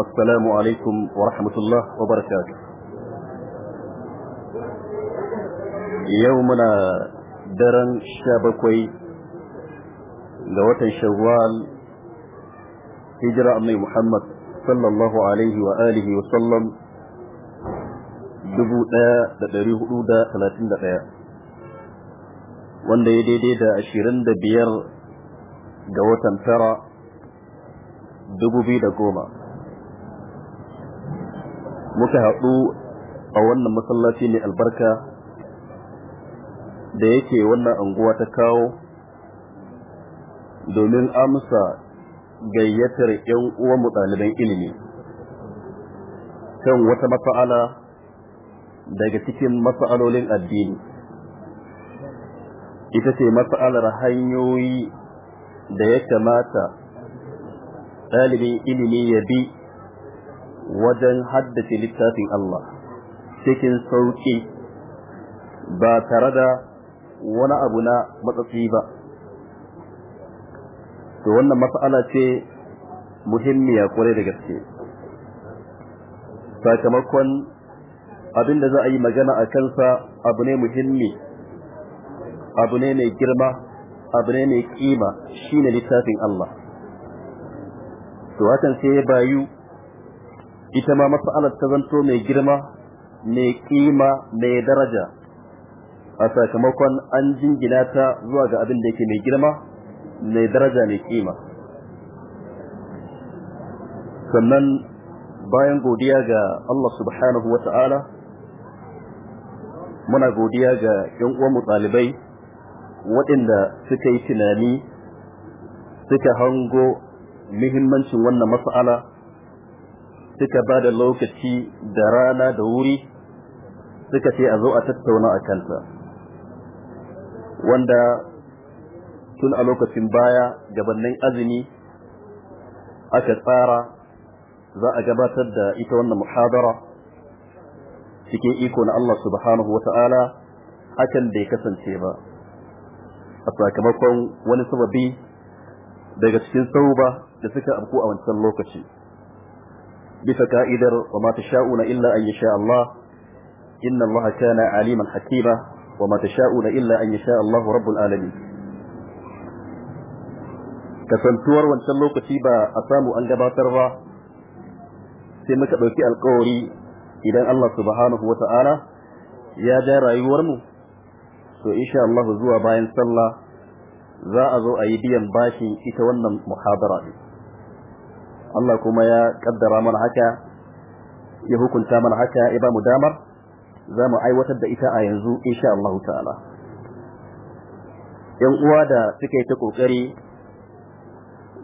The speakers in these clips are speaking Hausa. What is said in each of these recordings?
السلام عليكم ورحمة الله وبركاته يومنا درن شابكوي لوات شوال هجرة أمي محمد صلى الله عليه وآله وسلم دبو دا دريه دا ثلاثين دقيقة wanda ya daidai da ashirin da biyar ga watan tara dubu biyu da goma muka haɗu a wannan masallaci mai albarka da yake wannan anguwa ta kawo domin amsa gayyatar 'yan uwanmu ɗaliban ilimi kan wata mafa'ala daga cikin mafa'alolin addini ita ce mas'alar hanyoyi da ya kamata ɗalibin ilimi ya bi wajen haddace littafin Allah cikin sauƙi ba tare da wani abu na matsatsi ba to wannan mas'ala ce muhimmiya kwarai da gaske sakamakon abin da za a yi magana a kansa abu ne muhimmi abu ne mai girma abu ne mai kima ne littafin Allah to hakan sai ya bayu ita ma mas'alar ta zanto mai girma mai kima mai daraja a sakamakon an jingina ta zuwa ga abin da yake mai girma mai daraja mai kima sannan bayan godiya ga Allah subhanahu wa ta'ala muna godiya ga ‘yan uwanmu ɗalibai waɗanda suka yi tunani suka hango muhimmancin wannan mas'ala suka ba da lokaci da rana da wuri suka ce a zo a tattauna a kansa wanda tun a lokacin baya gabanin azumi aka tsara za a gabatar da ita wannan muhadara cikin iko na Allah subhanahu wa ta'ala hakan bai kasance ba a sakamakon wani sababi daga cikin sauba da suka afku a wancan lokaci bisa ka'idar wa ma tasha'una illa an yasha Allah inna Allah kana aliman hakima wa ma tasha'una illa an yasha Allah rabbul alamin kasantuwar wancan lokaci ba a samu an gabatar ba sai muka ɗauki alkawari idan Allah subhanahu wa ta'ala ya ja rayuwarmu to insha Allah zuwa bayan sallah za a zo a yi biyan bashin ita wannan muhabara Allah kuma ya kaddara mana haka ya hukunta mana haka ya ba mu damar za mu aiwatar da ita a yanzu insha Allah ta'ala yan uwa da suke ta kokari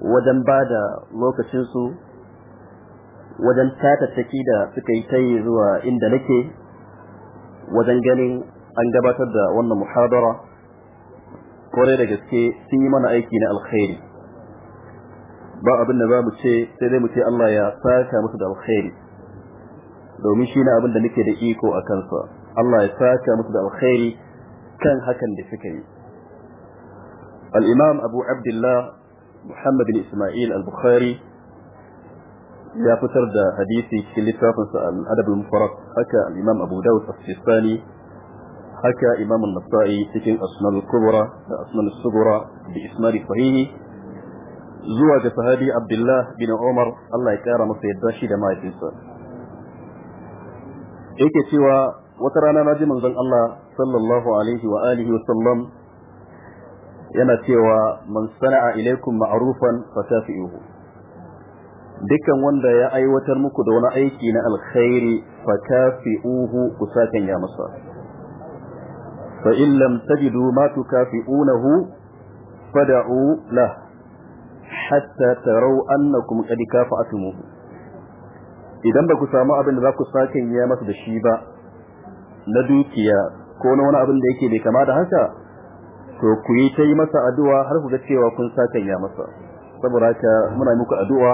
wajen ba da lokacinsu wajen tatattaki da suka yi ta yi zuwa inda nake wajen ganin an gabatar da wannan muhadara kore da gaske sun yi mana aiki na alkhairi ba abin da za mu ce sai dai mu ce Allah ya saka musu da alkhairi domin shi ne abin da muke da iko a kansa Allah ya saka musu da alkhairi kan hakan da suka yi al-imam abu abdullah muhammad bin isma'il al-bukhari ya fitar da hadisi cikin littafinsa al-adab al-mufarrad haka al-imam abu dawud as-sistani haka imam an-nasa'i cikin asnan al-kubra da asnan al-sughra bi isnadi sahihi zuwa ga sahabi Abdullah bin Umar Allah ya kara masa yadda shi da mahaifinsa yake cewa wata rana na ji manzon Allah sallallahu alaihi wa alihi wa sallam yana cewa man sana'a ilaikum ma'rufan fatafi'uhu dukkan wanda ya aiwatar muku da wani aiki na alkhairi fatafi'uhu ku sakan ya masa fa in lam tajidu ma tukafi'unahu fad'u lahu hatta tarau annakum qad kafa'tumuhu idan ba ku samu abin da za ku sake yi masa da shi ba na dukiya ko na wani abin da yake bai kama da haka to ku yi ta yi masa addu'a har ku ga cewa kun sake yi masa saboda haka muna muku addu'a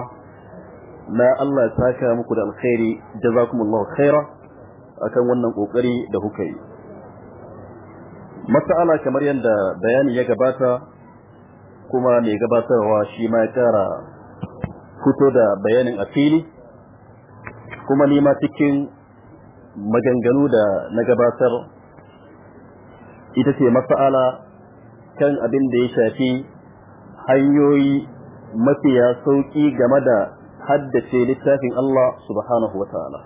na Allah ya saka muku da alkhairi jazakumullahu khaira akan wannan kokari da kuka yi mas'ala kamar yadda bayani ya gabata kuma mai gabatarwa shi ma ya kara fito da bayanin a fili kuma nima cikin maganganu da na gabatar ita ce masala kan abin da ya shafi hanyoyi mafiya sauƙi game da haddace littafin Allah subhanahu wa ta'ala.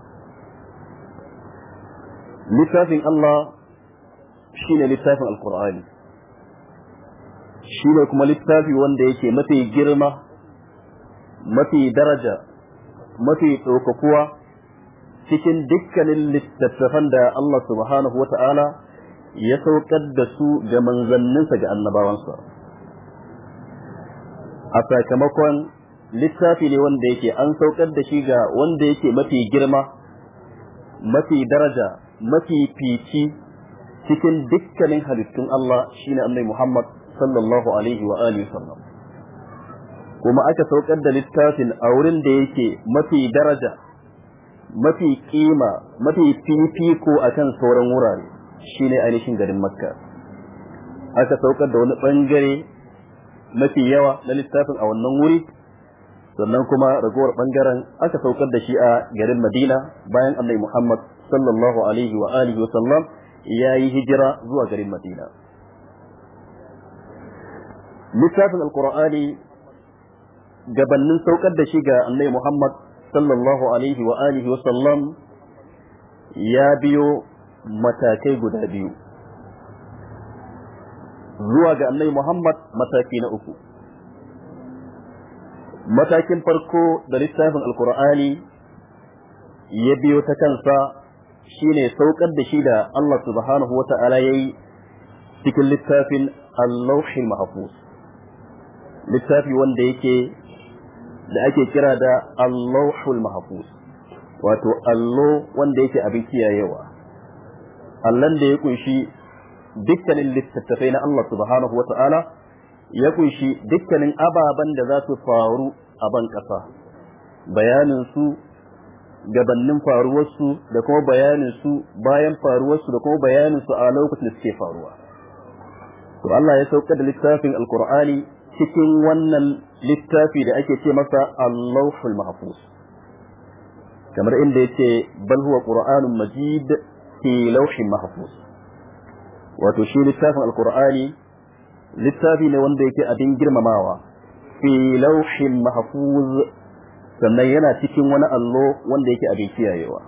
Littafin Allah shi ne littafin alkur'ani shi ne kuma littafi wanda yake mafi girma mafi daraja mafi tsokakuwa cikin dukkanin littattafan da Allah subhanahu wa ta'ala ya saukar da su ga manzanninsa ga annabawansa a sakamakon littafi ne wanda yake an saukar da shi ga wanda yake mafi girma mafi daraja mafi fici cikin dukkanin halittun Allah shine annabi Muhammad sallallahu alaihi wa alihi sallam kuma aka saukar da littafin a wurin da yake mafi daraja mafi kima mafi fifiko akan sauran wurare shine ainihin garin makka aka saukar da wani bangare mafi yawa na littafin a wannan wuri sannan kuma ragowar bangaren aka saukar da shi a garin Madina bayan Annabi Muhammad sallallahu alaihi wa alihi wa sallam ya yi hijira zuwa garin Madina littafin alkur'ani gabannin saukar da shi ga annabi Muhammad sallallahu alaihi wa alihi wa sallam ya biyo matakai guda biyu zuwa ga annabi Muhammad mataki na uku matakin farko da littafin alkur'ani ya biyo ta kansa shine saukar da shi da Allah subhanahu wata'ala yayi cikin littafin Allahul Mahfuz littafi wanda yake da ake kira da Allahul Mahfuz wato allo wanda yake abin kiyayewa allon da ya kunshi dukkanin littattafai na Allah subhanahu wata'ala ya kunshi dukkanin ababen da za su faru a ban ƙasa bayanin su gabannin faruwarsu da kuma bayanin su bayan faruwarsu da kuma bayanin su a lokacin da suke faruwa to Allah ya sauka da littafin alkur'ani cikin wannan littafi da ake ce masa Allahul Mahfuz kamar inda yake bal huwa Qur'anun Majid fi lawhin mahfuz wato shi littafin Alqur'ani littafi ne wanda yake abin girmamawa fi lawhin mahfuz sannan yana cikin wani allo wanda yake abin kiyayewa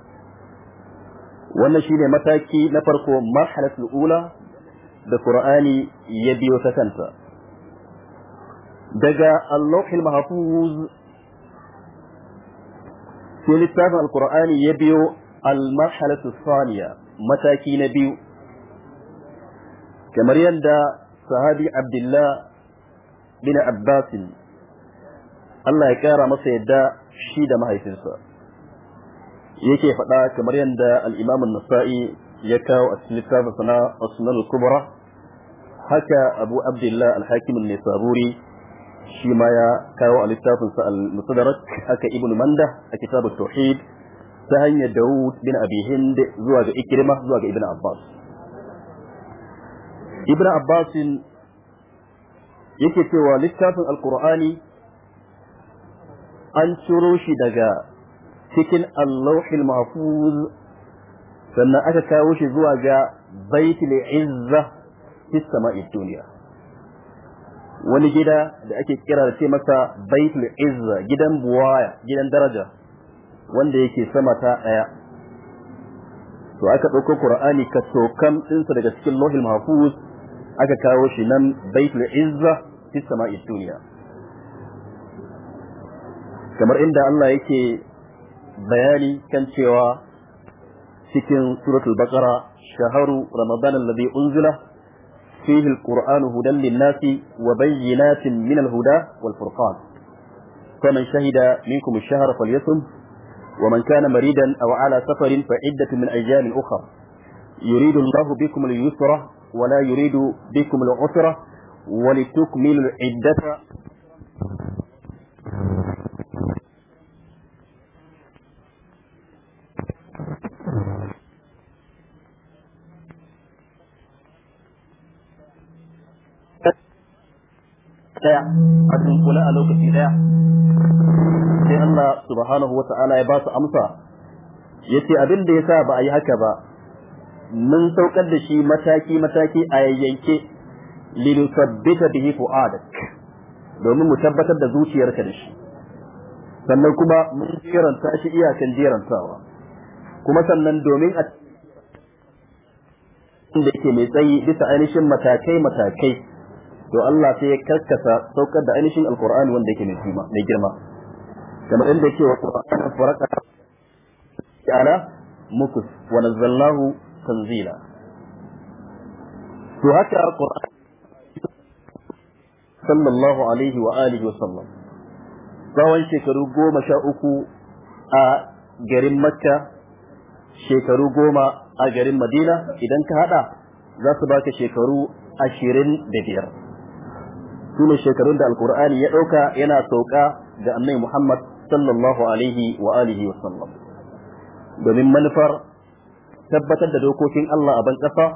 wannan shine mataki na farko marhalatul ula da Qur'ani ya biyo ta kanta daga allahul mahfuz sai littafin alkur'ani ya biyo almarhalatu thaniya mataki na biyu kamar yadda sahabi abdullah bin abbas Allah ya kara masa yadda shi da mahaifinsa yake faɗa kamar yadda al'imamin imam nasai ya kawo a cikin littafin sana sunan kubra haka abu abdullah al-hakim saburi. shi ma ya kawo a littafin sa al-musadarak haka ibnu manda a kitabut tauhid ta hanyar daud bin abi hind zuwa ga ikrima zuwa ga ibnu abbas ibnu abbas yake cewa littafin alkur'ani an ciro shi daga cikin allahul mahfuz sannan aka kawo shi zuwa ga baitul izza fi sama'i duniya wani gida da ake kira da ce masa baitul izza gidan buwaya gidan daraja wanda yake sama ta daya to aka dauko qur'ani ka tokam dinsa daga cikin lohil mahfuz aka kawo shi nan baitul izza fi sama'id dunya kamar inda Allah yake bayani kan cewa cikin suratul baqara shaharu ramadan alladhi unzila فيه القرآن هدى للناس وبينات من الهدى والفرقان فمن شهد منكم الشهر فليصم ومن كان مريدا أو على سفر فعدة من أيام أخر يريد الله بكم اليسر ولا يريد بكم العسر ولتكملوا العدة daya a kula a lokaci daya sai Allah subhanahu wa ta'ala ya ba su amsa yace abin da yasa ba a yi haka ba mun saukar da shi mataki mataki a yayyanke linusabbita bihi fu'adak domin mu tabbatar da zuciyarka da shi sannan kuma mun jiranta shi iyakan jirantawa kuma sannan domin a da yake mai tsayi bisa ainihin matakai matakai to Allah sai ya karkasa saukar da ainihin alqur'ani wanda yake mai girma mai girma kamar inda yake wa qur'ana faraka ta'ala mukus wa nazzalnahu tanzila to haka alqur'ani sallallahu alaihi wa alihi wa sallam tsawon shekaru goma sha uku a garin makka shekaru goma a garin madina idan ka hada za su baka shekaru ashirin da biyar su ne shekarun da alkur'ani ya ɗauka yana sauka ga annabi muhammad sallallahu alaihi wa alihi wa sallam domin manufar tabbatar da dokokin allah a ban ƙasa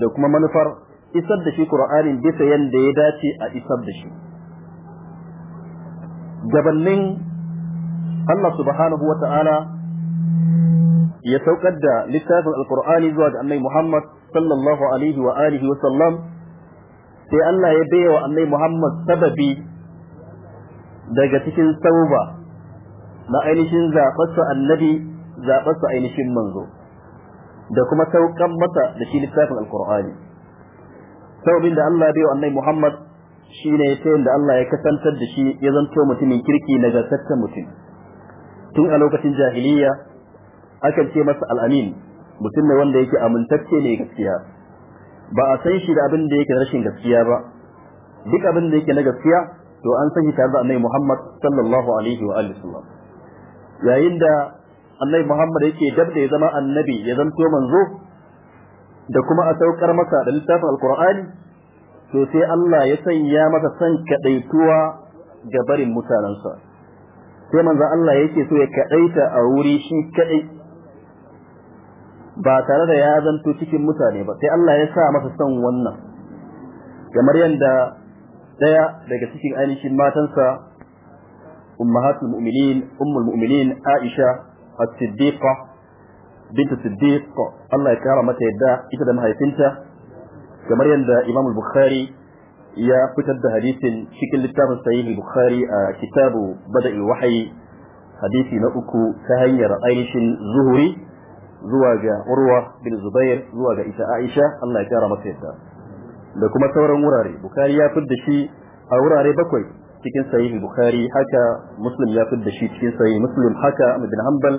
da kuma manufar isar da shi qur'anin bisa yadda ya dace a isar da shi gabannin allah subhanahu wa ta'ala ya saukar da littafin alkur'ani zuwa ga annabi muhammad sallallahu alaihi wa alihi wa sallam sai Allah ya baiwa annai Muhammad sababi daga cikin sauba na ainihin zaɓarsa annabi zaɓarsa ainihin manzo da kuma saukan masa da shi littafin alkur'ani sababin da Allah ya baiwa annai Muhammad shine ta da Allah ya kasantar da shi ya zanto mutumin kirki na nagartaccen mutum tun a lokacin jahiliya akan ce masa al'amin mutum ne wanda yake amintacce ne gaskiya ba a san shi da abin da yake rashin gaskiya ba duk abin da yake na gaskiya to an san shi tare da annabi Muhammad sallallahu alaihi wa alihi wasallam yayin da annabi Muhammad yake dab da ya zama annabi ya zanto manzo da kuma a saukar masa da littafin alqur'ani to sai Allah ya sanya masa san kadaituwa ga barin mutanansa sai manzo Allah yake so ya kadaita a wuri shi kadai ba tare da ya zanto cikin mutane ba sai Allah ya sa masa son wannan kamar yadda daya daga cikin ainihin matansa ummahatul mu'minin ummul mu'minin Aisha as-Siddiqa bint Siddiq Allah ya kara mata yadda ita da mahaifinta kamar yadda Imam al-Bukhari ya fitar da hadisin cikin littafin sahih al-Bukhari a kitabu bada'il wahyi hadisi na uku ta hanyar ainihin zuhuri zuwa ga Urwa bin Zubair zuwa ga ita Aisha Allah ya kara masa yadda da kuma sauran wurare Bukhari ya fidda shi a wurare bakwai cikin sahihi Bukhari haka Muslim ya fidda shi cikin sahihi Muslim haka Ibn Hanbal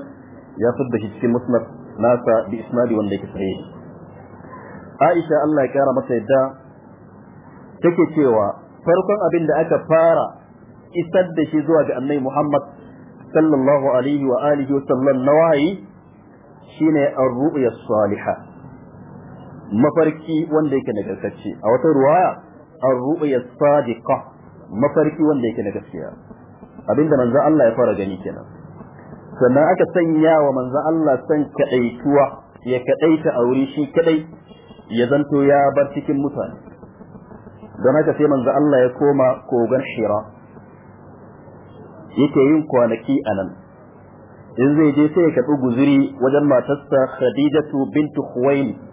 ya fidda shi cikin Musnad nasa bi isnadi wanda yake sahihi Aisha Allah ya kara masa yadda take cewa farkon abin da aka fara isar da shi zuwa ga Annabi Muhammad sallallahu alaihi wa alihi wa sallam na shine ar-ru'ya salihah mafarki wanda yake nagartacce a wata ruwaya ar-ru'ya Sadiqah mafarki wanda yake na gaskiya abinda manzo Allah ya fara gani kenan sannan aka sanya wa manzo Allah san kaɗaituwa ya kaɗaita a wuri shi kadai ya zanto ya bar cikin mutane don haka sai manzo Allah ya koma kogon Hira yake yin kwanaki anan in zai je sai ya karɓi guzuri wajen matarsa Khadijatu bintu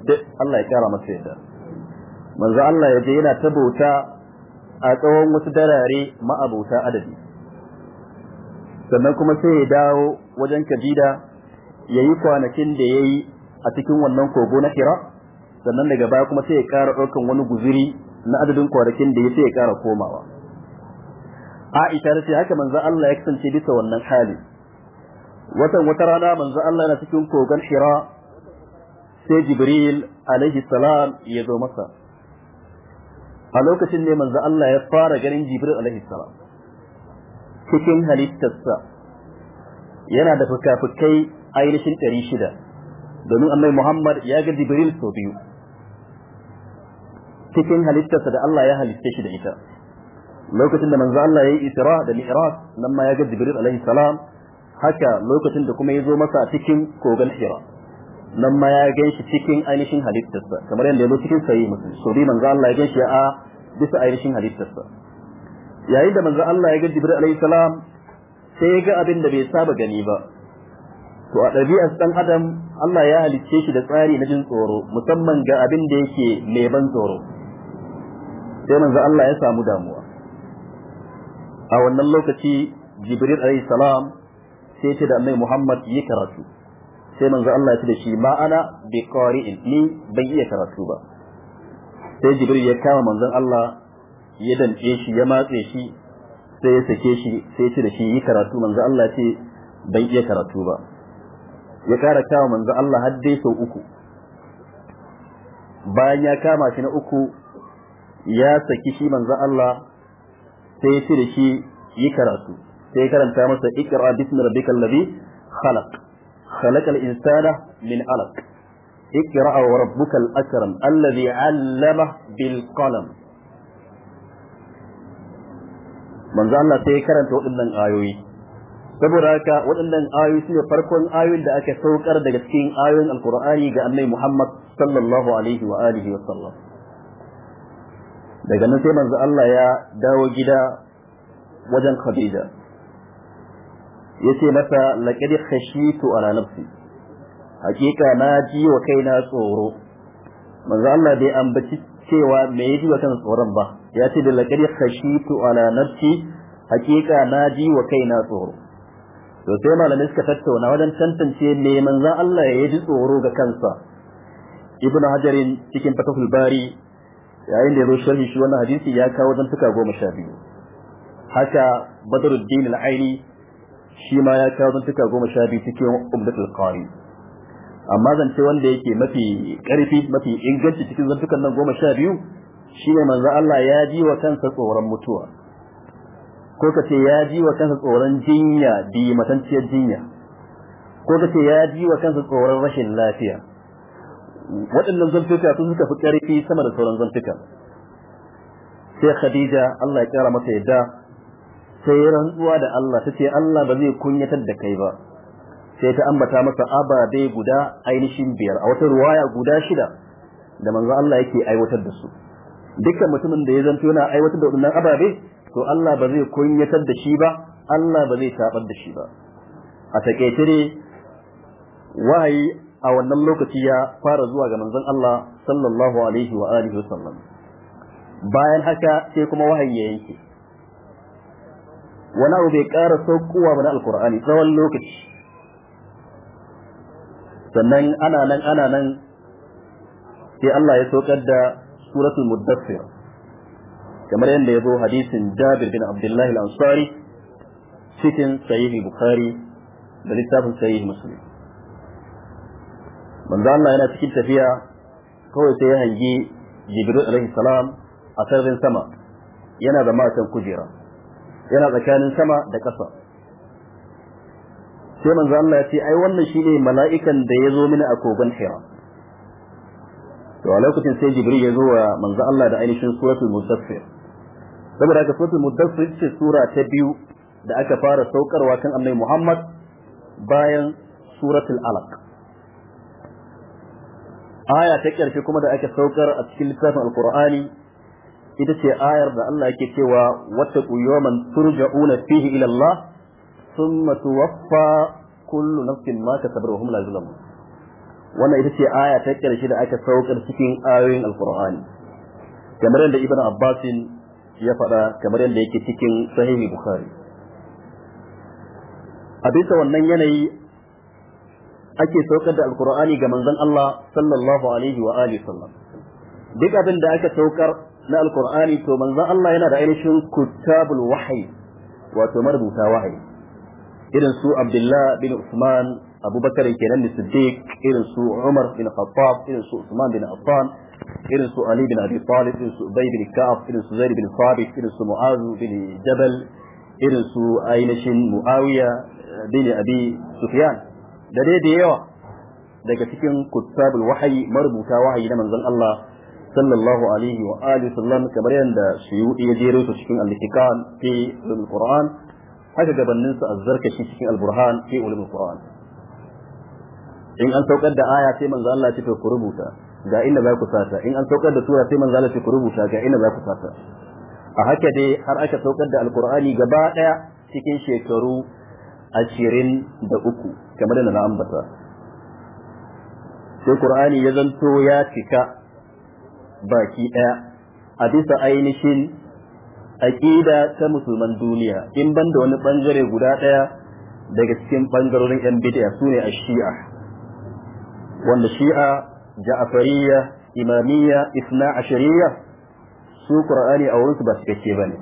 da Allah ya kara masa yadda manzo Allah ya je yana ta bauta a tsawon wasu darare ma'abota adadi sannan kuma sai ya dawo wajen Khadija ya yi kwanakin da ya yi a cikin wannan kogo na kira, sannan daga baya kuma sai ya kara ɗaukan wani guzuri na adadin kwanakin da ya sai ya kara komawa Aisha ta ce haka manzo Allah ya kasance bisa wannan hali watan wata rana manzo Allah yana cikin kogan shira sai Jibril alaihi salam ya zo masa a lokacin ne manzo Allah ya fara ganin Jibril alaihi salam cikin halittarsa yana da fuka-fukai ainihin ɗari shida domin annai Muhammad ya ga Jibril sau biyu cikin halittarsa da Allah ya halitta shi da ita lokacin da manzo Allah ya yi isra da mi'raj nan ma ya ga Jibril alaihi salam haka lokacin da kuma ya zo masa cikin kogon hira nan ma ya gan shi cikin ainihin halittarsa kamar yadda ya zo cikin sayi musulun so bi manzo Allah ya gan shi a bisa ainihin halittarsa yayin da manzo Allah ya ga Jibril alayhi salam sai ya ga abin da bai saba gani ba to a ɗabi'ar dan adam Allah ya halicce shi da tsari na jin tsoro musamman ga abin da yake mai ban tsoro sai manzo Allah ya samu damuwa a wannan lokaci Jibril alayhi salam sai ce da annai Muhammad yi karatu sai manzo Allah ya ce da shi ma ana bi qari'in ni ban iya karatu ba sai Jibril ya kama manzo Allah ya dance shi ya matse shi sai ya sake shi sai ya ce da shi yi karatu manzo Allah ya ce ban iya karatu ba ya kara kama manzo Allah har dai sau uku bayan ya kama shi na uku ya saki shi manzo Allah sai ya ce da shi yi karatu sai ya karanta masa ikra bismi rabbikal ladhi khalaq khalaqal insana min alaq ikra wa rabbukal akram alladhi 'allama bil qalam manzo Allah sai ya karanta waɗannan ayoyi saboda haka waɗannan ayoyi sune farkon ayoyin da aka saukar daga cikin ayoyin alqur'ani ga annabi Muhammad sallallahu alaihi wa alihi wa sallam daga nan sai manzo Allah ya dawo gida wajen Khadija Ya yace masa laqad khashitu ala nafsi hakika na ji wa kaina tsoro manzo Allah bai ambaci cewa me yaji wa kan tsoron ba ya ce da laqad khashitu ala nafsi hakika na ji wa kaina tsoro to sai malamai suka tattauna wajen tantance me manzo Allah ya ji tsoro ga kansa ibn hajarin cikin fatahul bari yayin da ya zo sharhi shi wannan hadisi ya kawo zantuka goma sha biyu haka badruddin al-aini shi ma ya kawo zantuka goma sha biyu cikin umdatul qari amma zance wanda yake mafi karfi mafi inganci cikin zantukan nan goma sha biyu shi shine manzo Allah ya ji wa kansa tsoron mutuwa ko kace ya ji wa kansa tsoron jinya bi matanciyar jinya ko kace ya ji wa kansa tsoron rashin lafiya waɗannan zantuka sun suka fi karfi sama da sauran zantuka sai Khadija Allah ya kara mata yadda sai rantsuwa da Allah tace Allah ba zai kunyatar da kai ba sai ta ambata masa ababe guda ainihin biyar a wata ruwaya guda shida da manzo Allah yake aiwatar da su dukkan mutumin da ya zanto yana aiwatar da wannan ababe to Allah ba zai kunyatar da shi ba Allah ba zai tabar da shi ba a takeice ne wahayi a wannan lokaci ya fara zuwa ga manzon Allah sallallahu alaihi wa alihi wasallam bayan haka sai kuma wahayi ya yanke wani abu bai ƙara saukowa ba na alkur'ani tsawon lokaci sannan ana nan ana nan sai Allah ya saukar da suratul muddassir kamar yadda ya zo hadisin Jabir bin Abdullahi al-Ansari cikin sahih Bukhari da littafin sahih Muslim manzo Allah yana cikin tafiya kawai sai ya hangi Jibril alaihi salam a sararin sama yana zama a can kujera yana tsakanin sama da ƙasa sai manzo Allah ya ce ai wannan shine mala'ikan da ya zo mini a kogon Hira to a lokacin sai Jibril ya zo wa manzo Allah da ainihin suratul Mudaththir saboda haka suratul Mudaththir ce sura ta biyu da aka fara saukarwa kan Annabi Muhammad bayan suratul Alaq aya ta ƙarshe kuma da ake saukar a cikin littafin Al-Qur'ani. ita ce ayar da Allah yake cewa wata yawman turja'una fihi ila Allah thumma tuwaffa kullu nafsin ma kasabat wa hum la yuzlamun wannan ita ce aya ta karshe da aka saukar cikin ayoyin alqur'ani kamar yadda ibnu abbas ya faɗa kamar yadda yake cikin sahihi bukhari a bisa wannan yanayi ake saukar da alqur'ani ga manzon Allah sallallahu alaihi wa alihi sallam duk abin da aka saukar na alqur'ani to manzon Allah yana da ainihin kutabul wahyi wato marubuta wahyi irin su Abdullah bin Usman Abubakar kenan da Siddiq irin su Umar bin Khattab irin su Usman bin Affan irin su Ali bin Abi Talib irin su Ubay bin Ka'ab irin su Zaid bin Thabit irin su Mu'az bin Jabal irin su ainihin Muawiya bin Abi Sufyan da dai da yawa daga cikin kutabul wahayi marubuta wahayi na manzon Allah sallallahu alaihi wa alihi sallam kamar yadda suyudi ya jero su cikin al-ikan fi al-Qur'an haka gabanin su azzarkashi cikin al-Burhan fi ulumul Qur'an in an saukar da aya sai manzo Allah ya ce ku rubuta ga inda za ku sata in an saukar da sura sai manzo Allah ya ce ku rubuta ga inda za ku sata a haka dai har aka saukar da al-Qur'ani gaba daya cikin shekaru ashirin da uku kamar da na ambata sai Qur'ani ya zanto ya cika baki ɗaya a bisa ainihin aƙida ta musulman duniya in ban da wani ɓangare guda ɗaya daga cikin ɓangarorin yan bid'a su ne a shi'a wanda shi'a ja'afariya imamiyya isna ashiriya su qur'ani a wurinsu ba cikakke ba ne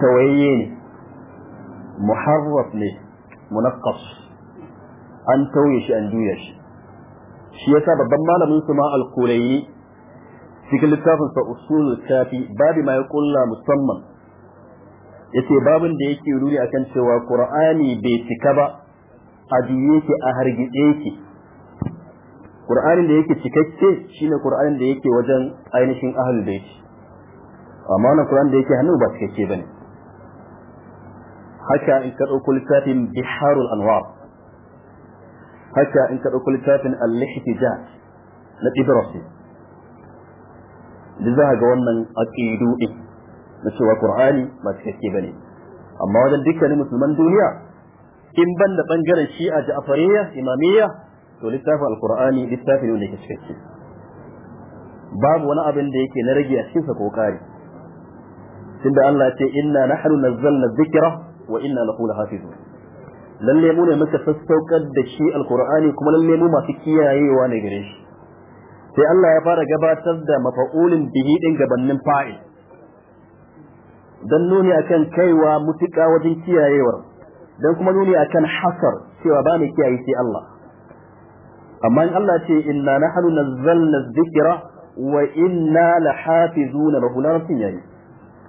tawayye ne muharraf ne munakkas an tauye shi an juya shi shi yasa babban malamin su ma al-Quraini cikin littafin sa usulul kafi babi ma ya kulla musamman yace babin da yake ruri akan cewa Qur'ani bai cika ba a duye a hargitse yake Qur'anin da yake cikakke shine Qur'anin da yake wajen ainihin ahlul bait amma na Qur'an da yake hannu ba cikakke bane haka in ka ɗauko littafin biharul anwar haka in ka ɗauko littafin al-ihtijaj na ibrahim da za ga wannan aqidu din na cewa qur'ani ba cikakke bane amma wajen dukkanin musulman duniya in ban da bangaren shi'a ja'fariyya imamiyya to littafin al'kur'ani qurani littafi ne wanda babu wani abin da yake na rage a cikin sa ko kare tunda Allah ya ce inna nahnu nazzalna zikira wa inna lahu lahafizun lalle mu ne muka sassaukar da shi alkur'ani kuma lalle mu masu kiyayewa ne gare shi sai Allah ya fara gabatar da mafa'ulin bihi din gabanin fa'il dan nuni akan kaiwa mutuka wajen kiyayewar dan kuma nuni akan hasar cewa ba mu kiyaye sai Allah amma in Allah ce inna nahnu nazzalna dhikra wa inna lahafizun lahu larfin yayi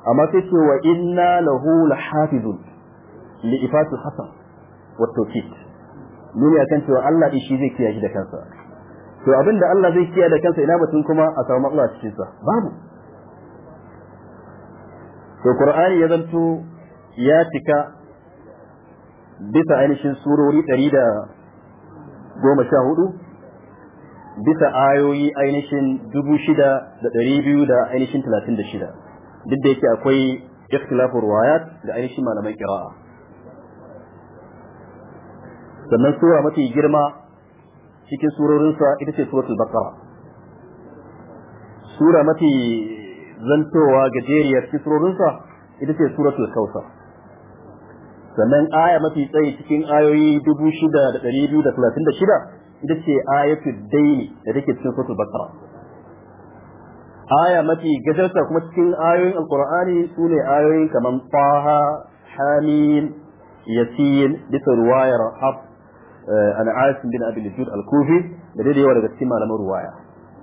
amma sai ce wa inna lahu lahafizun li ifatu hasar wa tawfiq nuni akan cewa Allah shi zai kiyaye da kansa to abinda Allah zai kiyaye da kansa ina batun kuma a samu matsala cikin sa babu to Qur'ani ya zanto ya cika bisa ainihin surori hudu, bisa ayoyi ainihin dubu shida da ɗari biyu da ainihin talatin da shida duk da yake akwai ikhtilafur wayat da ainihin malaman kira'a sannan sura mafi girma cikin surorinsa ita ce suratul baqara sura mafi zantowa gajeriyar cikin surorinsa ita ce suratul kausar sannan aya mafi tsayi cikin ayoyi 6236 ita ce ayatul daini da take cikin suratul baqara aya mafi gajarta kuma cikin ayoyin alqur'ani sune ayoyin kaman faha hamim yasin bisa ruwayar haf an asim bin abi al al-kufi da dai yawa daga cikin malaman ruwaya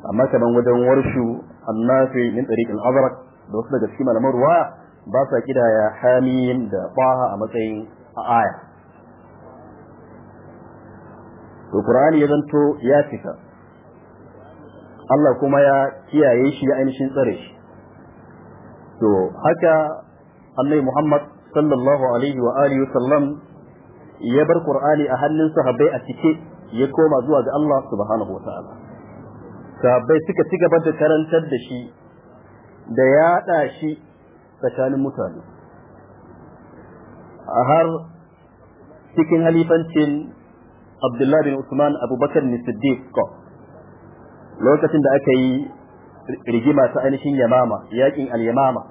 amma kaman wajen warshu annafi min tariq al azrak da wasu daga cikin malaman ruwaya ba sa kidaya hamim da baha a matsayin a aya to qur'ani ya zanto ya cika Allah kuma ya kiyaye shi ya ainihin tsare shi to haka annabi Muhammad sallallahu alaihi wa alihi wa sallam ya bar qur'ani a hannun sahabbai a cike ya koma zuwa ga Allah subhanahu wataala sahabbai suka ci gaba da karantar da shi da yaɗa shi tsakanin mutane a har cikin halifancin Abdullahi bin Usman Abubakar ne Siddiq lokacin da aka yi rigima ta ainihin Yamama yakin al-Yamama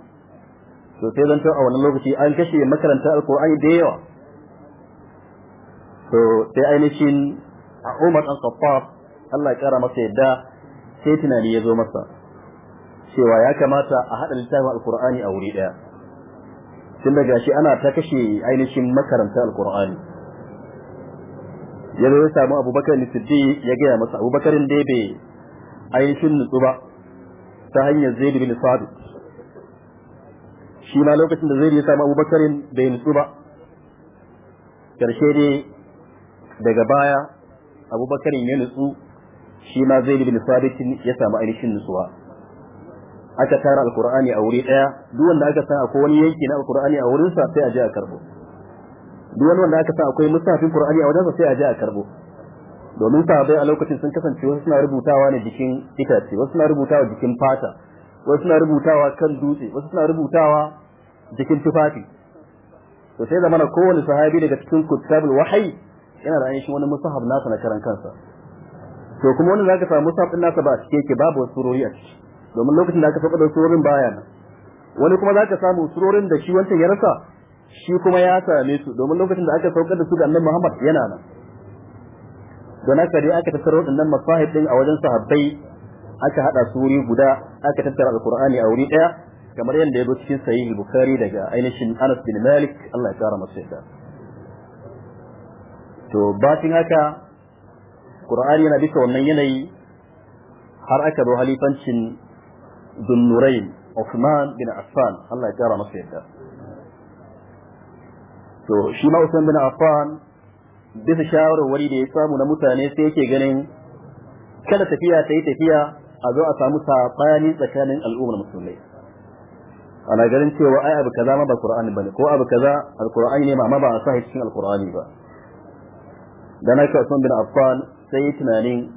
to sai zan a wannan lokaci an kashe makarantar alkur'ani da yawa to sai ainihin a Umar dan Khattab Allah ya kara masa yadda sai tunani ya zo masa cewa ya kamata a haɗa littafin alƙur'ani a wuri ɗaya tun da gashi ana ta kashe ainihin makaranta alƙur'ani ya zo ya samu Abubakar Siddiq ya gaya masa Abubakarin dai bai ainihin nutsu ba ta hanyar Zaid bin Sabit shi ma lokacin da Zaid ya samu Abubakarin bai nutsu ba karshe dai daga baya abubakarin ya nutsu shi ma zai bin sabitin ya samu ainihin nutsuwa aka tara alkur'ani a wuri daya duk wanda aka san akwai wani yanki na alkur'ani a wurinsa sai a je a karbo duk wani wanda aka san akwai musafin qur'ani a wajensa sai a je a karbo domin sahabbai a lokacin sun kasance wasu suna rubutawa ne jikin itace wasu suna rubutawa jikin fata wasu suna rubutawa kan dutse wasu suna rubutawa jikin tufafi to sai zamana kowane sahabi daga cikin kutabul wahayi yana da ainihin wani musahab nasa na karan kansa to kuma wani zaka samu musahab din nasa ba a cike yake babu surori a ciki domin lokacin da aka saka da surorin baya nan wani kuma zaka samu surorin da shi wancan ya rasa shi kuma ya same su domin lokacin da aka saukar da su ga Annabi Muhammad yana nan don haka dai aka tattara waɗannan masahib din a wajen sahabbai aka hada su wuri guda aka tattara alqur'ani a wuri daya kamar yadda ya zo cikin sahih bukhari daga ainihin Anas bin Malik Allah ya kara masa yadda. to bacin haka qur'ani yana bisa wannan yanayi har aka zo halifancin dunnurain Uthman bin Affan Allah ya kara masa yadda to shi ma Uthman bin Affan bisa shawarwari da ya samu na mutane sai yake ganin kada tafiya ta yi tafiya a zo a samu saɓani tsakanin al'ummar musulmai ana ganin cewa ai abu kaza ma ba qur'ani bane ko abu kaza alqur'ani ne ma ba a sa cikin alqur'ani ba dan haka son bin Affan sai tunanin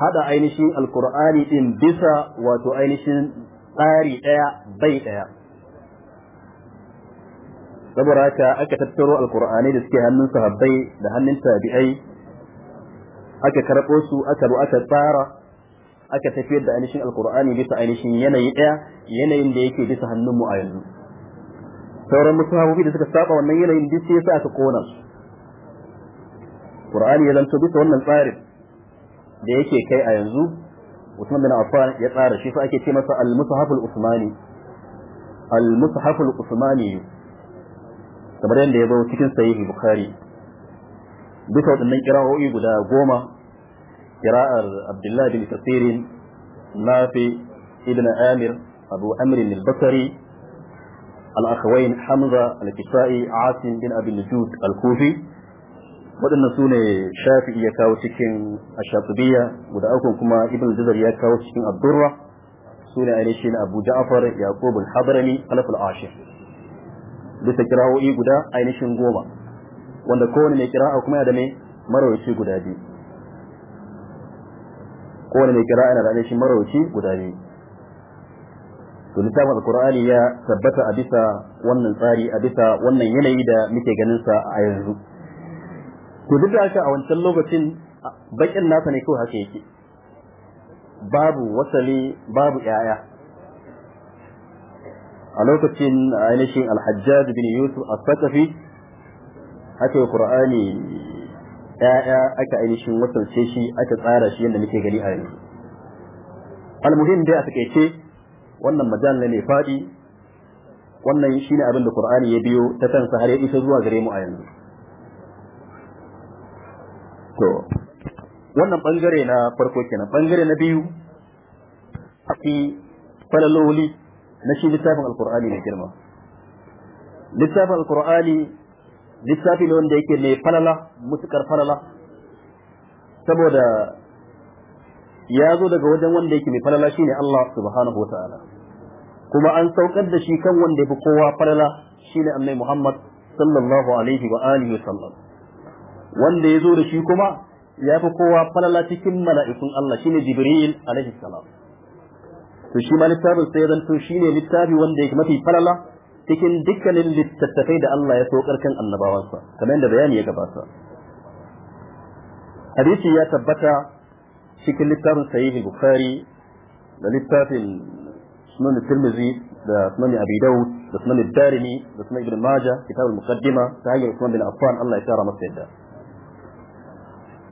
hada ainihin alkur'ani din bisa wato ainihin tsari ɗaya bai ɗaya saboda haka aka tattaro alkur'ani da suke hannun sahabbai da hannun tabi'ai aka karɓo su aka aka tsara aka tafiyar da ainihin alkur'ani bisa ainihin yanayi ɗaya yanayin da yake bisa hannunmu a yanzu sauran musahabobi da suka saba wannan yanayin duk sai aka kona su qur'ani ya zanto bisa wannan tsarin da yake kai a yanzu Usman bin Affan ya tsara shi fa ake ce masa al-mushaf al-Usmani al-mushaf al-Usmani kamar yadda ya zo cikin sahihi Bukhari duka waɗannan kira'o'i guda goma kira'ar Abdullah bin Kathir Nafi ibn Amir Abu Amr al-Bakari al Hamza al-Kisai Asim bin Abi Najud al-Kufi waɗannan su ne shafi'i ya kawo cikin ashatubiyya guda uku kuma ibn jazar ya kawo cikin abdurra su ne ainihin abu ja'far yaqub al-hadrami alaf ashir bisa kira'o'i guda ainihin goma wanda kowane mai kira'a kuma yana da mai marawaci guda biyu kowane mai kira'a yana da ainihin marawaci guda biyu to littafin alqur'ani ya tabbata a bisa wannan tsari a bisa wannan yanayi da muke ganin sa a yanzu to duk da haka a wancan lokacin bakin nasa ne kawai haka yake babu wasali babu yaya a lokacin ainihin alhajjaj bin yusuf as-saqafi aka yi qur'ani yaya aka ainihin wasalce shi aka tsara shi yadda muke gani a yanzu almuhim dai a takaice wannan majalla ne fadi wannan shine abin da qur'ani ya biyo ta kansa har ya isa zuwa gare mu a yanzu to wannan bangare na farko kenan bangare na biyu akwai falaloli na shi littafin alkur'ani mai girma littafin alkur'ani littafi ne wanda yake mai falala mutukar falala saboda ya zo daga wajen wanda yake mai falala shine Allah subhanahu wa ta'ala kuma an saukar da shi kan wanda yafi kowa falala shine annabi Muhammad sallallahu alaihi wa alihi wa sallam wanda yazo da shi kuma yafi kowa falala cikin mala'ikun Allah shine Jibril alaihi salam to shi ma littafin sai zanto shine littafi wanda yake mafi falala cikin dukkanin littattafai da Allah ya so karkan annabawansa kamar yadda bayani ya gabata hadisi ya tabbata cikin littafin sahihi bukhari da littafin sunan tirmidhi da sunan abi daud da sunan darimi da sunan ibn majah kitabul muqaddima ta hanyar usman bin affan Allah ya tara masa yadda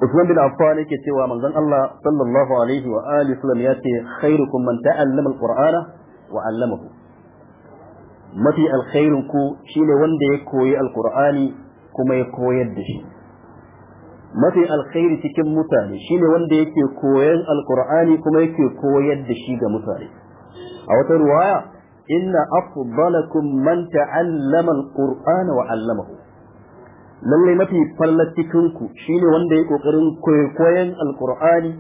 Usman bin Affan yake cewa manzon Allah sallallahu alaihi wa alihi wasallam ya ce khairukum man ta'allama al-Qur'ana wa 'allamahu mafi alkhairin ku shine wanda ya koyi alqur'ani kuma ya koyar da shi mafi alkhairi cikin mutane shine wanda yake koyan alqur'ani kuma yake koyar da shi ga mutane a wata ruwaya inna afdalakum man ta'allama al-qur'ana wa 'allamahu lalle mafi fallar cikinku shine wanda ya kokarin koyon alkur'ani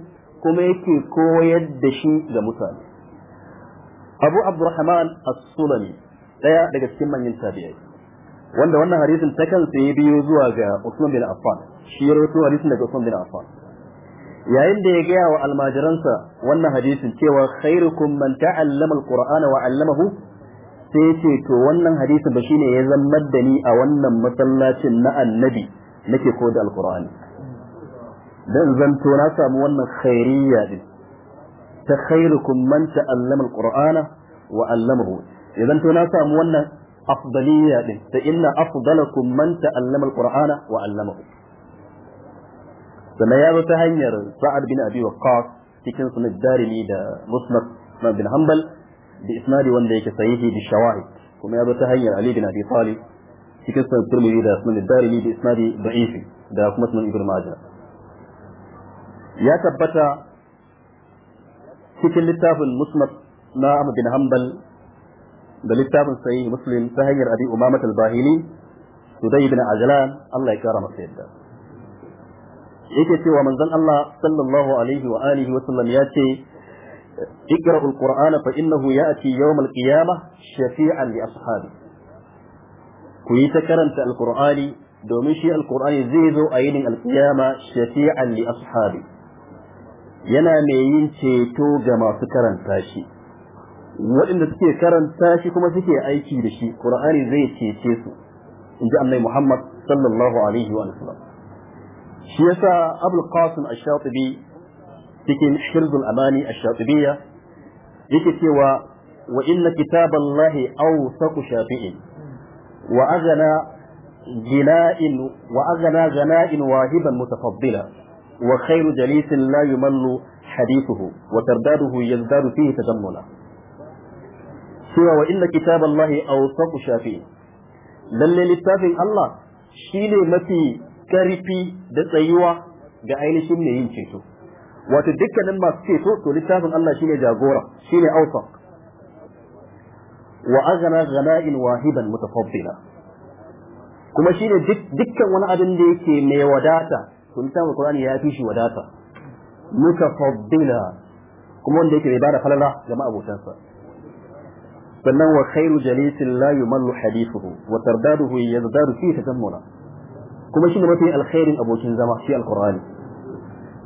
kuma yake koyar da shi ga mutane abu abdurrahman as-sulami daya daga cikin manyan tabi'ai wanda wannan hadisin ta kansa ya biyo zuwa ga Usman bin Affan shi ya rawaito hadisin daga Usman bin Affan yayin da ya gaya wa almajiransa wannan hadisin cewa khairukum man ta'allama alqur'ana wa 'allamahu sai yace to wannan hadisi ba shine ya zama da ni a wannan masallacin na annabi nake ko da alqur'ani dan zanto na samu wannan khairiyya din ta khairukum man ta'allama alqur'ana wa 'allamahu idan to na samu wannan afdaliyya din ta inna afdalakum man ta'allama alqur'ana wa 'allamahu sannan ya zo ta hanyar sa'ad bin abi waqqas cikin sunan darimi da musnad bin hanbal بإسناد وندي كسيه بالشواهد كما أبو تهيّر علي بن أبي طالب في قصة الترمذي ذا اسم الدارمي بإسناد ضعيف ذا اسم اسم ابن ماجه يا تبتا في كل كتاب المسند نعم بن حنبل ذا كتاب صحيح مسلم تهيّر أبي أمامة الباهلي سدي بن عجلان الله يكرمك سيدنا yake cewa manzon Allah sallallahu alaihi wa alihi wa sallam ya ce اقرأوا القرآن فإنه يأتي يوم القيامة شفيعا لأصحابه كويتا كرمت القرآن دومشي القرآن زيزو أين القيامة شفيعا لأصحابه yana mai yin ceto ga masu karanta shi waɗanda suke karanta shi kuma suke aiki da shi ƙur'ani zai cece su in ji annabi muhammad sallallahu alaihi wa sallam shi yasa abul qasim ash-shatibi cikin shirzul amani a shafiiyya yake cewa wa inna au saku shafi'in wa aghna gina'in wa aghna ghana'in wahiban mutafaddila wa khairu jalisin la yumallu hadithuhu wa tardaduhu yazdadu fihi tadammula cewa wa inna au saku shafi'in lalle littafin Allah shine mafi karfi da tsayuwa ga ainihin mai yin ceto wato dukkanin masu ce to to littafin Allah shine jagora shine awsaq wa aghna ghana'in wahiban mutafaddila kuma shine dukkan wani abin da yake mai wadata to littafin Qur'ani ya fi shi wadata mutafaddila kuma wanda yake ibada falala ga ma'abotansa sannan wa khairu jalisin la yumallu hadithuhu wa tardaduhu yazdaru fi tajammula kuma shine mafi alkhairin abokin zama shi alqur'ani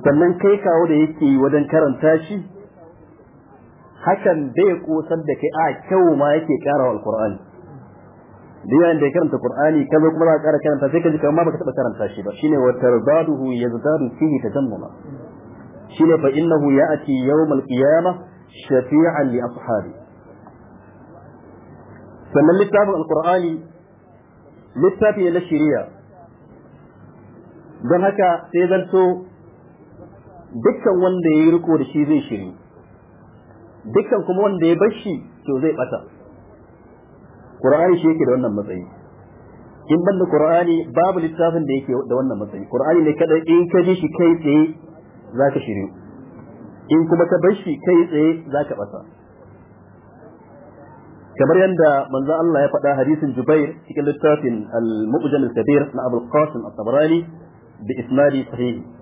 sannan kai kawo da yake yi wajen karanta shi hakan bai kosar da kai a kyau ma yake ƙara wa alƙur'ani duk yayin da ya karanta qur'ani ka zo kuma za ka ƙara karanta sai ka ji kamar baka taɓa karanta shi ba shine wa tarzaduhu yazdadu fihi tajammuma shine fa innahu ya'ti yawm al-qiyamah shafi'an li ashabi sannan littafin alqur'ani littafi na shari'a don haka sai zanto dukkan wanda ya yi riko da shi zai shiri dukkan kuma wanda ya bar shi to zai bata Qur'ani shi yake da wannan matsayi in banda Qur'ani babu littafin da yake da wannan matsayi Qur'ani ne kada in ka ji shi kai tsaye zaka shiri in kuma ka bar shi kai tsaye zaka bata kamar yadda manzo Allah ya faɗa hadisin Jubair cikin littafin Al-Mu'jam Al-Kabir na Abu Qasim al tabarani bi isnadi sahihi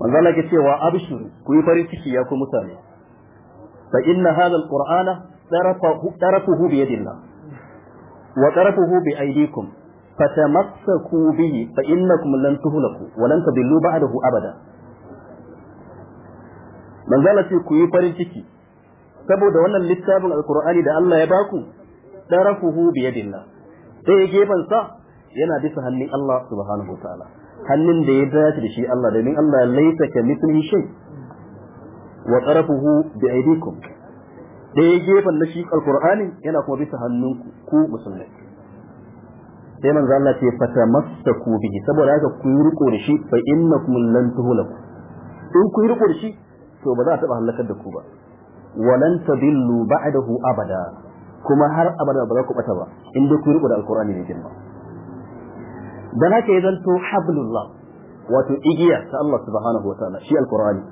manzo Allah ya ce wa abshuru ku yi farin ciki ya ku mutane fa inna hadha alqur'ana tarafahu tarafuhu bi yadillah wa tarafuhu bi aydikum fatamassaku bihi fa innakum lan tuhlaku wa lan tadillu ba'dahu abada manzo Allah ce ku yi farin ciki saboda wannan littafin alqur'ani da Allah ya baku tarafuhu bi yadillah sai gefen sa yana bisa hannun Allah subhanahu wa ta'ala hannun da ya dace da shi Allah domin Allah laisa ka mithlihi shay wa tarafuhu bi aydikum ɗaya gefen na shi alqur'ani yana kuma bisa hannunku ku musulmai sai manzo Allah ce ku bihi saboda haka ku yi riko da shi fa innakum lan tuhlaku in ku yi riko da shi to ba za a taba halakar da ku ba walan tadillu ba'dahu abada kuma har abada ba za ku bata ba in dai ku yi riko da alqur'ani ne girma dan haka ya zanto hablullah wato igiya ta Allah subhanahu wa ta'ala shi alqur'ani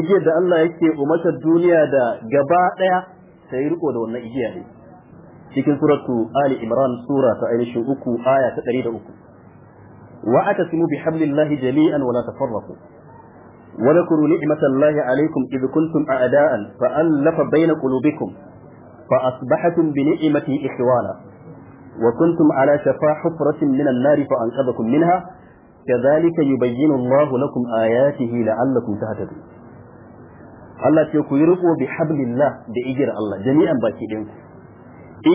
igiyar da Allah yake umatar duniya da gaba daya ta yi riko da wannan igiya ne cikin suratu ali imran sura ta ainihin uku aya ta 103 wa atasimu bihablillahi jami'an wa la tafarraqu وذكروا نعمة الله عليكم إذ كنتم أعداء فألف بين قلوبكم فأصبحتم بنعمته إخوانا wa kuntum ala shafa hufratin minan nari fa anqadhakum minha kadhalika yubayyinu Allah lakum ayatihi la'allakum tahtadun Allah ce ku yi riko bi hablillah da igiyar Allah jami'an baki ɗin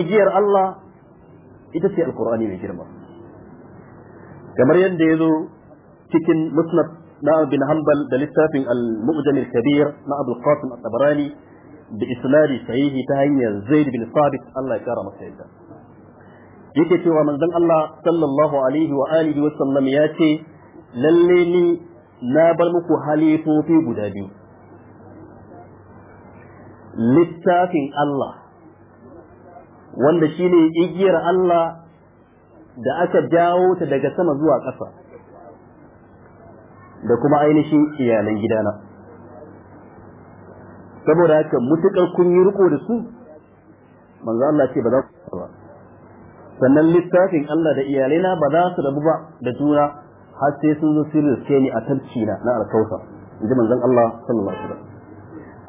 igiyar Allah ita ce alkurani mai girma kamar yadda ya zo cikin musnad na bin hanbal da littafin al-mu'jam kabir na abul qasim da tabarani sahihi ta hanyar zaid bin sabit Allah ya kara masa yake cewa manzon Allah sallallahu alaihi wa alihi wa sallam ya ce lalle ni na bar muku halifofi guda biyu littafin Allah wanda shine igiyar Allah da aka jawo ta daga sama zuwa ƙasa da kuma ainihin iyalan gidana saboda haka mutukar kun yi riko da su manzo Allah ce ba za ku ba sannan littafin Allah da iyalaina ba za su rabu ba da juna har sai sun zo sun riske ni a tarci na na alkausa inji manzon Allah sallallahu alaihi wasallam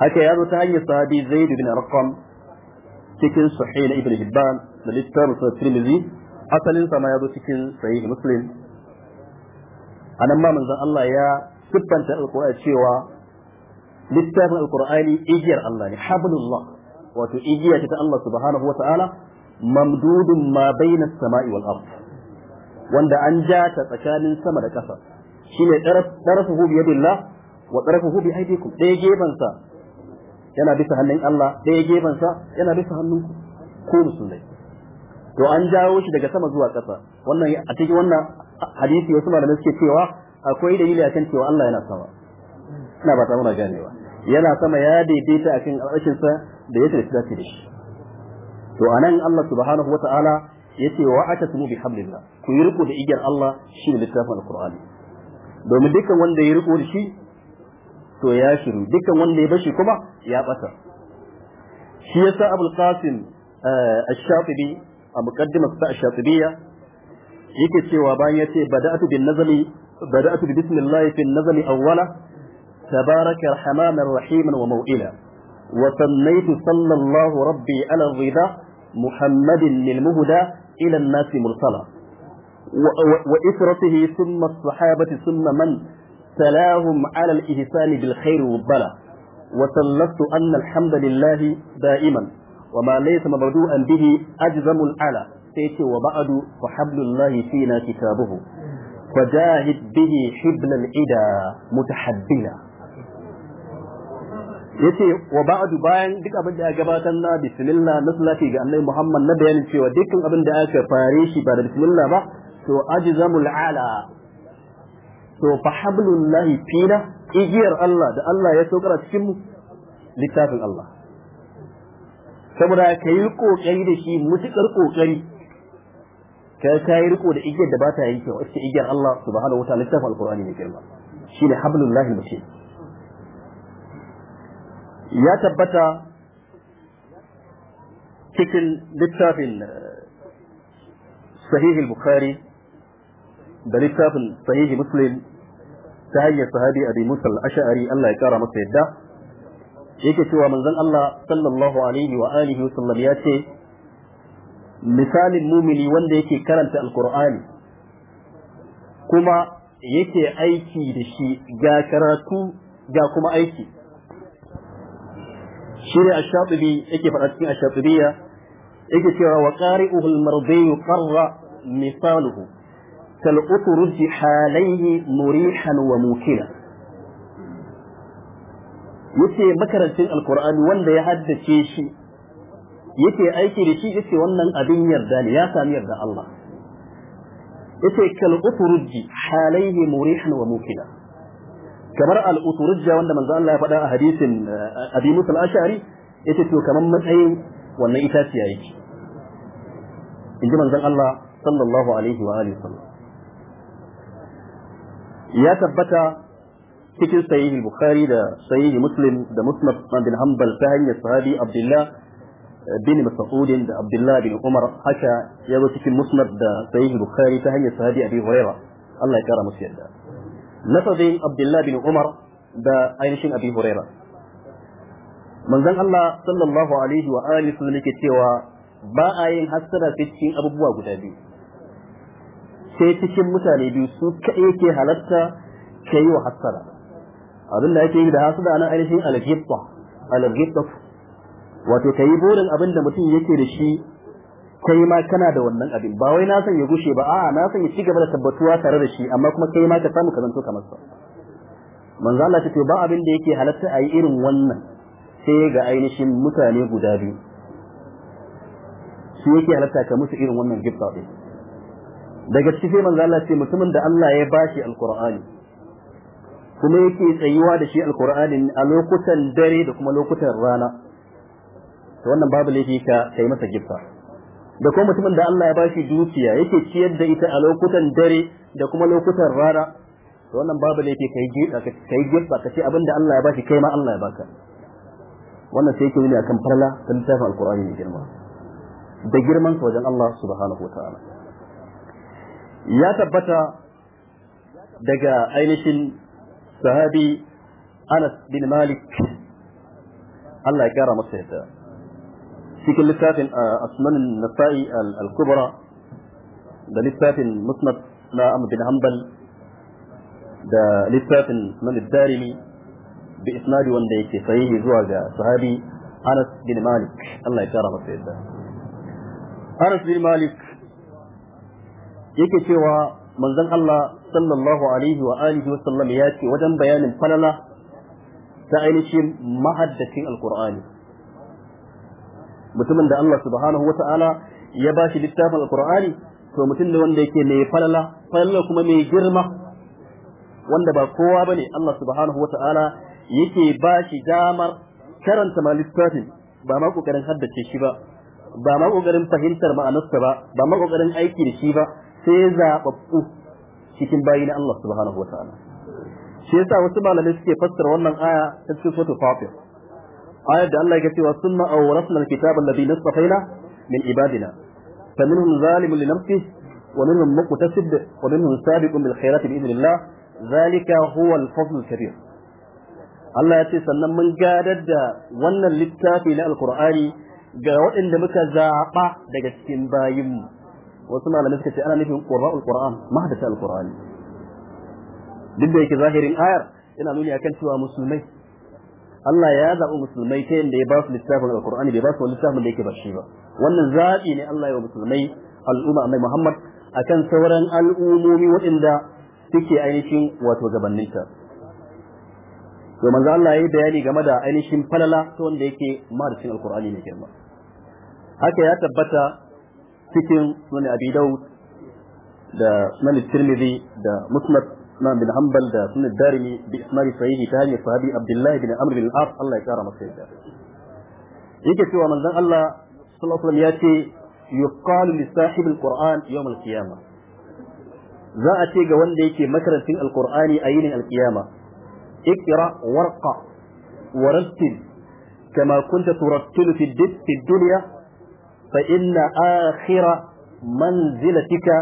haka ya zo ta hanyar sahabi Zaid bin Arqam cikin sahih na Ibn Hibban da littafin sa Tirmidhi asalin sa ma ya zo cikin sahih Muslim anan ma manzon Allah ya siffanta alqur'ani cewa littafin alqur'ani igiyar Allah ne hablullah wato igiya ta Allah subhanahu wa ta'ala mamdudun ma baina samai wal wanda an ja ta tsakanin sama da ƙasa shine tarafuhu bi yadillah wa tarafuhu bi aydikum ɗaya gefen yana bisa hannun Allah ɗaya gefen yana bisa hannun ku to an jawo shi daga sama zuwa ƙasa wannan a cikin wannan hadisi wasu malamai suke cewa akwai dalili akan cewa Allah yana sama ina ba ta muna ganewa yana sama ya daidaita akan arshin sa da ya tafi da shi to anan Allah subhanahu wataala yace wa atasimu bi hablillah ku yi riko da igiyar Allah shi littafin alqur'ani domin dukkan wanda ya riko da shi to ya shiru dukkan wanda ya bashi kuma ya bata shi yasa abul qasim eh, ash-shafi'i a muqaddimar sa ash-shafi'iyya yake cewa bayan yace bada'atu bin nazmi bada'atu bi bismillah fi an-nazmi awwala tabaraka rahmanan rahiman wa maw'ila وسميت صلى الله ربي على الرضا محمد للمهدى إلى الناس مرسلا وإسرته ثم الصحابة ثم من تلاهم على الإحسان بالخير والبلاء وسلفت أن الحمد لله دائما وما ليس مبدوءا به أجزم الأعلى سيتي وبعد فحبل الله فينا كتابه فجاهد به حبل الإدى متحبلا yace wa ba'du bayan duk abin da ya gabatar na bismillah na salati ga annabi Muhammad na bayanin cewa dukkan abin da aka fare shi ba da bismillah ba to ajzamul ala to fa hablullahi fina igiyar Allah da Allah ya saukar cikin mu littafin Allah saboda kai kokari da shi mutukar kokari ka kai riko da igiyar da ba ta yi kyau ita igiyar Allah subhanahu wa ta'ala littafin alqur'ani ne girma shine hablullahi mutin ya tabbata cikin littafin eh, sahih bukhari da littafin sahihi muslim ta hanyar sahabi abi musa al-ash'ari Allah ya kara masa yadda yake cewa manzon Allah sallallahu alaihi wa alihi wasallam ya ce misalin mumini wanda yake karanta alqur'ani kuma yake aiki da shi ga karatu ga kuma aiki شيري الشاطبي يجي فرقتين الشاطبية يجي ترى وقارئه المرضي قر مثاله كالأطرد حاليه مريحا وموكلا يتي مكرة القرآن وان لي حد شيشي يتي أي شيء لشي يتي وان أبين يرضى يا سامي الله يتي كالأطرد حاليه مريحا وموكلا kamar al-uturujja wanda manzo Allah ya faɗa a hadisin Abi Musa al-Ash'ari yace to kamar matsayin wannan itaciya yake inji manzon Allah sallallahu alaihi wa alihi sallam ya tabbata cikin sahihi bukhari da sahihi muslim da musnad bin hanbal ta hanyar sahabi abdullah bin mas'ud da abdullah bin umar haka ya zo cikin musnad da sahihi bukhari ta hanyar sahabi abi hurairah Allah ya kara musu yadda nasabin Abdullah bin Umar da ainihin Abi Huraira manzon Allah sallallahu alaihi wa alihi sun yake cewa ba a yin hassara cikin abubuwa guda biyu sai cikin mutane biyu su kaɗai ke halatta ka yi wa hasara abin da yake yi da hasada nan ainihin al-ghibta al wato ka yi burin abin da mutum yake da shi kai ma kana da wannan abin ba wai na san ya gushe ba a'a na san ya ci gaba da tabbatuwa tare da shi amma kuma kai ma ka samu ka zanto kamar sa manzo Allah ce ba abin da yake halatta a yi irin wannan sai ga ainihin mutane guda biyu shi yake halatta ka musu irin wannan gifta din daga cikin sai manzo Allah ce mutumin da Allah ya bashi alqur'ani kuma yake tsayuwa da shi alqur'ani a lokutan dare da kuma lokutan rana to wannan babu laifi ka kai masa gifta da kuma mutumin da Allah ya bashi dukiya yake ciyar da ita a lokutan dare da kuma lokutan rana wannan babu laifi kai gida kai gida ka ce abinda Allah ya bashi kai ma Allah ya baka wannan sai yake nuni akan farla ta littafin alqur'ani mai girma da girman sa wajen Allah subhanahu wataala ya tabbata daga ainihin sahabi Anas bin Malik Allah ya kara masa yadda cikin littafin uh, asman nasa'i al-kubra da littafin musnad na bin hanbal da littafin sunan darimi bi isnadi wanda yake sahihi zuwa ga sahabi anas bin malik Allah ya kara masa yadda anas bin malik yake cewa manzon Allah sallallahu alaihi wa alihi wa sallam ya ce wajen bayanin falala ta ainihin mahaddacin alqur'ani mutumin da Allah subhanahu ta'ala ya shi littafin alqur'ani to mutum ne wanda yake mai falala falala kuma mai girma wanda ba kowa ne, Allah subhanahu ta'ala yake bashi damar karanta ma littafin ba ma kokarin haddace shi ba ba ma kokarin fahimtar ma'anarsa ba ba ma kokarin aiki da shi ba sai zaɓaɓɓu cikin bayi na Allah subhanahu ta'ala shi yasa wasu malamai suke fassara wannan aya ta cikin suratul fatir ayar da Allah ya yake cewa summa awrasna alkitaba alladhi nastafaina min ibadina faminhum zalimun li nafsihi wa minhum muqtasid wa minhum sabiqun bil khairati bi idnillah zalika huwa al-fadl al-kabir Allah ya ce sannan mun gadar da wannan littafi na alqur'ani ga waɗanda muka zaɓa daga cikin bayinmu wasu malamai suka ce ana nufin qurra'ul qur'an mahdasa alqur'ani duk da yake zahirin ayar yana nuni akan cewa musulmai Allah ya zaɓi musulmai ta yadda ya ba su littafin alkur'ani bai ba su littafin da yake ba shi ba wannan zaɓi ne Allah ya wa musulmai al'umma mai Muhammad akan sauran al'umomi waɗanda suke ainihin wato ta. to manzo Allah ya yi bayani game da ainihin falala ta wanda yake maharisin alkur'ani ne girma haka ya tabbata cikin sunan Abi Dawud da Sunan Tirmidhi da Musnad Usman bin Hanbal da sunan Darimi bi isnad sahihi ta hanyar sahabi Abdullah bin Amr bin al Allah ya kara masa yadda yake cewa manzon Allah sallallahu alaihi wasallam ya ce yuqalu li sahib al-Qur'an yawm al-qiyamah za a ce ga wanda yake makarantin al-Qur'ani a yinin al-qiyama ikra warqa warattil kama kunta turattilu fi ad-dunya fa inna akhira manzilatika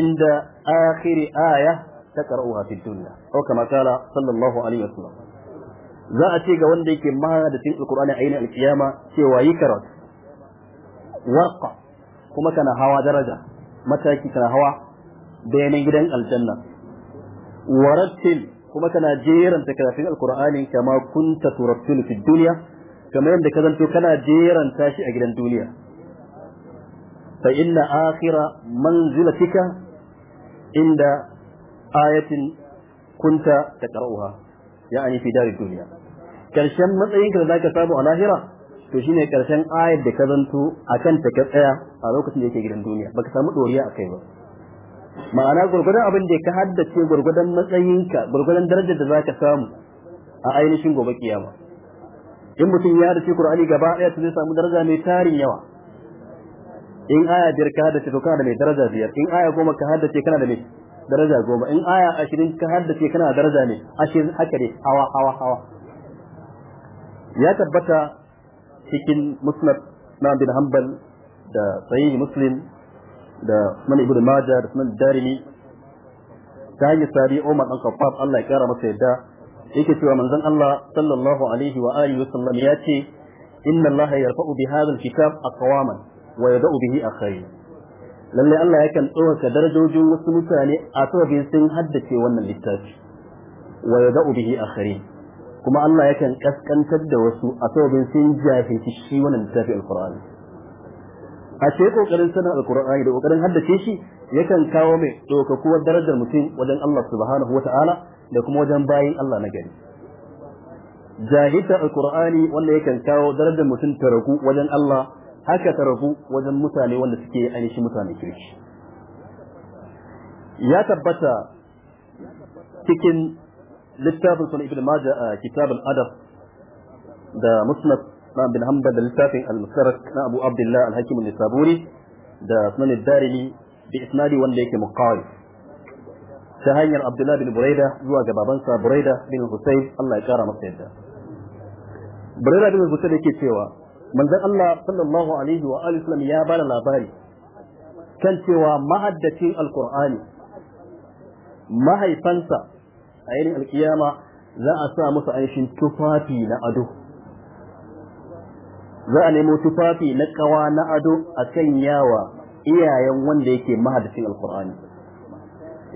inda آخر آية تقرأها في الدنيا أو كما قال صلى الله عليه وسلم za a ce ga wanda yake mahadatin alkur'ani a yinin alkiyama cewa yi karat waqa kuma kana hawa daraja mataki kana hawa bayanan gidan aljanna warattil kuma kana jeranta karatun alkur'ani kama kunta turattilu fi dunya kamar yadda ka zanto kana jeran tashi a gidan duniya fa inna akhira manzilatika inda ayatin kunta da ƙar'uha ya'ani fi dari duniya ƙarshen matsayinka da zaka samu a nahira to shine ƙarshen ayar da ka zanto akan ta ka tsaya a lokacin da yake gidan duniya baka samu doriya a kai ba ma'ana gurgudan abin da ya ka haddace gurgudan matsayinka gurgudan darajar da zaka samu a ainihin gobe kiyama in mutum ya dace Qur'ani gaba ɗaya to zai samu daraja mai tarin yawa in aya biyar ka haddace to kana da mai daraja biyar in aya goma ka haddace kana da mai daraja goma in aya ashirin ka haddace kana da daraja ne ashirin haka ne hawa hawa hawa ya tabbata cikin musnad na bin hanbal da sahih muslim da man ibnu majah da sunan darimi ta hanyar sari umar dan kafaf Allah ya kara masa yadda yake cewa manzon Allah sallallahu alaihi wa alihi wasallam ya ce inna Allah yarfa'u bi hadha al-kitab aqwaman wa ya yada'u bihi akhari lalle Allah ya kan yakan ka darajojin wasu mutane a sababin sun haddace wannan littafi wa ya da'u bihi akhari kuma Allah ya kan kaskantar da wasu a sababin sun jahilci shi wannan littafi alqur'ani a ce kokarin sanin alqur'ani da kokarin haddace shi yakan kawo mai ɗaukakuwar darajar mutum wajen Allah subhanahu wata'ala da kuma wajen bayin Allah na gari jahilta alqur'ani wanda yakan kawo darajar mutum ta ragu wajen Allah haka ta rabu wajen mutane wanda suke ainihin mutane kirki ya tabbata cikin littafin sunan ibn majah a kitab al-adab da musnad na bin hanbal da littafin al-musarrak na abu abdullah al-hakim an-nisaburi da sunan darimi bi isnadi wanda yake muqawil ta hanyar abdullah bin buraida zuwa ga babansa buraida bin husayn Allah ya kara masa yadda buraida bin husayn yake cewa manzon Allah sallallahu alaihi wa alihi wasallam ya bada labari kan cewa mahaddacin alqur'ani mahaifansa a yayin alkiyama za a sa musu ainihin tufafi na ado za a nemo tufafi na kawa na ado a kan yawa iyayen wanda yake mahaddacin alqur'ani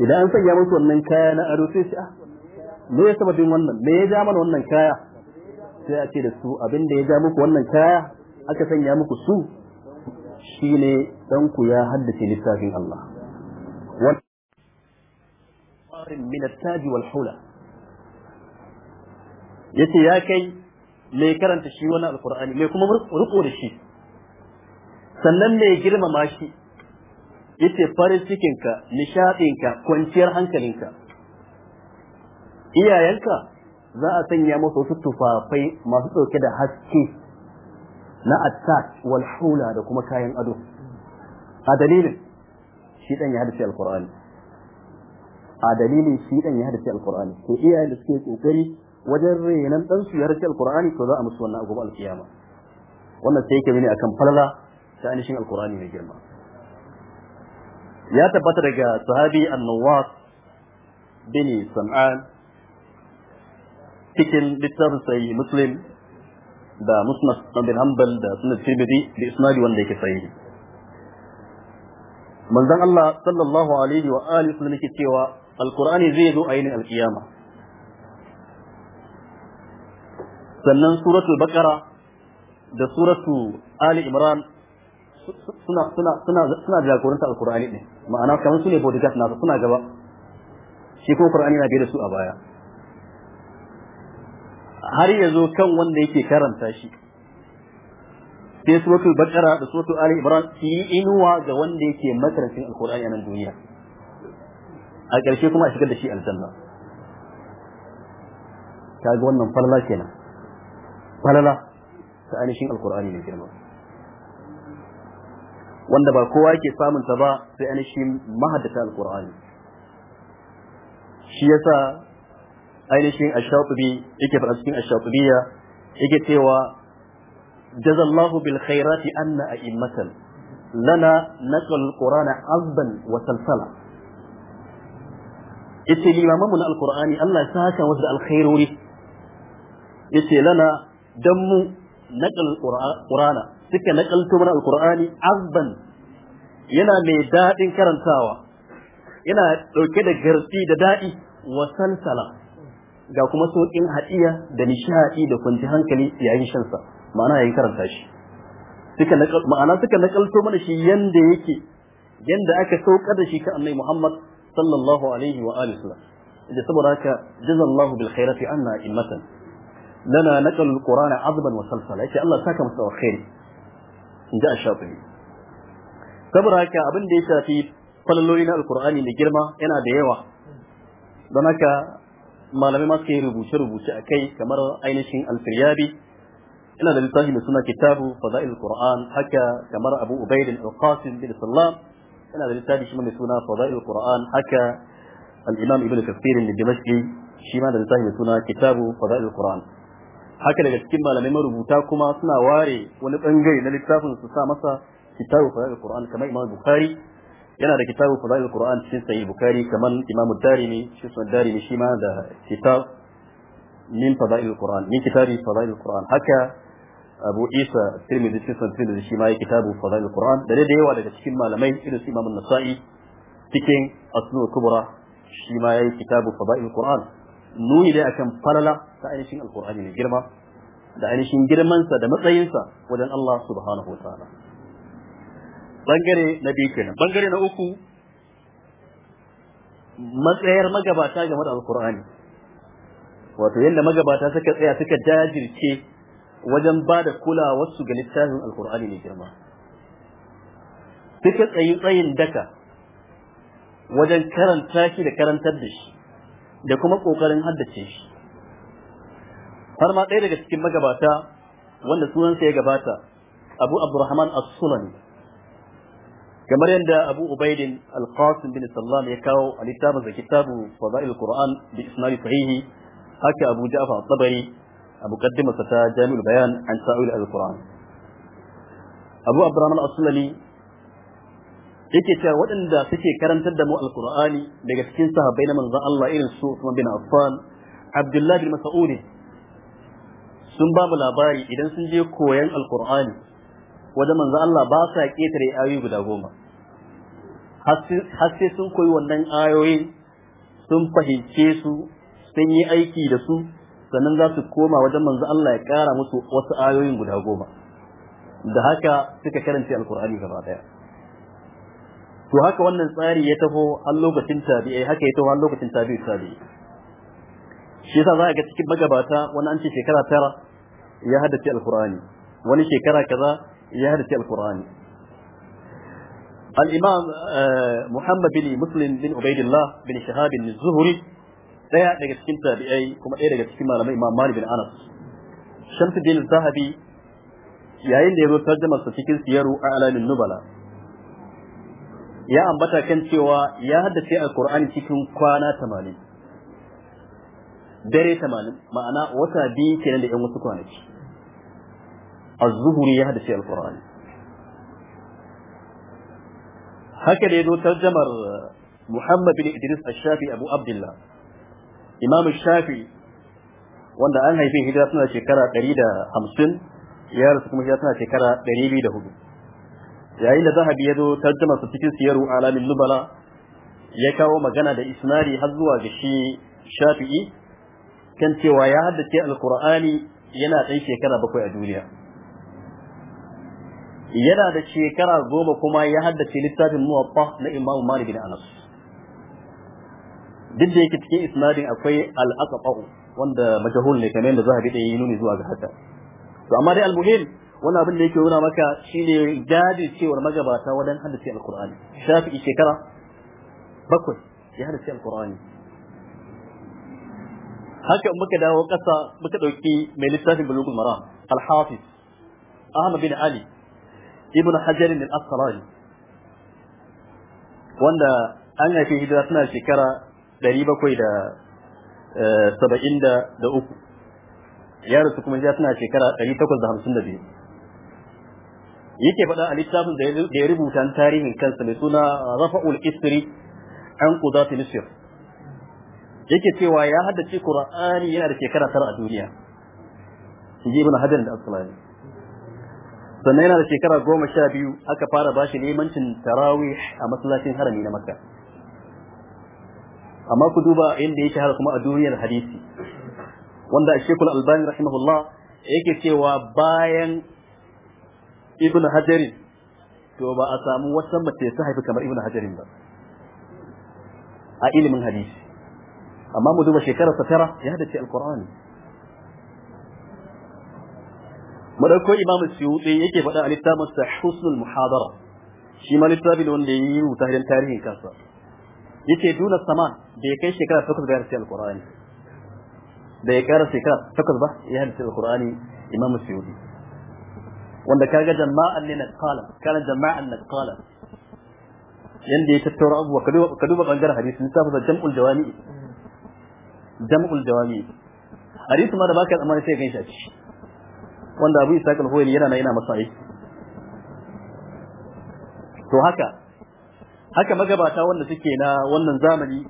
idan an sanya musu wannan kaya na ado sai shi ah me ya saba wannan me ya ja mana wannan kaya sai a ce da su abin da ya ja muku wannan kaya aka sanya muku su shine dan ku ya haddace littafin Allah wannan ce yace ya kai mai karanta shi wani alqur'ani mai kuma riko da shi sannan mai girmama shi yace farin cikinka nishaɗinka, kwanciyar hankalinka iyayenka za a sanya masa wasu tufafai masu ɗauke da haske na attat wal hula da kuma kayan ado a dalilin shi ɗan ya hadisi a dalilin shi ɗan ya hadisi alkur'ani to iyayen da suke kokari wajen renan ɗansu ya hadisi alkur'ani to za a musu wannan gobe alkiyama wannan sai yake mini akan falala ta ainihin alkur'ani mai girma ya tabbata daga sahabi annawas bin sam'an cikin littafin sayi muslim da musnad bin hanbal da sunan tirmidhi da isnadi wanda yake sahihi manzon Allah sallallahu alaihi wa alihi sunan yake cewa alqur'ani zai zo a yinin alkiyama sannan suratul baqara da suratu ali imran suna suna suna suna jagoranta alqur'ani ne ma'ana kamar su ne bodyguard na suna gaba shi ko qur'ani na biye da su a baya har ya zo kan wanda yake karanta shi sai suratul baqara da suratul ali imran su yi inuwa ga wanda yake makarancin alqur'ani a nan duniya a ƙarshe kuma a shigar da shi aljanna ta ga wannan falala kenan falala ta ainihin alqur'ani mai girma wanda ba kowa yake samun ta ba sai ainihin mahaddata alqur'ani shi yasa ainihin ash-shatibi yake fara cikin ash-shatibiyya yake cewa jazallahu bil khairati anna a'immatan lana naqal qur'ana azban wa salsala yace limamanmu na alqur'ani Allah ya saka wasu alkhairori yace lana dan mu naqal qur'ana suka naqalto mana alqur'ani azban yana mai dadin karantawa yana dauke da garsi da dadi wa salsala ga kuma sauƙin haɗiya da nishaɗi da kwanci hankali yayin shansa ma'ana yayin karanta shi suka ma'ana suka nakalto mana shi yanda yake yanda aka saukar da shi ka annabi Muhammad sallallahu alaihi wa alihi wasallam da saboda haka jazallahu bil khairati anna immatan lana naqalul qur'ana azban wa salsala yake Allah saka masa alkhairi inda ash-shafi'i saboda haka abin da ya shafi falaloli na alqur'ani da girma yana da yawa don haka malamai ma suka yi rubuce-rubuce a kai kamar ainihin alfiryabi ina da littafi mai suna kitabu fada'il qur'an haka kamar abu ubaidin al-qasim bin sallam ina da littafi shi mai suna fada'il qur'an haka al-imam ibnu kathir al-dimashqi shi ma da littafi mai suna kitabu fada'il qur'an haka daga cikin malamai marubuta kuma suna ware wani bangare na littafin su sa masa kitabu fada'il qur'an kamar imam bukhari yana da kitabu fadail qur'an cikin sahih bukhari kaman imamu darimi shi sun darimi shi ma da kitab min fadail qur'an min kitabi fadail qur'an haka abu isa tirmidhi cikin sun tirmidhi shi ma ya kitabu fadail qur'an da da yawa daga cikin malamai irin su imamu nasa'i cikin asnul kubra shi ma ya kitabu fadail qur'an nuni dai akan falala ta ainihin alqur'ani mai girma da ainihin girmansa da matsayinsa wajen Allah subhanahu wa ta'ala bangare na biyu kenan bangare na uku matsayar magabata game da alkur'ani wato yadda magabata suka tsaya suka jajirce wajen ba da kulawarsu ga littafin alkur'ani mai girma suka tsayi tsayin daka wajen karanta shi da karantar da shi da kuma ƙoƙarin haddace shi har ma ɗaya daga cikin magabata wanda sunansa ya gabata abu abdurrahman as-sulami kamar yadda Abu Ubaidin al bin Sallam ya kawo a littafin sa kitabu Fadail Qur'an bi isnadi sahihi haka Abu Ja'far At-Tabari a muqaddimar sa ta Jami'ul Bayan an Sa'il Al-Qur'an Abu Abdurrahman As-Sulami yake cewa waɗanda suke karantar da mu Al-Qur'ani daga cikin sahabbai na manzon Allah irin su Usman bin Affan Abdullah bin Mas'ud sun ba mu labari idan sun je koyan Al-Qur'ani wajen manzo Allah ba sa ƙetare ayoyi guda goma har sai sun koyi wannan ayoyin sun fahimce su sun yi aiki da su sannan za su koma wajen manzo Allah ya kara musu wasu ayoyin guda goma da haka suka karanta alkur'ani gaba daya to haka wannan tsari ya taho an lokacin tabi'i haka ya taho a lokacin tabi'i tabi'i shi yasa za ga cikin magabata wani an ce shekara tara ya haddace alkur'ani wani shekara kaza ya haddace alkur'ani al-imam muhammad bin muslim bin ubaidillah bin shahab bin zuhri daya daga cikin tabi'ai kuma daya daga cikin malamai imam malik bin anas shamsuddin zahabi yayin da ya zo tarjumar sa cikin siyaru a nubala ya ambata kan cewa ya haddace alqur'ani cikin kwana 80 dare 80 ma'ana wata biyu kenan da yan wasu kwanaki az-zuhri ya al alqur'ani haka da zo tarjamar Muhammad bin Idris al shafi Abu Abdullah Imam Shafi wanda an haife hijira tana shekara 150 ya rasu kuma hijira tana shekara 204 yayin da Zahabi yazo tarjamar sa cikin siyaru alamin nubala ya kawo magana da isnari har zuwa ga shi Shafi'i kan cewa ya haddace Alqur'ani yana ɗan shekara bakwai a duniya yana da shekara goma kuma ya haddace littafin muwaffa na imamu malik bin anas duk da yake cikin isnadin akwai al-aqfa'u wanda majahul ne kamar yadda zahabi da yi nuni zuwa ga haka to amma dai al-muhim wannan abin da yake nuna maka shine jadi cewar magabata wajen haddace al-qur'ani shafi'i shekara bakwai ya haddace al-qur'ani haka muka dawo kasa muka dauki mai littafin bulugul maram al-hafiz ahmad bin ali ibn hajar al asqalani wanda an haife hijira tana shekara 773 eh, ya rasu kuma hijira tana shekara 852 yake faɗa a littafin da ya rubuta tarihin kansa mai suna rafa'ul isri an qudati misr yake cewa ya haddace ƙura'ani yana da shekara tara a duniya ibn hajar al asqalani sannan yana da shekara goma sha biyu aka fara shi limancin tarawih a masallacin harami na makka amma ku duba inda ya shahara kuma a duniyar hadisi wanda shekul albani rahimahullah yake cewa bayan ibn hajarin to ba a samu wata mace ta haifi kamar ibn hajarin ba a ilimin hadisi amma mu duba shekarar sa tara ya hadace alqur'ani madauko imamu suyuti yake faɗa a littafin sa husnul muhadara shi ma littafi wanda ya yi rubuta hidan tarihin kansa yace duna sama da ya kai shekara takwas da yarsi alqur'ani da ya kara shekara takwas ba ya hadisi alqur'ani imamu suyuti wanda ka ga jama'an ne na nakala kana jama'an na nakala yadda ya tattaura abubuwa ka duba bangaren hadisi littafin sa jam'ul jawami jam'ul jawami hadisi ma da baka tsammani sai ka ganshi a ciki wanda Abu Isa al-Huwaili yana yana masa aiki to haka haka magabata wanda suke na wannan zamani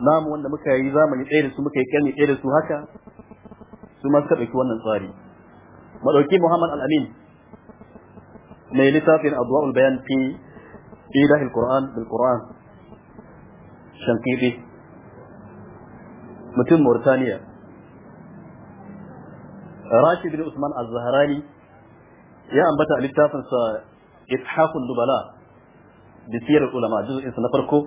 namu wanda muka yi zamani ɗaya da su muka yi ƙarni ɗaya da su haka su ma suka ɗauki wannan tsari madauki Muhammad al-Amin mai littafin Adwa'ul Bayan fi إيضاح القرآن بالقرآن شنقيطي mutum موريتانيا Rashid bin Usman az ya ambata a littafin sa Ithaqul Nubala da Siyar Ulama juz'in sa na farko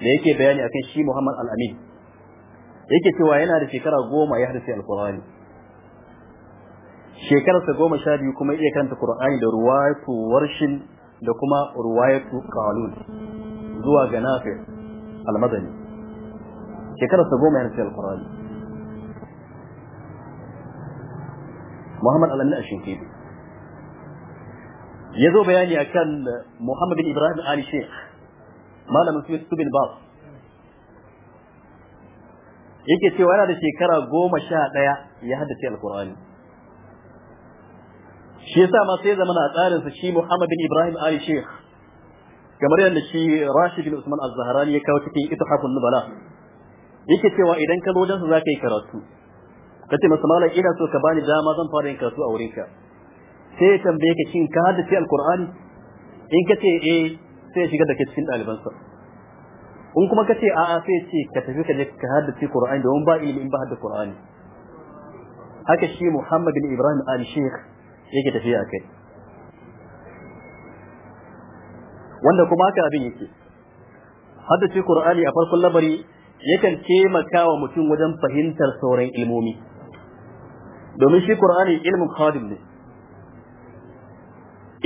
da yake bayani akan shi Muhammad Al-Amin yake cewa yana da shekara goma ya hadisi Al-Qur'ani shekararsa goma sha biyu kuma iya karanta Qur'ani ruwayatu warshin da kuma ruwayatu zuwa shekararsa goma ya Muhammad Alamni a Shinkebe. Ya zo bayani a kan Muhammad bin Ibrahim Ali Sheikh, malamin su su bin Bab. Yake cewa yana da shekara goma sha ɗaya ya haddace Alƙur'ani. Shi yasa ma sai zamana a tsarinsa shi Muhammad bin Ibrahim Ali Sheikh, kamar yadda shi Rashid bin Usman Az-Zahrani ya kawo cikin Ithafun Nubala. Yake cewa idan ka zo wajensa za ka yi karatu, kace masa malai ina so ka bani dama zan fara yin karatu a wurinka sai ya tambaye ka shin ka haddace alqur'ani in kace eh sai ya shiga da cikin ɗalibansa in kuma kace a'a sai ya ce ka tafi ka je ka haddace qur'ani domin ba ilimi in ba haddace qur'ani haka shi Muhammad bin Ibrahim al-Sheikh yake tafiya kai wanda kuma haka abin yake haddace qur'ani a farkon labari yakan taimaka wa mutum wajen fahimtar sauran ilmomi domin shi Qur'ani ilmin khadim ne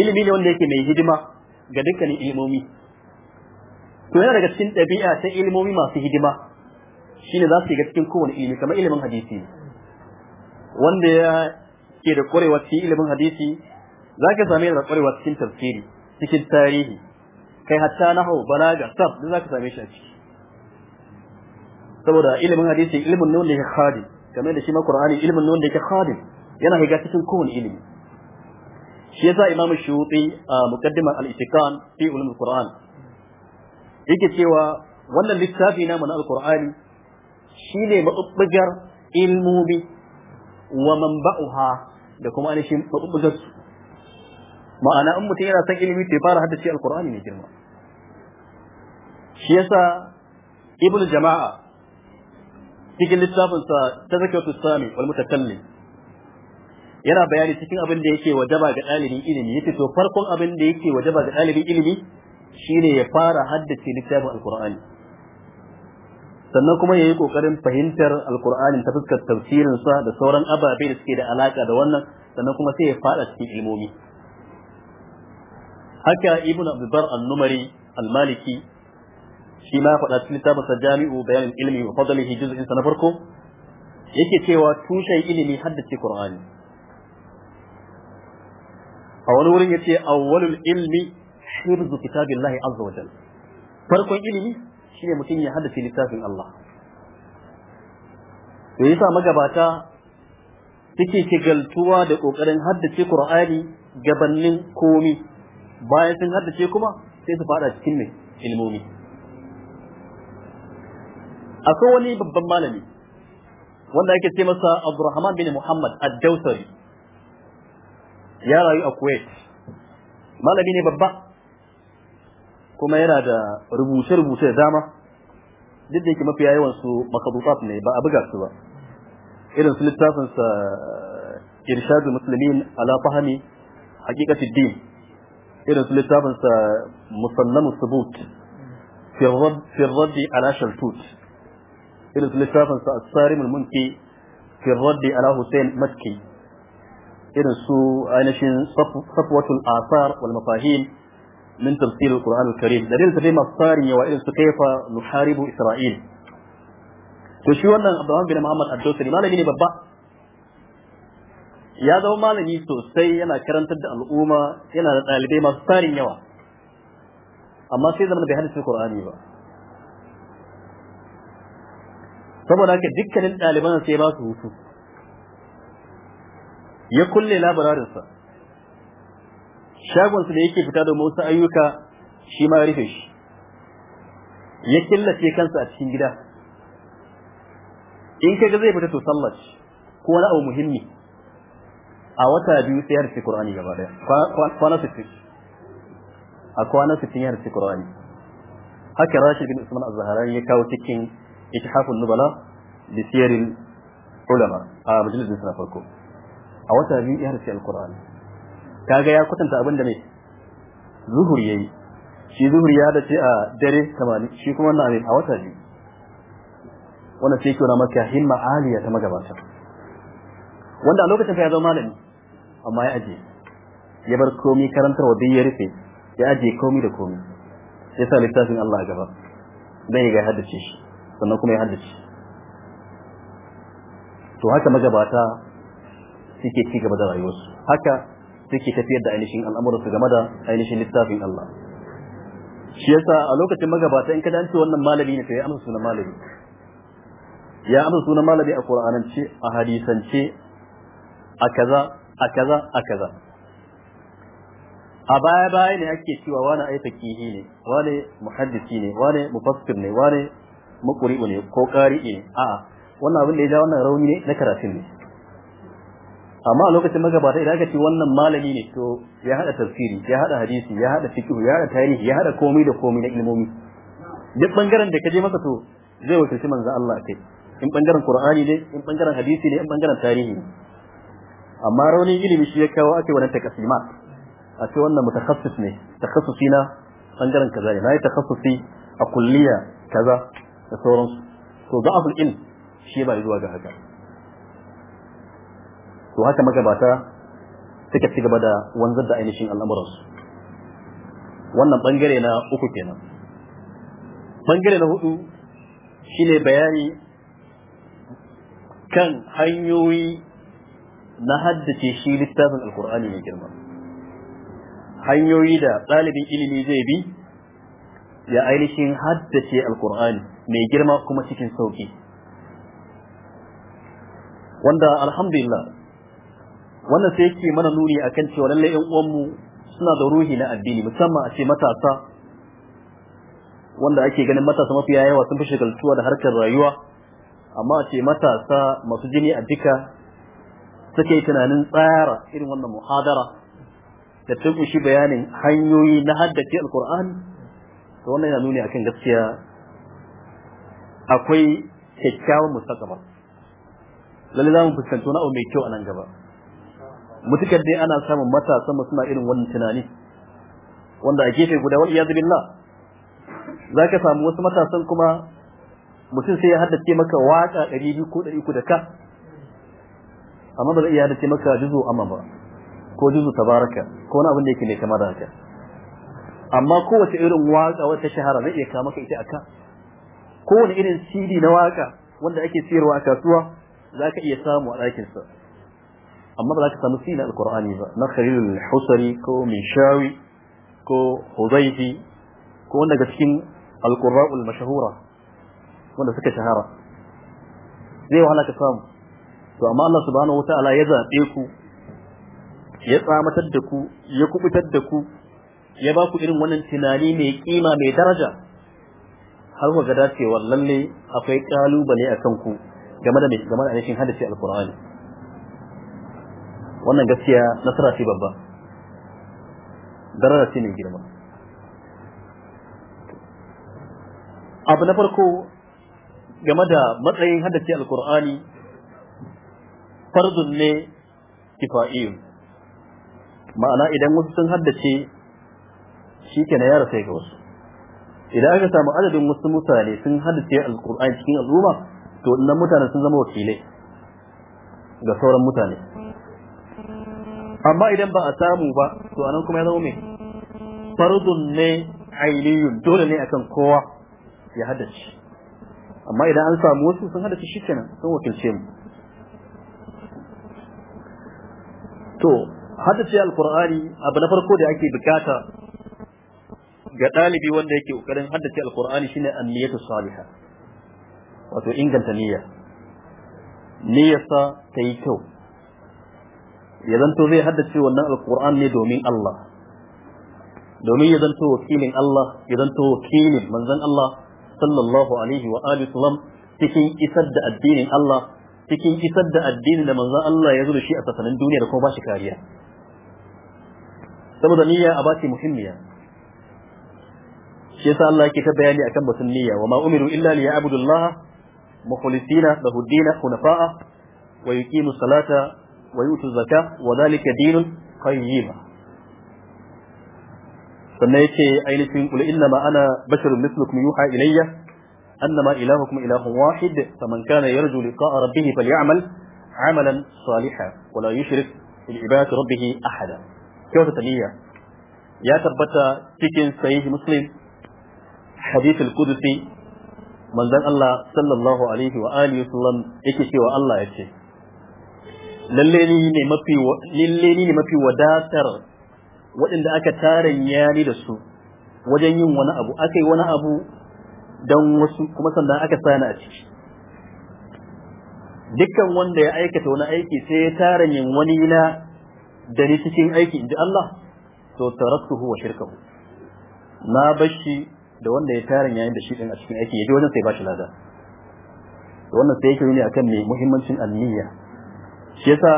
ilimi ne wanda yake mai hidima ga dukkanin ilmomi to yana daga cikin ɗabi'a ta ilmomi masu hidima shine za su yi cikin kowane ilimi kamar ilimin hadisi wanda ya ke da ƙwarewa cikin ilimin hadisi za ka same da ƙwarewa cikin tafsiri cikin tarihi kai hatta nahawu balaga sab duk za ka same shi a ciki saboda ilimin hadisi ilimin ne wanda ya khadim game da shi ma Qur'ani ilmin wanda yake khadim yana higa cikin kowane ilimi shi yasa Imam Shuti a muqaddimar al-Itqan fi ulum al-Qur'an yake cewa wannan littafi na mana al-Qur'ani shine mabubbugar ilmumi wa manba'uha da kuma anishin mabubbugar ma'ana in mutum yana son ilimi ta fara haddace al-Qur'ani ne girma shi yasa ibnu jama'a cikin littafin sa tazakiyatu sami wal mutakallim yana bayani cikin abin da yake wajaba ga dalibin ilimi yace to farkon abin da yake wajaba ga dalibin ilimi shine ya fara haddace littafin alqur'ani sannan kuma yayi kokarin fahimtar alqur'ani ta fuskar tafsirin sa da sauran ababe da suke da alaka da wannan sannan kuma sai ya fada cikin ilmomi haka ibnu abdulbar an-numari al-maliki shi ma faɗa cikin littafin sa jami'u bayanin ilmi wa fadlihi juz'in sa na farko yake cewa tushen ilimi haddace qur'ani a wani wurin yace awwalul ilmi hifzu kitabillahi azza wajal farkon ilimi shine mutum ya haddace littafin Allah to yasa magabata suke kigaltuwa da kokarin haddace Qur'ani gabanin komi bayan sun haddace kuma sai su fada cikin mai ilmomi akwai wani babban malami wanda ake ce masa Abdurrahman bin Muhammad Ad-Dawsari ya rayu a Kuwait malami ne babba kuma yana da rubuce-rubuce da dama duk da yake mafi yawan su ne ba a buga su ba irin su littafin sa irshadu muslimin ala fahmi haqiqati din irin su littafin sa musallamu subut fi radd ala shaltut irin su littafin sa as-sarimul munki fi raddi ala husayn makki irin su ainihin safwatul asar wal mafahim min tafsir al-qur'an karim da irin tafsir ne wa irin su kaifa nuharibu isra'il to shi wannan abdurrahman bin muhammad ad-dawsari malami ne babba ya zama malami sosai yana karantar da al'umma yana da ɗalibai masu tarin yawa amma sai zama bai hadisi qur'ani ba saboda haka dukkanin ɗaliban sai ba su hutu ya kulle labararinsa shagonsa da yake fita da wasu ayyuka shi ma rufe shi ya killace kansa a cikin gida in ga zai fita to sallah ko wani abu muhimmi a wata biyu sai ya rufe Qur'ani gaba daya kwana 60 a kwana 60 ya rufe Qur'ani haka Rashid bin Usman az-Zahrani ya kawo cikin ittihafun nubala da siyarin ulama a majalisar sa farko a wata biyu ya harfi alkur'ani kaga ya kwatanta abin da ne zuhur yayi shi zuhur ya dace a dare 80 shi kuma na amin a wata biyu wannan sai kiyo na maka himma aliya ta magabata wanda a lokacin ya zama malami amma ya aje ya bar komi karantar dai ya rufe ya aje komi da komi sai sa littafin Allah gaba dan ya ga haddace shi sannan kuma ya haddace to haka magabata suke ci gaba da rayuwarsu haka suke tafiyar da ainihin al'amuransu game da ainihin littafin Allah shi yasa a lokacin magabata in ka dace wannan malami ne sai ya amsa sunan malami ya amsa sunan malami a qur'anance a hadisance a kaza a kaza a kaza a baya baya ne ake cewa wani aifaki ne wani muhaddisi ne wani mufassir ne wani makuri'u ne ko ƙari'i ne a'a wannan abin da ya ja wannan rauni ne na karatun ne amma a lokacin magabata idan aka ce wannan malami ne to ya hada tafsiri ya hada hadisi ya hada fiqh ya hada tarihi ya hada komai da komai na ilmomi duk bangaren da ka je masa to zai wakilci manzo Allah kai in bangaren Qur'ani ne in bangaren hadisi ne in bangaren tarihi ne amma rauni ilimi shi ya kawo ake wannan takasima a ce wannan mutakassis ne takassusi na bangaren kaza ne nayi takassusi a kulliya kaza da sauransu to da'aful ilm shi ba zuwa ga haka to haka magabata suka ci gaba da wanzar da ainihin al'amuransu wannan bangare na uku kenan bangare na hudu shine bayani kan hanyoyi na haddace shi littafin alkur'ani mai girma hanyoyi da ɗalibin ilimi zai bi ya ainihin haddace alkur'ani mai girma kuma cikin sauki wanda alhamdulillah wannan sai yake mana nuni akan cewa lalle yan uwanmu suna da ruhi na addini musamman a ce matasa wanda ake ganin matasa mafi yawa sun fi shagaltuwa da harkar rayuwa amma a ce matasa masu jini a duka suke tunanin tsara irin wannan muhadara da tunkushi bayanin hanyoyi na haddace alkur'ani to wannan yana nuni akan gaskiya akwai kyakkyawan mustaqbal lalle za mu fuskanci wani abu mai kyau a nan gaba mutukar dai ana samun matasan mu suna irin wannan tunani wanda a gefe guda wal iyad billah zaka samu wasu matasan kuma mutum sai ya haddace maka waka 200 ko 300 da ka amma ba zai iya haddace maka juzu amma ba ko juzu tabaraka ko wani abin da yake ne kamar haka amma kowace irin waka wata shahara zai iya kawo maka ita aka kowane irin CD na waka wanda ake sayarwa a kasuwa zaka iya samu a ɗakin sa amma ba za ka samu CD na Alqur'ani ba na Khalil al-Husari ko Minshawi ko Hudayfi ko wanda daga cikin al mashahura al wanda suka shahara zai wahala ka samu to amma Allah subhanahu wataala ya zabe ku ya tsamatar da ku ya kubutar da ku ya ba ku irin wannan tunani mai kima mai daraja har gada ga lallai lalle akwai kalubale a kanku game da game da anishin hadisi alqur'ani wannan gaskiya nasara ce babba darara ce ne girma abu na farko game da matsayin hadisi alqur'ani farzun ne kifa'iyun ma'ana idan wasu sun haddace shi ke na yara sai ga wasu idan aka samu adadin wasu mutane sun haddace alkur'ani cikin al'umma to nan mutane sun zama wakilai ga sauran mutane amma idan ba a samu ba to anan kuma ya zama mai farudun ne ainihin dole ne akan kowa ya haddace amma idan an samu wasu sun haddace kenan sun wakilce mu to haddace alkur'ani abu na farko da ake bukata ga ɗalibi wanda yake ƙoƙarin haddace alƙur'ani shine anniyatu salihah wato inganta niyya niyyarsa ta yi kyau ya zanto zai haddace wannan alƙur'an ne domin Allah domin ya zanto wakilin Allah ya zanto wakilin manzon Allah sallallahu alaihi wa alihi wasallam cikin isar da addinin Allah cikin isar da addinin da manzon Allah ya zo da shi a tsakanin duniya da kuma ba shi kariya saboda niyya a bace muhimmiya shi yasa Allah yake ta bayani akan batun niyya wa ma umiru illa li ya'budu Allah mukhlisina lahu ad-din hunafa'a wa yuqimu salata wa yutu zakata wa dhalika dinul qayyim sannan yace ainihin kul inna ma ana basharun mithlukum yuha ilayya annama ilahukum ilahun wahid faman kana yarju liqa'a rabbih falyamal amalan salihan wa la yushrik bi ibadati rabbih ahada kyauta niyya ya tabbata cikin sahih muslim hadithul qudsi manzon Allah sallallahu alaihi wa alihi wasallam yake cewa Allah ya ce lalle ni mafi lalle ni ne mafi wadatar waɗanda aka taran da su wajen yin wani abu aka yi wani abu don wasu kuma sannan aka sani a ciki dukkan wanda ya aikata wani aiki sai ya tara yin wani na da ni cikin aiki inji Allah to taraktuhu wa shirkahu na bashi da wanda ya tarin yayin da shi din a cikin aiki ya ji wajen sai ba shi lada wannan sai yake nuni akan me muhimmancin alniyya shi yasa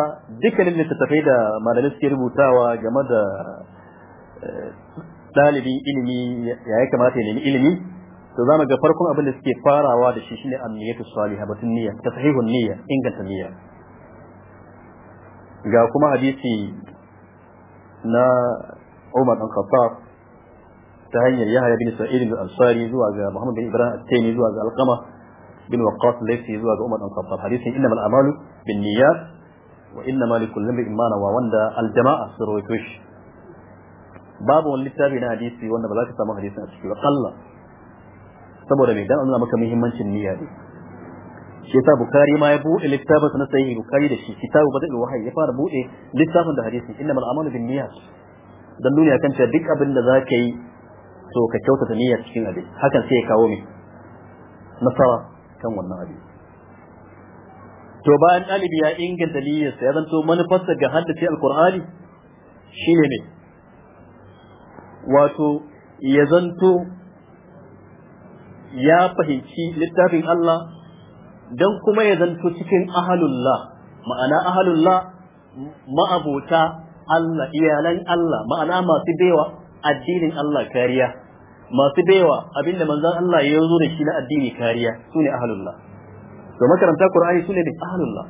dukkanin littattafai da malamai suke rubutawa game da dalibi eh, ilimi ya ya kamata ya nemi ilimi to za mu ga farkon abin da suke farawa da shi shine anniyatu salihah batun niyya tasahihun niyya inganta niyya ga kuma hadisi na Umar dan Khattab تهيا يهيا بن إسرائيل بن الأنصاري زواج محمد بن إبراهيم التيمي زواج القمة بن وقاص ليس زواج عمر بن الخطاب حديث إنما الأعمال بالنيات وإنما لكل امرئ ما نوى وندى الجماعة سرويكوش باب للتابع حديث وندى بلاك سامع حديث أشكي وقال سبو رمي دان أنا مكمي همان شنية كتاب بكاري ما يبو الكتاب سنسيه بكاري دشي كتاب بدأ الوحي يفار بوئي للتابع حديث إنما الأعمال بالنيات dan duniya kan ce duk abin da za ka yi so ka kyautata niyyar cikin abin hakan sai ya kawo mai nasara kan wannan abin to bayan ɗalibi ya inganta niyyarsa ya zanto manufarsa ga haddace alkur'ani shine ne wato ya zanto ya fahimci littafin Allah don kuma ya zanto cikin ahalullah ma'ana ahalullah ma'abota Allah iyalan Allah ma'ana masu baiwa addinin Allah kariya masu baiwa abinda manzon Allah ya zo da shi na addini kariya sune ahlullah to makaranta qur'ani sune ne ahlullah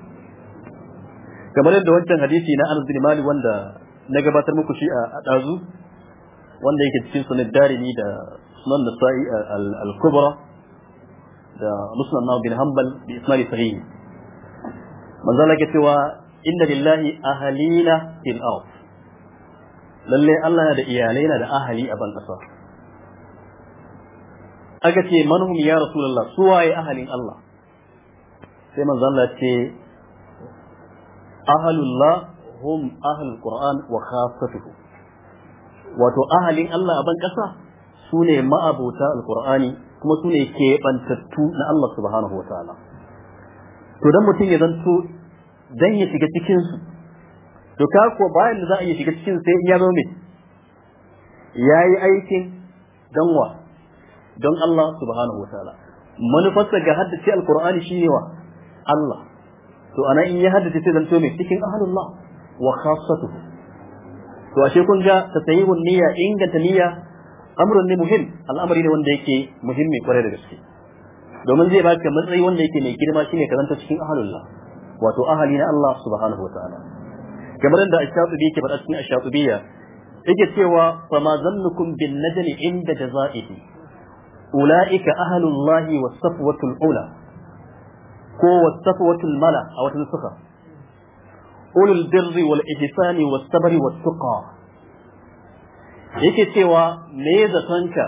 kamar yadda wancan hadisi na Anas bin Malik wanda na gabatar muku shi a dazu wanda yake cikin sunan darimi da sunan nasa'i al-kubra da musnad bin hanbal bi isnadi sahih manzo Allah ke cewa inna lillahi ahlina fil ard lalle Allah da iyalai na da ahali a ban kasa aka ce manhum ya rasulullah su waye ahalin Allah sai manzo Allah ce ahalullah hum ahlul qur'an wa khassatuhu wato ahalin Allah a ban kasa su ne ma'abota alqur'ani kuma su ne keɓantattu na Allah subhanahu wa to dan mutum ya zanto dan ya shiga cikin su to ka ko bayan da za a yi shiga cikin sai ya zo me yayi aikin danwa don Allah subhanahu wa ta'ala manufarsa ga haddace alqur'ani shine wa Allah to ana in ya haddace sai zanto mai cikin ahlullah wa khassatuhu to ashe kun ga tasayibun niyya inganta niyya amrun ne muhim al'amari ne wanda yake muhimmi kwarai da gaske domin zai baka matsayi wanda yake mai girma shine ka zanta cikin ahlullah wato ahali na Allah subhanahu wa ta'ala kamar da ash-shatibi yake faɗa cikin ash-shatibiyya yake cewa fa ma zannukum bin najmi inda jazaihi ula'ika ahalullahi wa safwatul ula ko wa safwatul mala a wata nusuka ulul birri wal ihsani was sabri was tuqa yake cewa me zatonka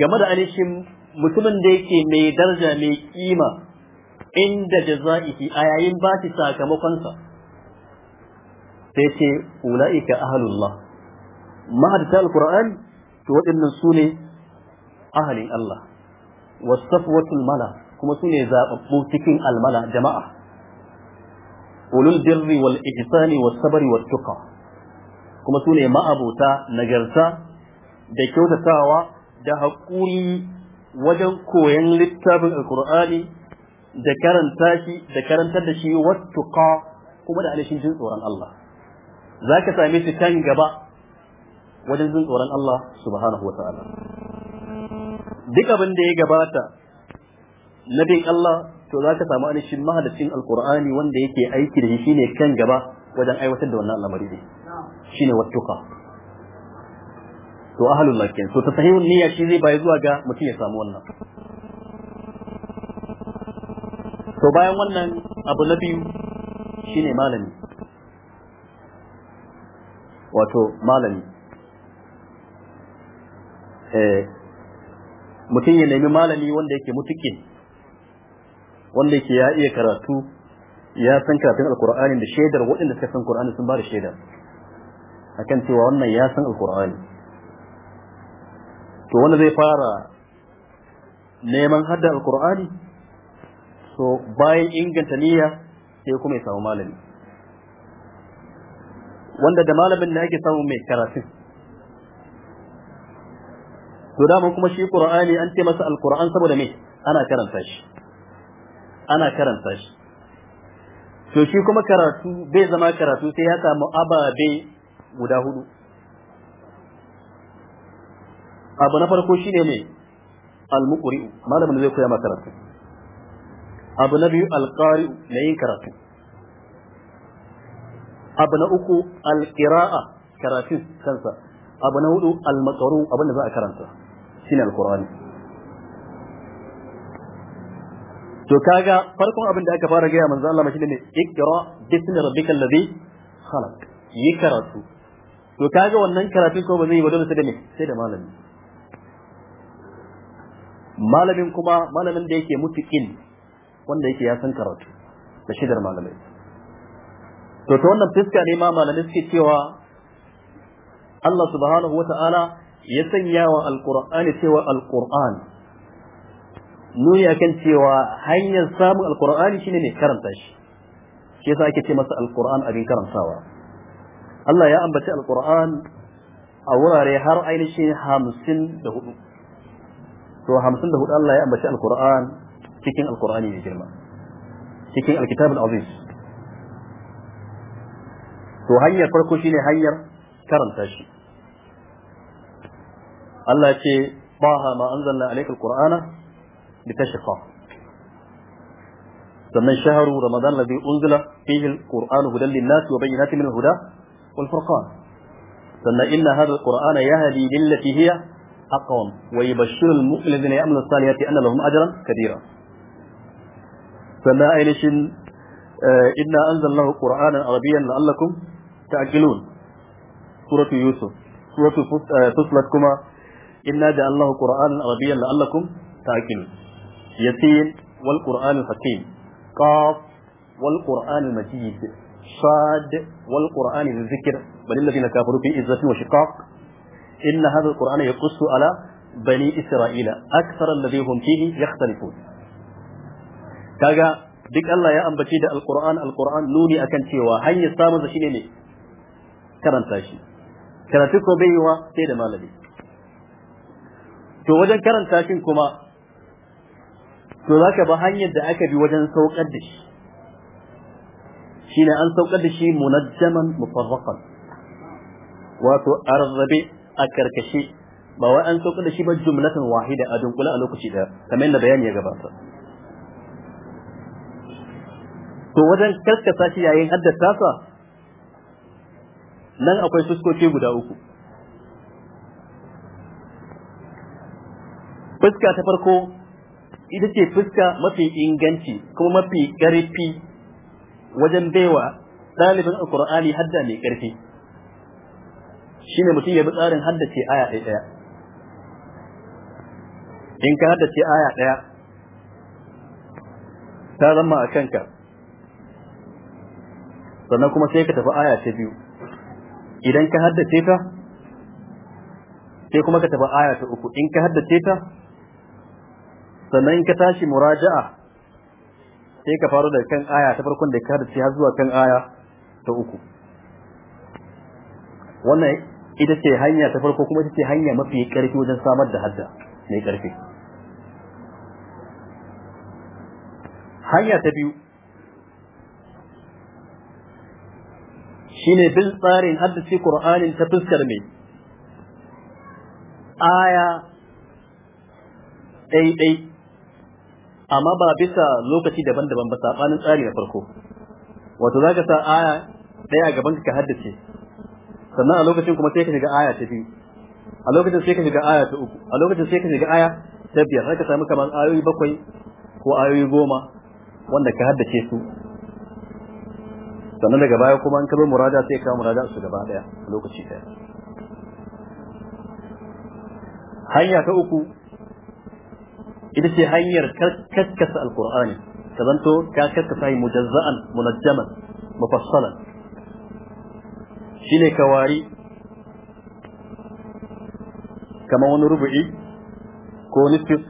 game da alishin mutumin da yake mai daraja mai kima inda jaza'ihi a yayin ba shi sakamakonsa sai ce ula'ika ahalullah al alquran to waɗannan su ne ahalin Allah wasafwatul mala kuma sune zababbu cikin almala jama'a ulul birri wal ihsani was tuqa kuma sune ma'abuta nagarta da kyautatawa da haƙuri wajen koyon littafin alkur'ani da karanta shi da karantar da shi wat tuqa kuma da alishin jin tsoron Allah zaka same shi kan gaba wajen jin tsoron Allah subhanahu wa ta'ala duk abin da ya gabata na bin Allah to za ka samu anishin mahalicin alkur'ani wanda yake aiki da shi ne kan gaba wajen aiwatar da wannan al'amari ne shi ne wattuka to ahlul lakin to sahihun niyya shi zai bai zuwa ga mutum ya samu wannan to bayan wannan abu na biyu ne malami wato malami eh, mutum ya nemi malami wanda yake mutukin wanda yake ya iya karatu ya san karatun alkur'ani da shaidar waɗanda suka san qur'ani sun ba da shaidar akan cewa wannan ya san alkur'ani to wanda zai fara neman hadda alkur'ani so bayan inganta niyya sai kuma ya samu malami wanda da malamin da ake samu mai karatun to dama kuma shi qur'ani an ce masa alquran saboda me ana karanta shi ana karanta shi to shi kuma karatu bai zama karatu sai ya samu ababe guda hudu abu na farko shine ne almuqri'u malamin zai koya ma karatu abu na biyu alqari'u na yin karatu abu na uku alqira'a karatun kansa abu na hudu almaqru abin da za a karanta shine alqur'ani to kaga farkon abin da aka fara gaya manzo Allah mashi ne ikra bismi rabbikal ladhi khalaq yi karatu to kaga wannan karatu ko ba zai yi ba dole sai da me sai da malami malamin kuma malamin da yake mutiqin wanda yake ya san karatu da shidar malamai to ta wannan fiska ne ma malamai suke cewa Allah subhanahu wa ta'ala ya sanya wa alqur'ani cewa alqur'an nuni akan cewa hanyar samun alqur'ani shine ne karanta shi shi yasa ake ce masa alqur'an abin karantawa Allah ya ambaci alqur'an a wurare har ainihin hamsin da hudu to hamsin da hudu Allah ya ambaci alqur'an cikin alqur'ani mai girma cikin alkitabul aziz to hanyar farko shine hanyar karanta shi الله يكي طاها ما أنزلنا عليك القرآن لتشقى ثم شهر رمضان الذي أنزل فيه القرآن هدى للناس وبينات من الهدى والفرقان ثم إن هذا القرآن يهدي للتي هي أقوم ويبشر المؤمن الذين يعمل الصالحات أن لهم أجرا كبيرا ثم أينش آه، إنا أنزل له قرآنا عربيا لعلكم تعجلون سورة يوسف سورة فصلت آه، كما إلا جاء الله قرآن عربيا لعلكم تعقل يتين والقرآن الحكيم قاف والقرآن المجيد صاد والقرآن الذكر بل الذين كفروا في عزة وشقاق إن هذا القرآن يقص على بني إسرائيل أكثر الذي هم فيه يختلفون كاغا ديك الله يا أم بشيد القرآن القرآن نوني أكن شيء وهاي السامة شيء لي كرنتاشي كرنتكو بيوا سيد مالدي to wajen karanta shin kuma to za ka ba hanyar da aka bi wajen saukar da shi shine an saukar da shi munajjaman mufarraqan wato arzabe a karkashi ba wai an saukar da shi ba jumlatan wahida a dunkula a lokaci daya kamar yadda bayani ya gabata to wajen karkasa shi yayin haddasa nan akwai fuskoki guda uku fuska ta farko ita ce fuska mafi inganci kuma mafi ƙarfi wajen baiwa ɗalibin alƙur'ani hadda mai ƙarfi ne mutum ya bi tsarin haddace aya ɗaya in ka haddace aya ɗaya ta zama a kanka sannan kuma sai ka tafi aya ta biyu idan ka haddace ta sai kuma ka tafi aya ta uku in ka haddace ta sannan ka tashi muraja'a sai ka faru da kan aya ta farkon da ka dace har zuwa kan aya ta uku wannan ita ce hanya ta farko kuma ita ce hanya mafi karfi wajen samar da hadda mai karfi hanya ta biyu shine bin tsarin haddace Qur'anin ta fuskar mai aya ɗaiɗai amma ba bisa lokaci daban-daban ba sabanin tsari na farko wato za ka sa aya ɗaya gaban ka haddace sannan a lokacin kuma sai ka shiga aya ta biyu a lokacin sai ka shiga aya ta uku a lokacin sai ka shiga aya ta biyar za ka samu kamar ayoyi bakwai ko ayoyi goma wanda ka haddace su sannan daga baya kuma an kalo murada sai ka murada su gaba daya lokaci daya hanya ta uku ita ce hanyar kaskasa alqur'ani ka zanto ka kaskasa shi mujazza'an munajjaman mufassalan shine wari kamar wani rubu'i ko nisfis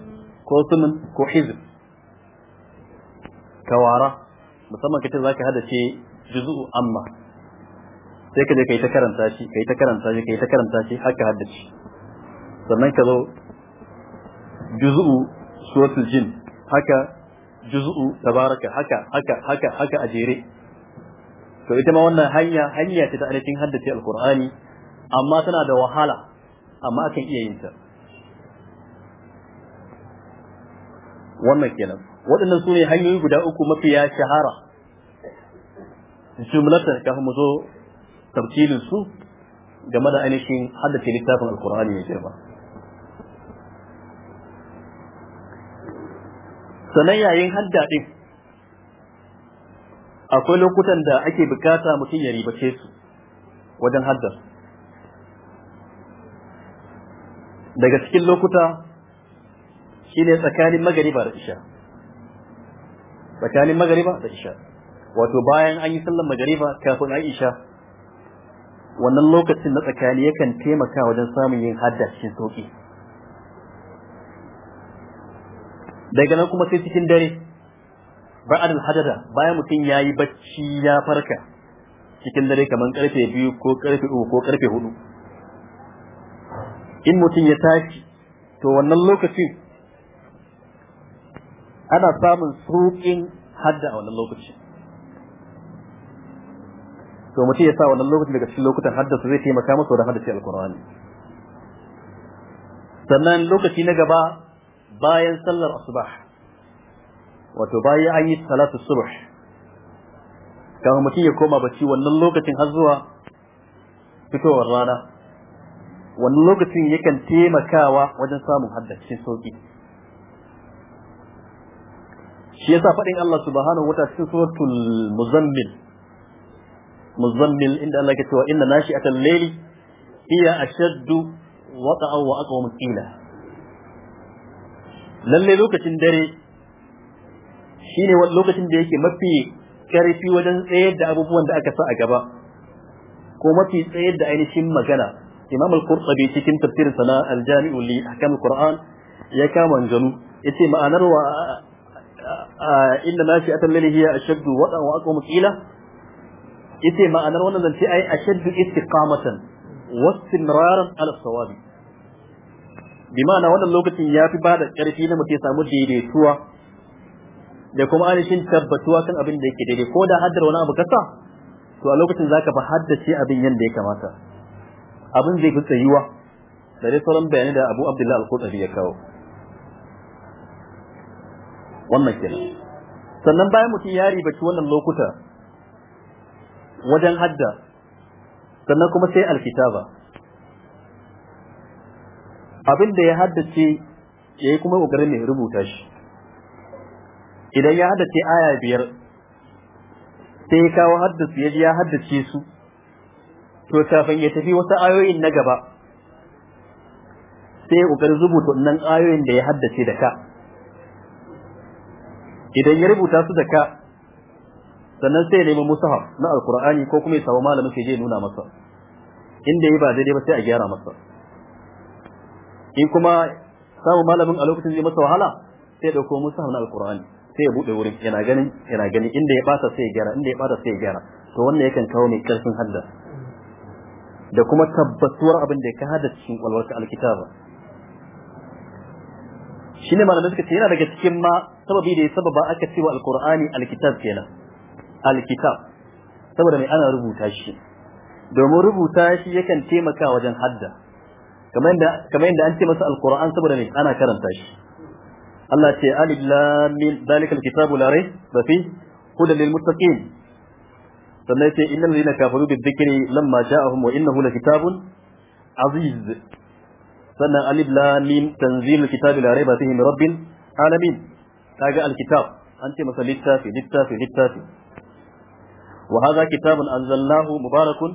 ko sumin ko ka kawara musamman kace za ka ce juzu'u amma sai ka je kai ta karanta shi kai ta karanta shi kai ta karanta shi haka haddace sannan ka zo juzu'u suratul jin haka juz'u tabaraka haka haka haka haka a jere to ita ma wannan hanya hanya ce ta ainihin haddace alqur'ani amma tana da wahala amma akan iya yin ta wannan kenan waɗannan su ne hanyoyi guda uku mafiya shahara jumlatan kafin mu zo tafsilin su game da ainihin haddace littafin alqur'ani mai girma sannan yayin hadda din akwai lokutan da ake bukata mutum ya ribace su wajen haddar daga cikin lokuta shine tsakanin magariba da isha tsakanin magariba da isha wato bayan an yi sallar magariba kafin an isha wannan lokacin na tsakani yakan taimaka wajen samun yin hadda cikin sauki daga nan kuma sai cikin dare adal hadada bayan mutum ya yi bacci ya farka cikin dare kamar karfe biyu ko karfe uku ko karfe hudu in mutum ya tashi to wannan lokacin ana samun sauƙin hadda a wannan lokacin to mutum ya sa wannan lokacin daga cikin lokutan haddasa zai taimaka masa wajen shi alkur'ani sannan lokaci na gaba bayan sallar asubah wato bayan an yi salatu subh kama mutum ya koma bacci wannan lokacin har zuwa fitowar rana wannan lokacin yakan taimakawa wajen samun haddacin sauki shi yasa faɗin Allah subhanahu wa cikin suratul muzammil muzammil inda Allah ke cewa inna nashi'atal layli hiya ashaddu wata'an wa aqwamu qila Lallai lokacin dare shi ne lokacin da yake mafi karfi wajen tsayar da abubuwan da aka sa a gaba ko mafi tsayar da ainihin magana imam al-qurtubi cikin tafsirin sana al-jami'u li ahkam al-qur'an ya kama janu yace ma'anar wa inna ma shi'atan lillahi hiya ashaddu wa aqwamu qila yace ma'anar wannan zance ai ashaddu istiqamatan wastimraran ala sawabi bi ma'ana wannan lokacin ya fi bada ƙarfi na mutum ya samu daidaituwa da kuma ainihin tabbatuwa kan abin da yake daidai ko da haddar wani abu kasa to a lokacin zaka fa haddace abin yadda ya kamata abin zai fi tsayuwa da dai sauran bayanai da Abu Abdullah Al-Qurtubi ya kawo wannan kenan sannan bayan mutum ya ribaci wannan lokuta wajen hadda sannan kuma sai alkitaba abin da ya haddace ya yi kuma ƙoƙarin ne rubuta shi idan ya haddace aya biyar sai ya kawo haddace ya ya haddace su to kafin ya tafi wasu ayoyin na gaba sai ya ƙoƙarin rubuta nan ayoyin da ya haddace da ka idan ya rubuta su da ka sannan sai ya nemi musahaf na alkur'ani ko kuma ya samu malamin sai je nuna masa inda ya ba dai-dai ba sai a gyara masa in kuma samu malamin a lokacin zai masa wahala sai ya dauko musa na alqur'ani sai ya bude wurin yana ganin yana ganin inda ya bata sai ya gyara inda ya bata sai ya gyara to wannan yakan kawo ne karfin hadda da kuma tabbatuwar abin da ka hada cikin kwalwarka alkitaba shine malamin suka ce yana daga cikin ma sababi da ya sababa aka wa alqur'ani alkitab kenan alkitab saboda mai ana rubuta shi domin rubuta shi yakan taimaka wajen hadda kamar yadda an ce masa alquran saboda ne ana karanta shi Allah ce alif lam mim zalikal kitabu la rayba fi hudan lil muttaqin sannan ce innal ladina kafaru bi dhikri lamma ja'ahum wa innahu la kitabun aziz sannan alif lam mim tanzilul kitabi la rayba fihi min rabbil alamin kaga alkitab an ce masa littafi littafi littafi wa hadha kitabun anzalnahu mubarakun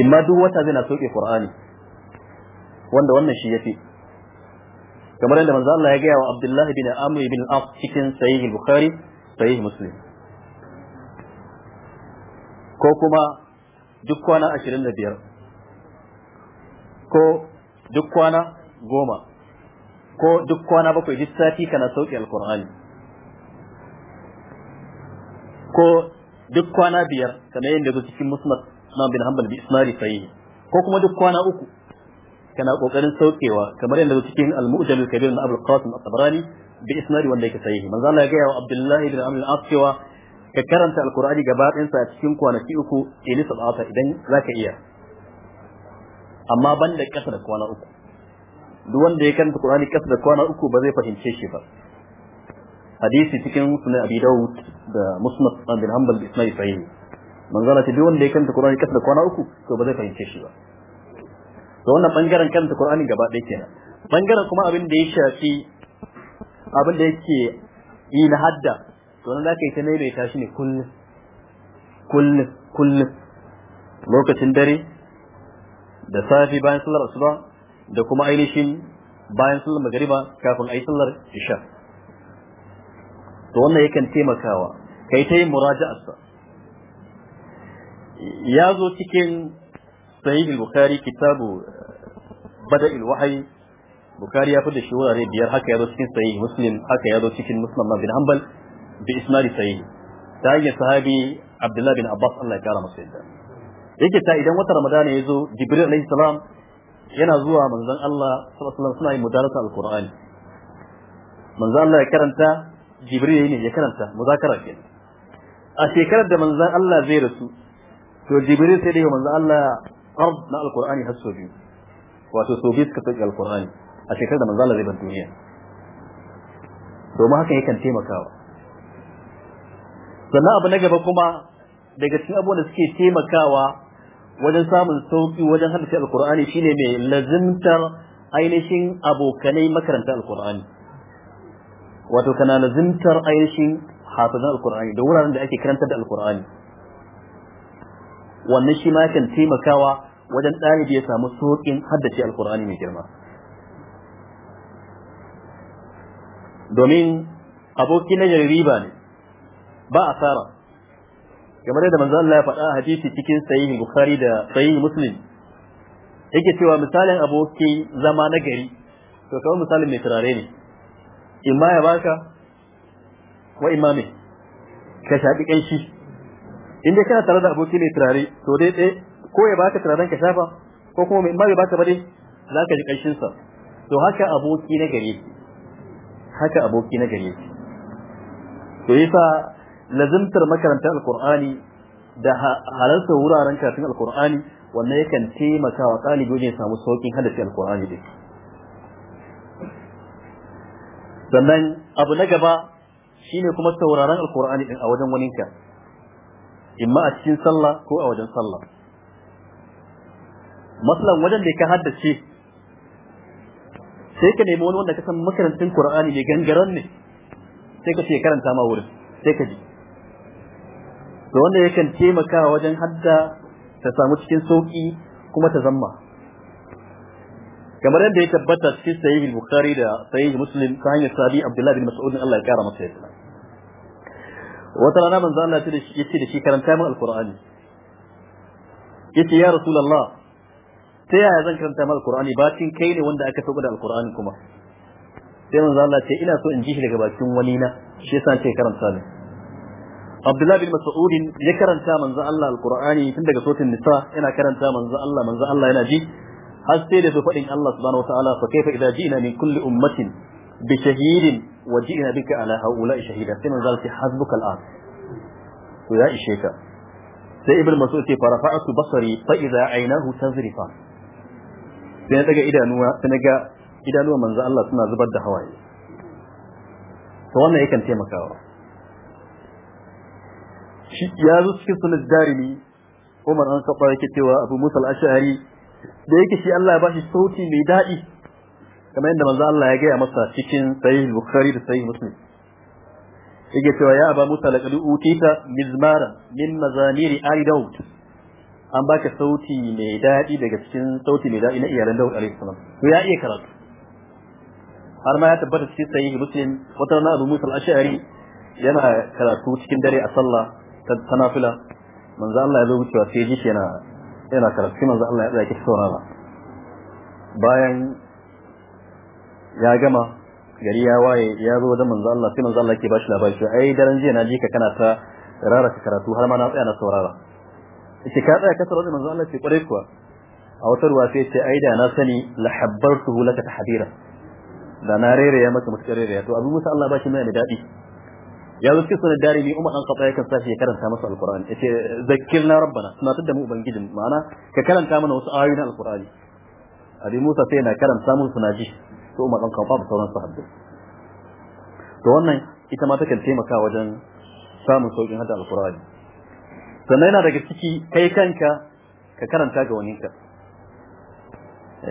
imma duk wata zai na soke qur'ani wanda wannan shi yafi kamar yadda manzo Allah ya gaya wa Abdullah bin Amr bin aq cikin sahih Bukhari sahih Muslim ko kuma duk kwana 25 ko duk kwana goma ko duk kwana bakwai duk sati kana sauke alkur'ani ko duk kwana biyar kamar yadda zo cikin musnad na bin Hanbal bi isnadi sahih ko kuma duk kwana uku kana kokarin saukewa kamar yadda cikin al-mu'jam al-kabir na Abdul Qasim at-Tabarani bi isnadi wanda yake sahihi manzo Allah ya ga wa Abdullah ibn Amr al-As cewa ka karanta al-Qur'ani gaba ɗayan sa cikin kwanaki uku ini sabata idan zaka iya amma ban da kasa da kwana uku duk wanda ya karanta Qur'ani kasa da kwana uku ba zai fahimce shi ba hadisi cikin sunan Abi Dawud da Musnad bin Hanbal bi isnadi sahihi manzala ta duk wanda ya kanta Qur'ani kasa da kwana uku to ba zai fahimce shi ba to wannan bangaren kanta Qur'ani gaba ɗaya kenan bangaren kuma abin da ya shafi abin da yake yi na hadda to nan zaka yi ta maimaita shi ne kullum kullum kullum lokacin dare da safi bayan sallar asuba da kuma ainihin bayan sallar magariba kafin ayi sallar isha to wannan yakan taimakawa kai ta yin muraja'arsa ya zo cikin sahih bukhari kitabu eh, bada'il wahayi bukhari ya fi da shi wurare biyar haka ya zo cikin sahih muslim haka ya zo cikin muslim bin hanbal bi isnadi sahih ta hanyar sahabi abdullahi bin abbas Allah ya kara masa yadda yake ta idan wata ramadana ya zo jibril alayhi salam yana zuwa manzon Allah sallallahu alaihi wasallam suna yin mudarasa al alqur'ani manzon Allah ya karanta jibril ne ya karanta muzakara kenan a shekarar da manzon Allah zai rasu to jibril sai dai manzo Allah ard na alqur'ani har sau wato sau suka sauke alqur'ani a shekarar da manzo Allah zai ban duniya domin haka yakan taimakawa sannan abu na gaba kuma daga cikin abubuwan da suke taimakawa wajen samun sauki wajen haddace alqur'ani shine mai lazimtar ainihin abokanai makaranta alqur'ani wato kana lazimtar ainihin hafizan alqur'ani da wuraren da ake karantar da alqur'ani wannan shi ma kan taimakawa wajen ɗalibi ya samu sokin haddace alkur'ani mai girma domin aboki na riba ne ba asara kamar yadda manzo Allah ya faɗa a hadisi cikin sahihi bukhari da sahihi muslim yake cewa misalin aboki zama na gari to kawai misalin mai turare ne imma ya baka wa imame ka shafi kanshi in dai kana tare da aboki ne turare to dai dai ko ya baka turaren ka shafa ko kuma mai mai baka ba zaka za ka ji ƙarshen sa to haka aboki na gare ki haka aboki na gare ki to yasa lazimtar makarantar alqur'ani da halarta wuraren karatun alqur'ani wannan yakan taimaka wa ɗalibi wajen samu sauƙin hadasi alqur'ani din sannan abu na gaba shine kuma sauraron alqur'ani din a wajen waninka imma a cikin sallah ko a wajen sallah masalan wajen da ka haddace sai ka nemi wani wanda ka san makarantun qur'ani ne gangaren ne sai ka ce karanta ma wurin sai ka ji to wanda yakan taimaka wajen hadda ta samu cikin sauki kuma ta zamma kamar yadda ya tabbata cikin sahih bukhari da sahih muslim ta hanyar sabi abdullahi bin mas'ud Allah ya kara masa yadda wata rana manzo Allah ya ce da shi karanta min alqur'ani yace ya rasulullah ta yaya zan karanta min alqur'ani bacin kai ne wanda aka saukar da alqur'ani kuma sai manzo Allah ce ina so in ji shi daga bakin wani na shi yasa ce karanta ne Abdullah bin Mas'ud ya karanta manzo Allah alqur'ani tun daga sotin nisa yana karanta manzo Allah manzo Allah yana ji har sai da su fadin Allah subhanahu wataala fa kaifa idza ji'na min kulli ummatin bi shahidin wa ji'na bika ala haula shahida sai manzo sai hasbuka al'an to ya ishe ka sai ibn mas'ud ce farafa'tu basari fa idza aynahu tazrifa sai na daga idanuwa sai ga idanuwa manzo Allah suna zubar da hawaye to wannan yakan taimakawa shi ya zo cikin sunan darimi Umar an kafa yake cewa Abu Musa al-Ash'ari da yake shi Allah ya bashi sauti mai dadi kamar yadda manzo Allah ya gaya masa cikin sahih bukhari da sahih muslim yake cewa ya ba musa laqad utita mizmara min mazamiri ali daud an baka sauti mai daɗi daga cikin sauti mai daɗi na iyalan daud alaihi salam to ya iya karatu har ma ya tabbata cikin sahih muslim wata na abu musa al-ash'ari yana karatu cikin dare a sallah ta tanafila manzo Allah ya zo wucewa sai ji yana yana karatu manzo Allah ya tsaya ki saurara bayan ya gama gari ya waye ya zo da manzo Allah sai manzo Allah yake bashi labari shi ai daren jiya na ji ka kana ta rara karatu har ma na tsaya na saurara yace ka tsaya ka saurara manzo Allah ce kwarai kuwa a wata ruwa sai ce ai da na sani la habbartuhu laka tahdira da na rere ya maka mutakar rere to abu musa Allah bashi mai da dadi ya zo cikin dare ni umar an kafa yakan sashi ya karanta masa alqur'ani yace zakkirna rabbana suna da mu ubangijin ma'ana ka karanta mana wasu ayoyin alqur'ani abi musa sai na karanta musu na ji su Umar kamfa Khattab sauran su haddu. to wannan ita ma take taimaka wajen samun saukin hada alqur'ani sannan yana daga ciki kai kanka ka karanta ga wani ka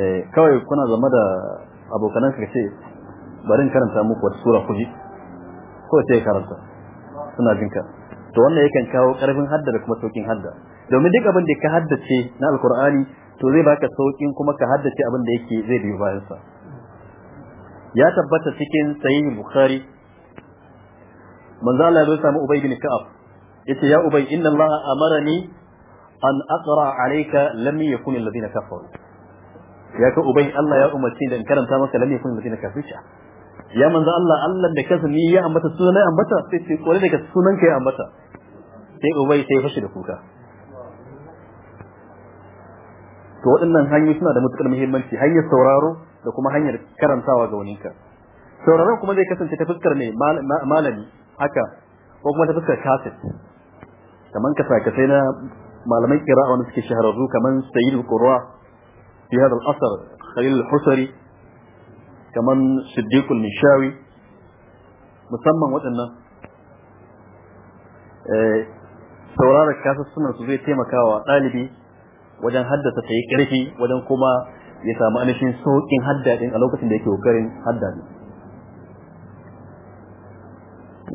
eh, kawai kuna zama da abokanan ka ce bari in karanta muku wata sura kuji ko ce karanta suna jin ka to wannan yakan kawo karfin hadda da kuma saukin hadda domin duk abin da ka haddace na alkur'ani to zai baka saukin kuma ka haddace abin da yake zai biyo bayan sa ya tabbata cikin sahih bukhari manzo Allah ya samu ubay bin ka'ab yace ya ubay inna Allah amarani an aqra alayka lam yakun alladhina kafaru ya ka ubay Allah ya umarci da in karanta maka lam yakun alladhina kafaru ya manzo Allah Allah da kansa ni ya ambata sunan ya ambata sai sai kore daga sunan ka ya ambata sai ubay sai fashi da kuka to waɗannan hanyoyi suna da matukar muhimmanci hanyar sauraro da kuma hanyar karantawa ga waninka sauraron kuma zai kasance ta fuskar ne malami haka ko kuma ta fuskar kaman ka sai na malamai kira'a wanda suke shahararru kaman sayyid al-qurra fi hada al khalil al-husari kaman siddiq al musamman waɗannan eh, sauraron kasa suna su zai taimakawa ɗalibi wajen haddasa ta yi ƙarfi wajen kuma ya samu ainihin sauƙin haddadin a lokacin da yake ƙoƙarin haddadin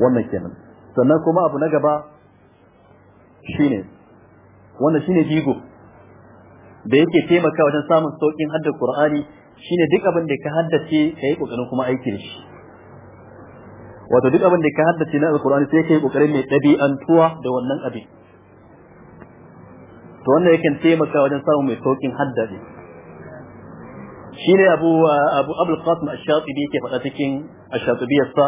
wannan kenan sannan kuma abu na gaba shine wannan shine jigo da yake taimaka wajen samun sauƙin hadda Qur'ani shine duk abin da ka haddace ka yi ƙoƙarin kuma aiki da shi wato duk abin da ka haddace na Alƙur'ani sai kai ƙoƙarin mai ɗabi'antuwa da wannan abin to wannan yakan taimaka wajen samun mai saukin haddace shine abu abu abul qasim ash-shatibi yake faɗa cikin ash-shatibiyarsa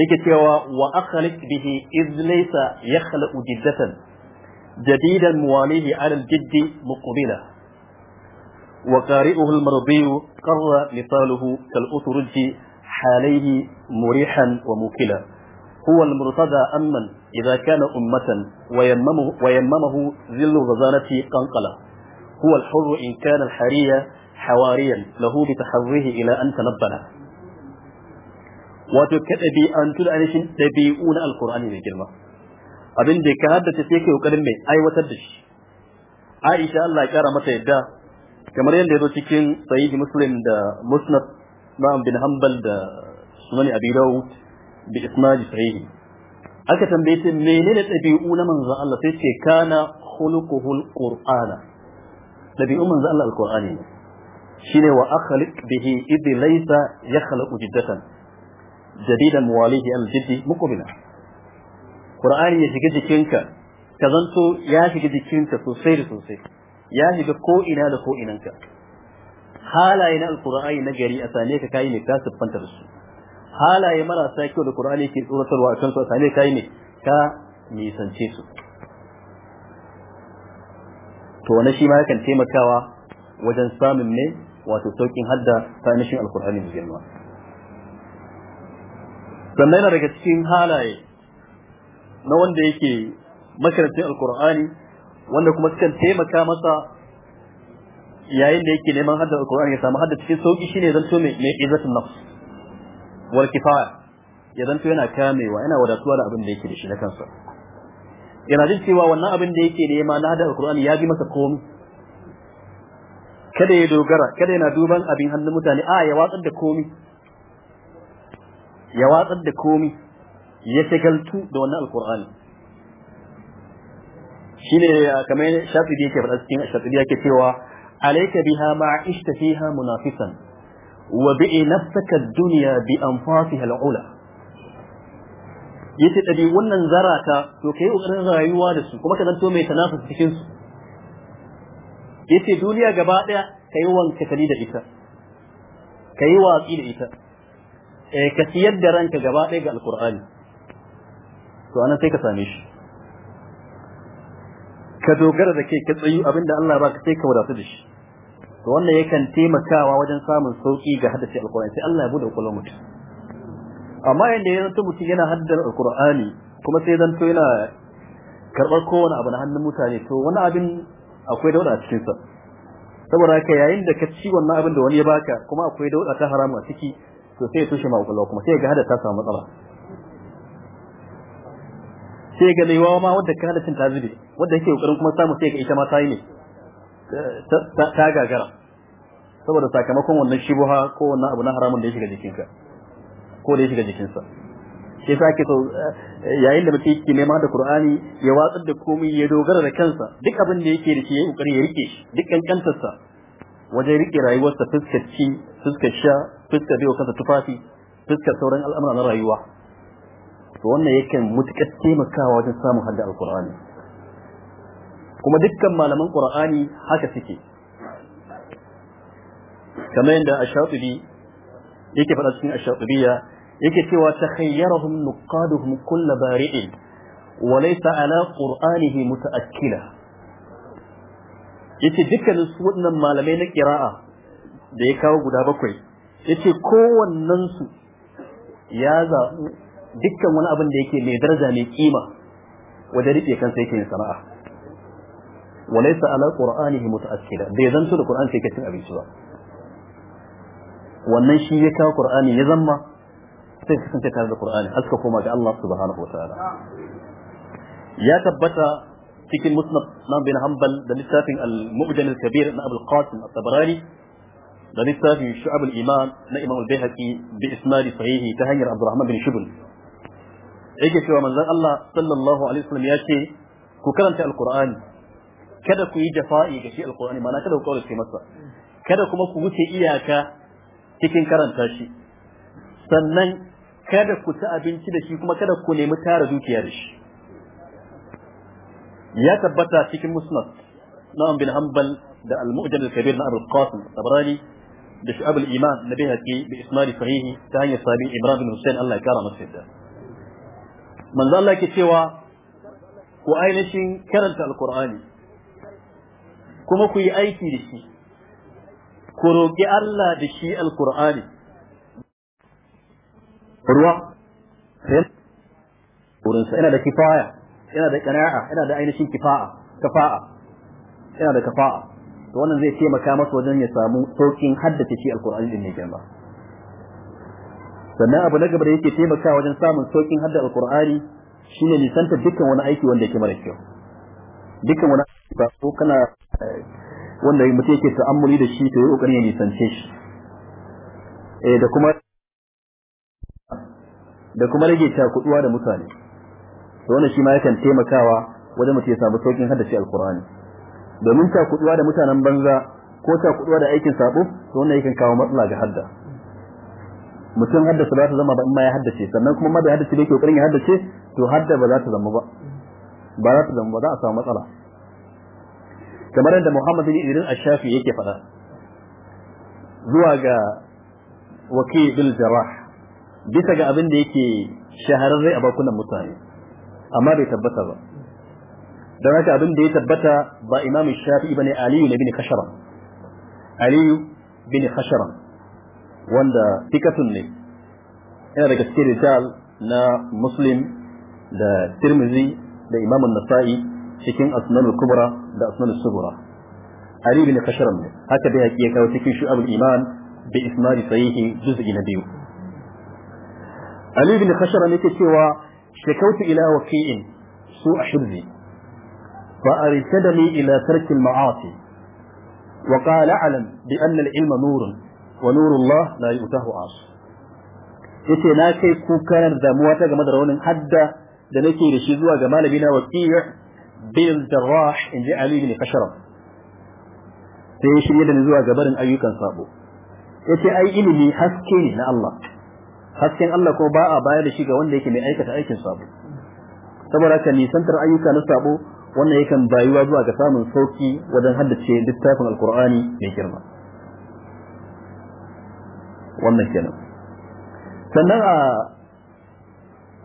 yake cewa wa akhalik bihi iz laysa yakhluqu jiddatan jadidan muwalihi ala al-jidd muqbila wa qari'uhu al-mardi qarra mithaluhu kal-uthruji uturuj حاليه مريحا وموكلا هو المرتضى أمن إذا كان أمة ويممه, ويممه ذل غزالة قنقلة هو الحر إن كان الحرية حواريا له بتحريه إلى أن تنبنا وتكتبي أن تلعنش تبيئون القرآن من كلمة أبن دي كهدت تسيك وقلم من أي وتدش أي شاء الله كار متعدى كما رأيان دي روشكين مسلم دا مسنط نعم بن همبل دا سنن أبي روت بإسماج صحيح أكا تنبيت من لن من ذا الله تسيك كان خلقه القرآن تبيئون من ذا الله القرآن shine wa akhliq bihi id laysa yakhluqu jiddatan jadidan muwalihi al jiddi muqbila qur'ani ya shiga jikinka ka zanto ya shiga jikinka sosai da sosai ya shiga ko ina da ko inanka halaye na alqur'ani na gari a sane ka kai ne ka siffanta da su halaye marasa kyau da qur'ani ke tsoratarwa a kan su a sane kai ne ka nisance su to wani shi ma yakan taimakawa wajen samun ne wato sauƙin hadda ta nishin alkur'ani da girma sannan yana daga cikin halaye na wanda yake makarantun Alƙur'ani, wanda kuma sukan taimaka masa yayin da yake neman hadda Alƙur'ani ya samu hadda cikin sauƙi shine zanto mai me izzatun nafs wal kifaya ya zanto yana kamewa yana wadatuwa da abin da yake da shi na kansa yana jin cewa wannan abin da yake nema na hadda Alƙur'ani ya bi masa komai kada ya dogara kada yana duban abin hannun mutane a ya watsar da komi ya watsar da komi ya shagaltu da wannan alkur'ani shine kamar shafi da yake faɗa cikin shafi yake cewa alayka biha ma ishta fiha munafisan wa bi nafsaka ad-dunya bi anfasiha al-ula yace dadi wannan zarata to kai kokarin rayuwa da su kuma ka zanto mai tanafus cikin su yace duniya gaba daya kai wanka tani da ita kai watsi da ita eh ka siyar da ranka gaba daya ga alqur'ani to ana sai ka same shi ka dogara da kai ka tsayu abinda Allah ya baka sai ka wadatu da shi to wannan yakan taimakawa wajen samun sauki ga hadisi alqur'ani sai Allah ya bude kwakwalwar mutum amma yanda ya zanto mutum yana haddar alqur'ani kuma sai zanto yana karɓar kowane abu na hannun mutane to wani abin akwai dauda a cikin sa saboda haka yayin da ka ci wannan abin da wani ya baka kuma akwai dauda ta haramu a ciki to sai ya tushe ma kullu kuma sai ya ga hada ta samu matsala sai ga wawa ma wanda ka cin tazibi wanda yake kokarin kuma samu sai ga ita ma ta ne ta gagara saboda sakamakon wannan shibuha ko wannan abu na haramun da ya shiga jikinka ko da ya shiga jikinsa sai sa sake eh, yayin da mutum yake nema da Qur'ani ya watsar da komai ya dogara da kansa duk abin da yake da shi ya kokari ya rike shi duk kankantarsa wajen rike rayuwarsa fuskar ci fuskar sha fuskar biyo kansa tufafi fuskar sauran al'amura na rayuwa to wannan yakan mutukar taimakawa wajen samun hadda alqur'ani kuma dukkan malaman qur'ani haka suke kamar yadda ash yake faɗa cikin ash yake cewa ta takhayyarahum nuqaduhum kull bari'in wa laysa ala qur'anihi mutaakkila yace dukkanin su waɗannan malamai na qira'a da ya kawo guda bakwai yace kowannen su ya za dukkan wani abin da yake mai daraja mai kima wajen rike kansa yake yin sana'a wa laysa ala qur'anihi mutaakkila bai zanto da qur'ani sai ka cin abinci ba wannan shi ya kawo qur'ani ya zama sai kasance tare da Qur'ani har suka koma ga Allah subhanahu wataala ya tabbata cikin musnad na bin hanbal da littafin al-mu'jam al-kabir na abul qasim al tabarani da littafin shu'ab al-iman na imam al-baihaqi bi isnad sahihi ta hanyar Rahman bin shubul yake cewa manzon Allah sallallahu alaihi wasallam ya ce ku karanta al-qur'ani kada ku yi jafa'i ga shi al-qur'ani ma'ana kada ku kawo shi masa kada kuma ku wuce iyaka cikin karanta shi sannan kada ku ci abinci da shi kuma kada ku nemi tara dukiya da shi ya tabbata cikin musnad na bin hanbal da al-mu'jam al-kabir na abul qasim da shu'ab al-iman na bihaqi bi isnad sahih ta hanyar sabi ibrahim bin husain Allah ya kara masa yadda manzo Allah ke cewa ku ainihin karanta al-qur'ani kuma ku yi aiki da shi ku roki Allah da shi al-qur'ani ruwa sai wurinsa yana da kifaya yana da qana'a yana da ainihin kifa'a kafa'a yana da kafa'a to wannan zai taimaka masa wajen ya samu saukin haddace shi alqur'ani din ne kenan sannan abu na gaba da yake taimaka wajen samun saukin haddace alqur'ani shine nisanta dukkan wani aiki wanda yake mara kyau dukkan wani aiki ba ko kana eh, wanda mutum yake ta'ammuli da shi to yi kokarin ya nisance shi eh da kuma da kuma rage cakuduwa da mutane to wannan shi ma yakan taimakawa wajen mutum ya samu saukin haddace alqur'ani domin cakuduwa da mutanen banza ko cakuduwa da aikin sabo to wannan yakan kawo matsala ga hadda mutum hadda ba ta zama ba in ma ya haddace sannan kuma ma da haddace da yake kokarin ya haddace to hadda ba za ta zama ba ba za ta zama ba za a samu matsala kamar yadda Muhammad bin Idris Ash-Shafi yake faɗa zuwa ga wakil bil Jarrah bisa ga abin da yake shahararre a bakunan mutane amma bai tabbata ba don haka abin da ya tabbata ba imamu shafi'i bane aliyu ne bin kashara aliyu bin kashara wanda fikatun ne yana daga cikin rijal na muslim da tirmizi da imamu nasa'i cikin asnanul kubra da asnanul subura Aliyu bin kashara ne haka dai ya kawo cikin shu'abul iman bi isnadi sahihi juz'i na biyu ali ibn khashara yake cewa shakautu ila waqi'in su ashirzi fa arshadani ila tarki al-ma'asi wa qala alam bi anna al-ilma nurun wa nurullah la yutahu as yace na kai kukarar damuwa ta game da raunin hadda da nake da shi zuwa ga malami na waqi' bil jarrah in ji ali ibn khashara sai ya da zuwa ga barin ayyukan sabo yace ai ilimi haske ne na Allah hasken Allah ko ba a bayar da shi ga wanda yake mai aikata aikin sabo saboda haka nisantar ayyuka na sabo wannan yakan bayuwa zuwa ga samun sauki wajen haddace littafin alkur'ani mai girma wannan kenan sannan a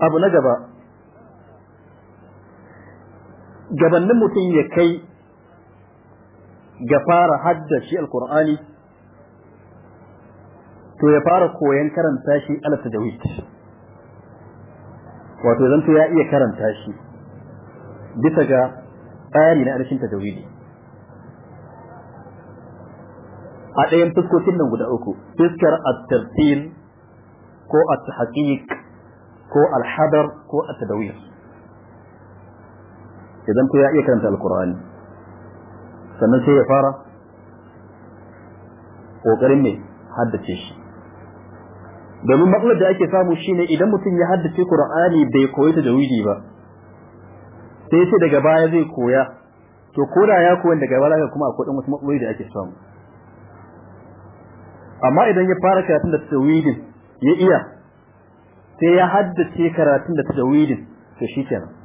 abu na gaba gabanin mutum ya kai ga fara haddace alkur'ani to ya fara koyan karanta shi ala tajwid wato zanto ya iya karanta shi bisa ga tsari na arshin tajwidi a ɗayan fuskokin nan guda uku fiskar at-tartil ko at-tahqiq ko al-hadar ko at-tadawir idan ku ya iya karanta al-qur'ani sannan sai ya fara kokarin ne haddace shi domin matsalar da ake samu shine idan mutum ya haddace Qur'ani bai koyi ta jawidi ba sai sai daga baya zai koya to koda ya koyi daga baya kuma akwai wasu matsaloli da ake samu amma idan ya fara karatun da tajwidin ya iya sai ya haddace karatun da tajwidin to shikenan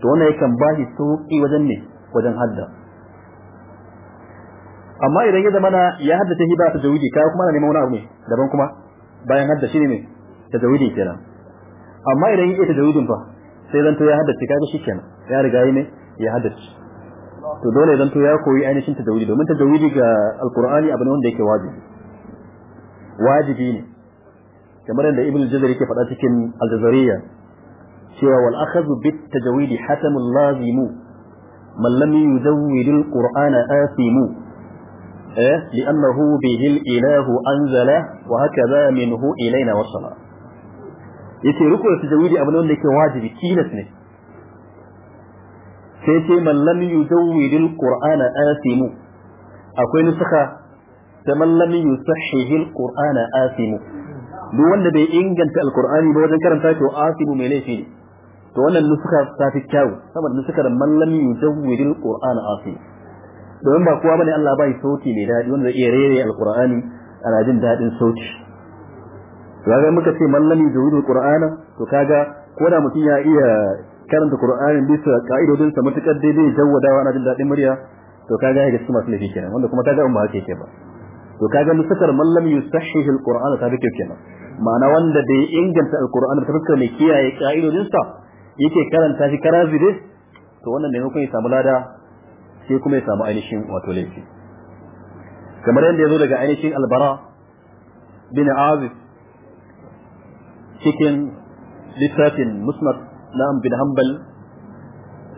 to wannan yakan bashi sauki wajen ne wajen hadda amma idan ya zama na ya haddace hiba ta tawidi kai kuma na neman wani abu ne daban kuma bayan haddace ne ne ta tawidi kenan amma idan ya ta tawidin fa sai zan to ya haddace kai shi kenan ya riga yi ne ya haddace to dole zan ya koyi ainihin ta tawidi domin ta tawidi ga alqur'ani abu ne wanda yake wajibi wajibi ne kamar yadda ibnu jazari yake faɗa cikin al-jazariyya cewa wal akhadhu bit tajwidi hatamul lazimu man lam yujawwid al-qur'ana asimu لأنه به الإله أنزل وهكذا منه إلينا وصل yace ruku da tajawidi abin wanda yake wajibi tilas ne sai ce man lam yujawwid alqur'ana asimu akwai nusaka ta man lam yusahhihi alqur'ana asimu duk wanda bai inganta alqur'ani ba wajen karanta to asimu mai laifi ne to wannan nusaka ta kyau saboda nusakar man lam yujawwid asimu domin ba kowa bane Allah bai sauti mai daɗi wanda zai iya rere alqur'ani ana jin daɗin sauti To kaga muka ce mallami wurin qur'ana to kaga ko da mutum ya iya karanta qur'ani bisa ka'idodin sa mutakar daidai jawwadawa ana jin daɗin murya to kaga ya gaskiya masu laifi kenan wanda kuma kaga umma ba haka ba to kaga musakar mallami yusahhihu alqur'ana ta dake kenan ma'ana wanda da ya inganta alqur'ani ta fuskar mai kiyaye ka'idodin sa yake karanta shi dai to wannan ne hukun ya samu lada sai kuma ya samu ainihin wato laifi kamar yadda ya zo daga ainihin albara bin azif cikin littafin musnad na bin hanbal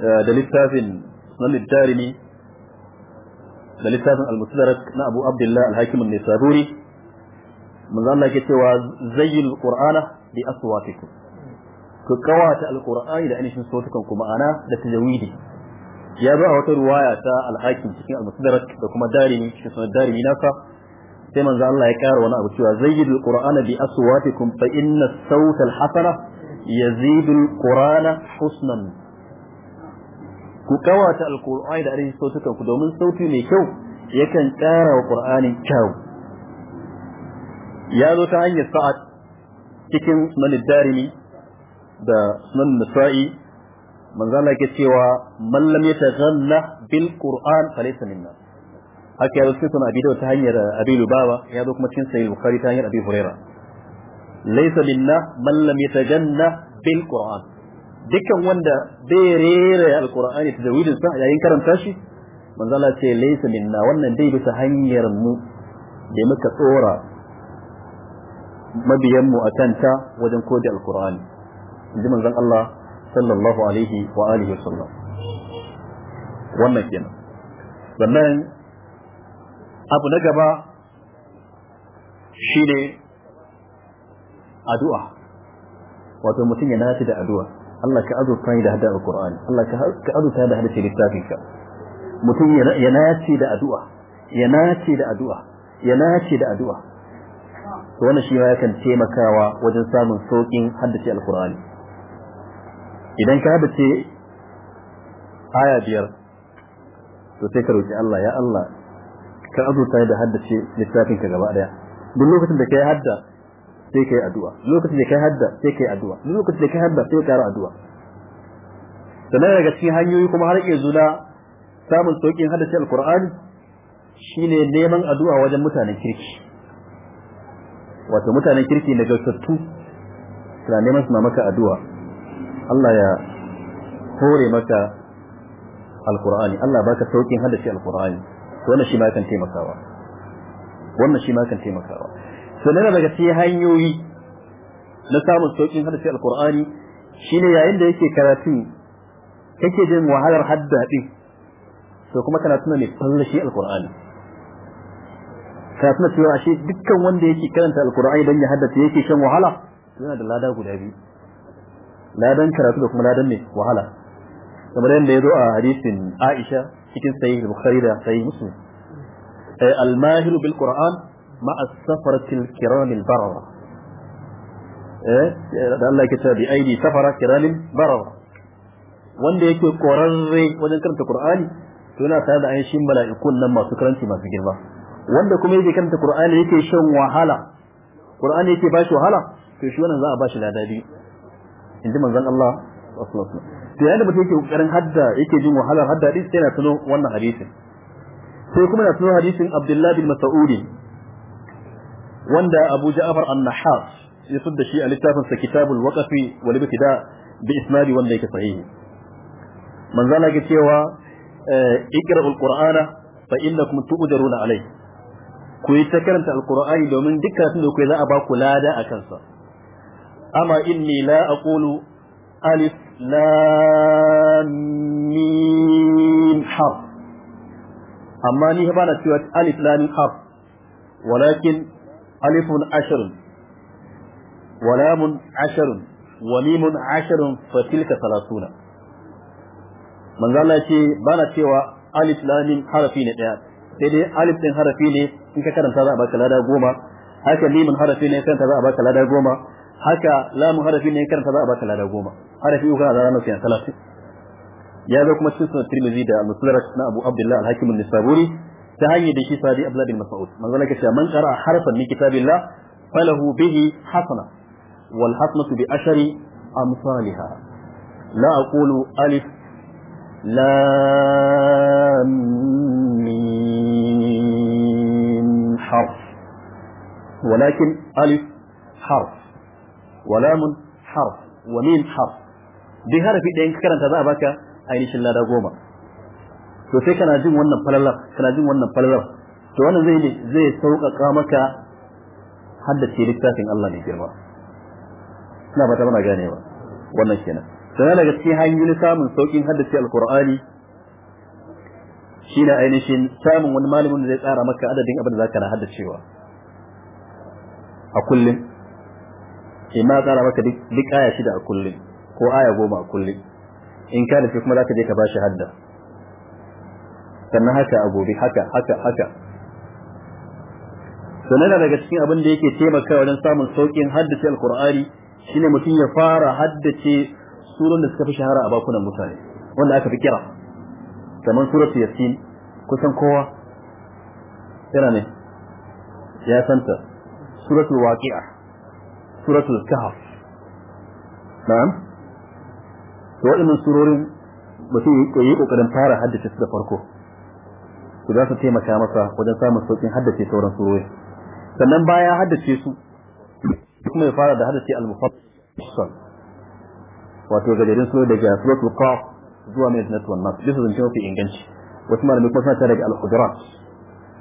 eh, da littafin sunan darimi da littafin al-musdarak na abu Abdullahi al-hakim al nisaburi manzo Allah yake cewa zayyul qur'ana bi aswatikum ku kawata al-qur'ani da ainihin sautukan ku ma'ana da tajawidi ya ba wata ruwaya ta alhakin cikin al da kuma darimi cikin sunan darimi naka sai manzo Allah ya kara wani abu cewa al qur'ana bi aswatikum fa inna as-sawta al-hasana yazidul qur'ana husnan ku kawata al-qur'ani da arin sautukan ku domin sauti mai kyau yakan kara wa qur'ani kyau ya zo ta hanyar sa'ad cikin sunan darimi da sunan nasa'i Manzala ke cewa man lam yataghalla bil qur'an falaysa minna haka ya rubuta sunan abidawa ta hanyar uh, abi lubaba ya zo kuma cikin sahih bukhari ta hanyar abi huraira laysa minna man lam yatajanna bil qur'an dukkan wanda bai rera alqur'ani tadawidin sa yayin karanta shi manzala ce laysa minna wannan dai bisa hanyar mu da muka tsora mabiyan mu akan ta wajen koda alqur'ani inji manzon Allah sallallahu alaihi wa alihi wa sallam wannan kenan sannan abu na gaba shine addu'a wato mutum ya nace da addu'a Allah ka azurta ni da hada alqur'ani Allah ka ka azurta da hada littafin ka mutum ya nace da addu'a ya nace da addu'a ya nace da addu'a to wannan shi ma yakan taimakawa wajen samun saukin haddace alqur'ani idan ka da ce aya biyar to sai ka roki Allah ya Allah ka azurta da haddace littafin ka gaba daya duk lokacin da kai hadda sai kai addu'a lokacin da kai hadda sai kai addu'a duk lokacin da kai hadda sai ka yi addu'a sannan daga cikin hanyoyi kuma har iya zuna samun sauƙin haddace alqur'ani shine neman addu'a wajen mutanen kirki wato mutanen kirki na gasattu suna neman su maka addu'a Allah ya hore maka alqur'ani Allah baka saukin haddace alqur'ani wannan shi ma kan taimakawa wannan shi ma kan taimakawa sannan daga cikin hanyoyi na samun saukin haddace alqur'ani shine yayin da yake karatu kake jin wahalar hadda din to kuma kana tuna ne fallashi alqur'ani kana tuna cewa ashe dukkan wanda yake karanta alqur'ani dan ya haddace yake shan wahala yana da lada guda biyu ladan karatu da kuma ladan ne wahala kamar yadda ya zo a hadisin Aisha cikin sayi Bukhari da sayi Muslim eh, al-mahiru bil Qur'an ma'a safaratil kiramil barara eh da Allah yake cewa bi aidi safara kiramil barara wanda yake korarre wajen karanta Qur'ani to yana tare da ainihin mala'ikun nan masu karanci masu girma wanda kuma yake karanta Qur'ani yake shan wahala Qur'ani yake ba shi wahala to shi wannan za a ba shi ladabi in ji manzon Allah sallallahu alaihi wasallam to mutum yake kokarin hadda yake jin wahala, hadda din sai na tuno wannan hadisin sai kuma na tuno hadisin Abdullah bin Mas'ud wanda Abu Ja'far an-Nahas ya sudda shi a littafin sa Kitabul wakafi wal Ibtida bi isnadi wanda yake sahihi manzon Allah yake cewa eh, ikra'ul qur'ana fa innakum tu'jaruna alayhi ku yi ta karanta alkur'ani domin duk karatun da ku za a ba ku lada a kansa أما إني لا أقول ألف لام ميم حرف أما ني هبانا ألف لام حرف ولكن ألف عشر ولام عشر وميم عشر فتلك ثلاثون من قال شيء بانا سوى ألف لام حرفين sai dai alif din harafi ne in ka karanta za a baka lada goma haka mimin harafi ne sai ta za a baka lada goma haka lamu harafi ne karanta za a baka lada goma harafi uku za a maka yana talatin ya zo kuma cikin sunan tirmidhi da al-musnad na abu abdullah al-hakim an-nisaburi ta hanyar da shi Sadi abdullah bin mas'ud manzo laka cewa man qara harfan min kitabillah falahu bihi hasana wal hasanatu bi ashari amsalha la aqulu alif lam mim harf ولكن ألف حرف wa lamun harf wa min harf duk harafi ɗayan ka karanta za a baka ainihin lada goma to sai kana jin wannan falalar kana jin wannan falalar to wannan zai ne zai sauƙaƙa maka haddace littafin Allah ne girma ina ba ta gane ba wannan kenan sai daga cikin hanyoyin samun sauƙin haddace alqur'ani shine ainihin samun wani malamin da zai tsara maka adadin abin da zaka na haddacewa a kullum ma tsara maka duk aya shida a kullum ko aya goma a kullum in ka nufi kuma za ka je ka bashi hadda sannan haka a gobe haka haka haka sannan daga cikin abin da yake taimakawa wajen samun saukin haddace alqur'ani shine mutum ya fara haddace suran da suka fi shahara a bakunan mutane wanda aka fi kira kamar suratul yasin kusan kowa kira ne ya santa suratul waqi'a سورة الكهف نعم سواء من سرور بسيء قيئ وقدم طار حدث سورة فاركو سورة سيما كامسة وجنسا مستوطين حدث سورة سرور فنن بايا حدث يسو حكم يفارة ده حدث المفضل واتو قدرين سورة دجا سورة القاف زوا من الناس والناس جسد انتو في انجنش واسمع لم يكون سنة ترجع القدرات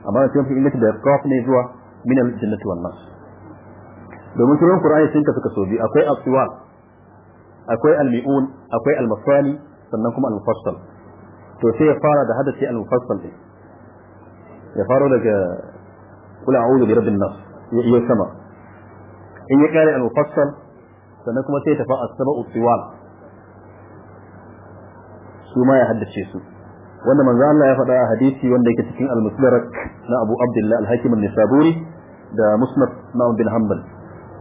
أما انتو في انجنش ده القاف نزوا من الجنة والناس domin sunan qur'ani sun tafi kaso biyu akwai aswaq akwai almi'un akwai almasali sannan kuma almufassal to sai ya fara da hadasi almufassal din ya fara daga kula a'udhu bi rabbin nas ya iya sama in ya kare almufassal sannan kuma sai ya tafi asbabu sabu su ma ya haddace su wanda manzo Allah ya faɗa a hadisi wanda yake cikin al-musdarak na Abu Abdullah al-Hakim an-Nisaburi da Musnad na bin Hanbal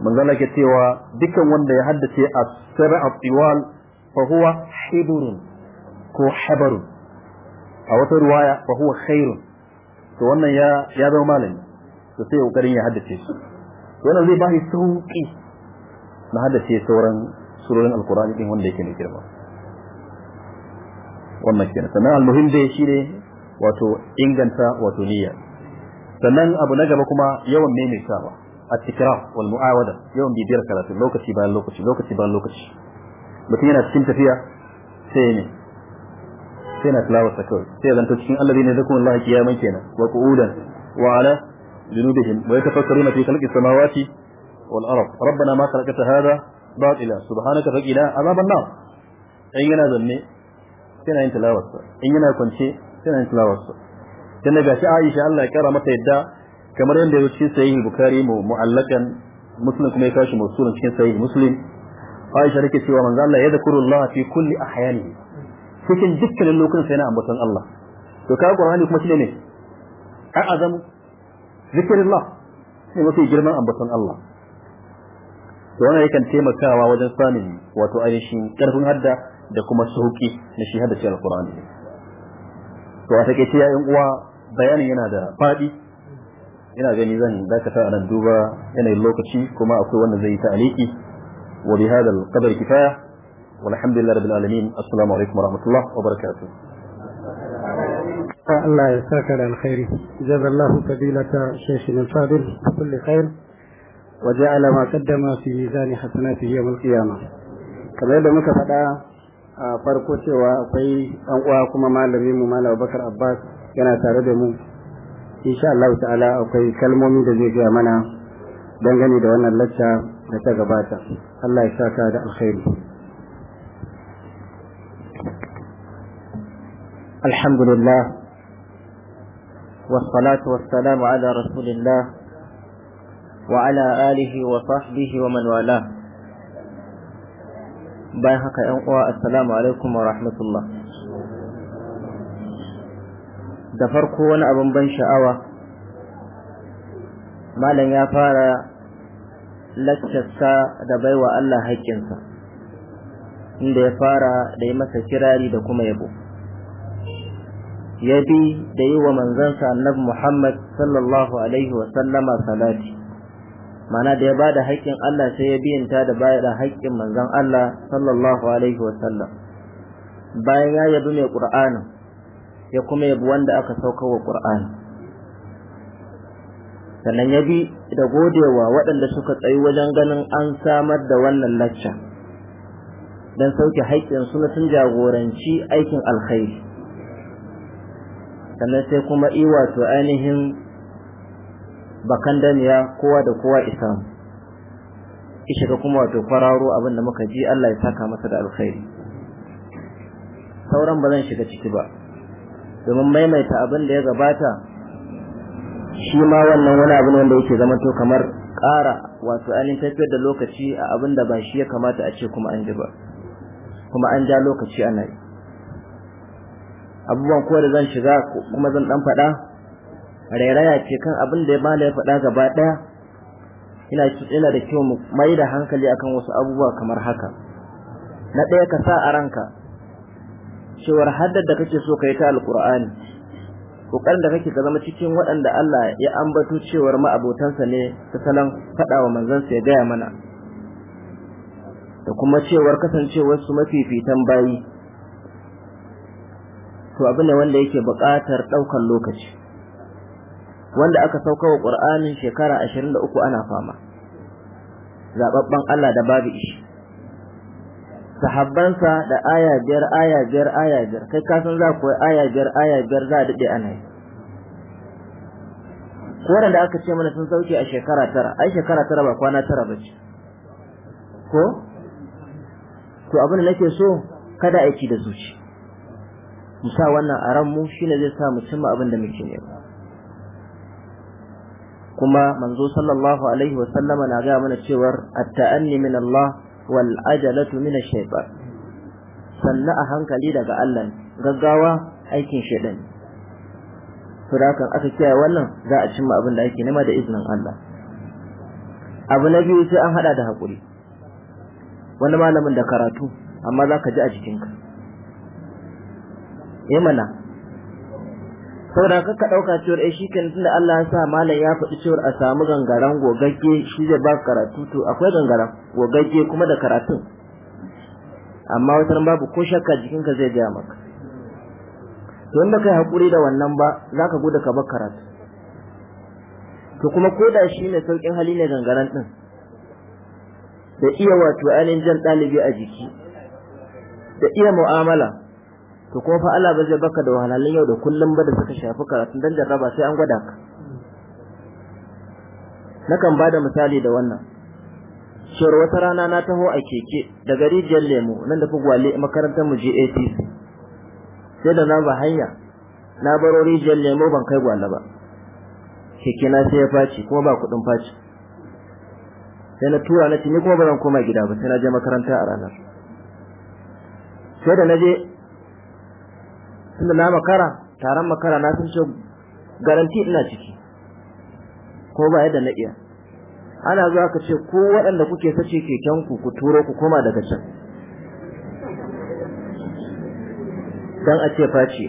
manzala ke cewa dukkan wanda ya haddace a sirra a tsiwal fa huwa hiburun ko habarun a wata ruwaya fa huwa khairun to wannan ya ya zama malami to sai kokarin ya haddace shi wannan zai ba shi sauki na haddace sauran surorin alqur'ani din wanda yake ne girma wannan kenan sannan almuhim dai shine wato inganta wato niyya sannan abu na gaba kuma yawan maimaitawa التكرار والمعاودة يوم بيدير كذا في لوكا تيبا لوكا تيبا لوكا تيبا لوكا تيبا لكن هنا تشمت فيها سيني سينا تلاوة سكوي سيدا تشكين الذين يذكون الله كياما كينا وقعودا وعلى جنوبهم ويتفكرون في خلق السماوات والأرض ربنا ما خلقت هذا بعد إله سبحانك فإلى عذاب النار أينا ذنبي سينا انت لاوة سينا كنشي سينا انت لاوة سينا بأشي عائشة الله كرمت يدى kamar yadda ya cikin sahih bukhari mu mu'allakan muslim kuma ya kashi mawsulan cikin sahih muslim aisha take cewa manzo Allah ya zakuru Allah fi kulli ahyani cikin dukkanin lokacin sai na ambaton Allah to ka qur'ani kuma shine ne a azamu zikrullah ne mafi girman ambaton Allah to wannan yakan taimakawa wajen samun wato ainihin karfin hadda da kuma sauki na shi hadda cikin alqur'ani to a take ce ya uwa bayanin yana da fadi ina gani zan dakata a duba yanayin lokaci kuma akwai wanda zai yi ta'aliki wa bi hadal qadar kifaya walhamdulillahi rabbil alamin assalamu alaikum warahmatullahi wabarakatuh الله يساك على الخير جزا الله فضيلة شيخنا الفاضل بكل خير وجعل ما قدم في ميزان حسناته يوم القيامة كما يبدو منك فدا farko cewa akwai ɗan uwa kuma malami mu malam Abubakar Abbas yana tare da mu insha Allah ta'ala akwai kalmomi da zai gaya mana dangane da wannan lacca da ta gabata Allah ya saka da alkhairi alhamdulillah والصلاة والسلام على رسول الله وعلى آله وصحبه ومن والاه باي هكا أنقوى السلام عليكم ورحمة الله da farko wani abin ban sha'awa malam ya fara laccarsa da baiwa Allah haƙƙinsa inda ya fara da yi masa kirari da kuma yabo ya bi da yi wa manzansa annabi Muhammad sallallahu alaihi wa sallama salati mana da ya ba da haƙƙin Allah sai ya biyanta da da haƙƙin manzan Allah sallallahu alaihi wa sallam bayan ya yabi mai ƙur'anin ya kuma yabi wanda aka saukar wa Qur'ani sannan ya bi da godewa waɗanda suka tsayi wajen ganin an samar da wannan lacca don sauke haƙƙin su na sun jagoranci aikin alkhairi sannan sai kuma wato ainihin bakan daniya kowa da kowa islam shiga kuma wato kwararo abinda muka ji Allah ya saka masa da alkhairi sauran ba zan shiga ciki ba domin maimaita abin da ya gabata shi ma wannan wani abin wanda yake zama to kamar ƙara wato ainihin tafiyar da lokaci a abin da ba shi ya kamata a ce kuma an ji ba kuma an ja lokaci ana yi abubuwan ko da zan shiga kuma zan dan faɗa rairaya ce kan abin da ya da ya faɗa gaba ɗaya ina da kyau mai da hankali akan wasu abubuwa kamar haka na ɗaya ka sa a ranka cewar haddar da kake so kai ta alqur'ani kokarin da kake ka zama cikin waɗanda Allah ya ambato cewar ma'abotansa ne ta salon faɗawa wa sa ya gaya mana da kuma cewar kasancewar su fitan bayi to abin ne wanda yake buƙatar ɗaukar lokaci wanda aka sauka wa ƙur'anin shekara ashirin da ana fama zaɓaɓɓen Allah da babu ishi sahabbansa da aya biyar aya biyar aya biyar kai ka san za ku aya biyar aya biyar za a daɗe ana yi ko da aka ce mana sun sauke a shekara tara ai shekara tara ba kwana tara ba ce ko to abin da nake so kada aiki da zuci mu sa wannan a ranmu shine zai sa mu cimma abin da muke nema kuma manzo sallallahu alaihi wa sallama na ga mana cewar at-ta'anni min Allah wal ajalatu min ash-shaytan Sannu a hankali daga Allah gaggawa aikin shaytan kan aka kiyaye wannan za a cimma abin da ake nema da iznin Allah abu na biyu sai an hada da hakuri wani malamin da karatu amma za ka ji a jikinka eh mana saboda kar ka dauka cewar eh, shi kenan tunda Allah ya sa malam ya faɗi cewar a samu gangaren gogagge shi zai ba karatu to akwai gangaran gogagge kuma da karatun amma wata babu ko shakka jikinka zai gaya maka to in baka hakuri da wannan ba za ka gudu ka bar karatu to kuma ko da shi ne saukin hali ne gangaren din da iya wato ainihin jan ɗalibi a jiki da iya mu'amala to ko fa Allah ba zai baka da wahalhalun yau da kullum ba da suka shafi karatun dan jarraba sai an gwada ka nakan bada misali da wannan cewar wata rana na taho a keke daga rijiyar lemu nan da fugwale makarantar mu GATC sai da na ba hanya na baro rijiyar lemu ban kai gwala ba keke na sai ya faci kuma ba kuɗin faci sai na tura na ce ni kuma ba zan koma gida ba sai na je makaranta a ranar sai da na je tunda na makara taron makara na sun ce garanti ina ciki ko ba yadda na iya ana zuwa ka ce ko waɗanda kuke sace keken ku ku turo ku koma daga can dan a ce face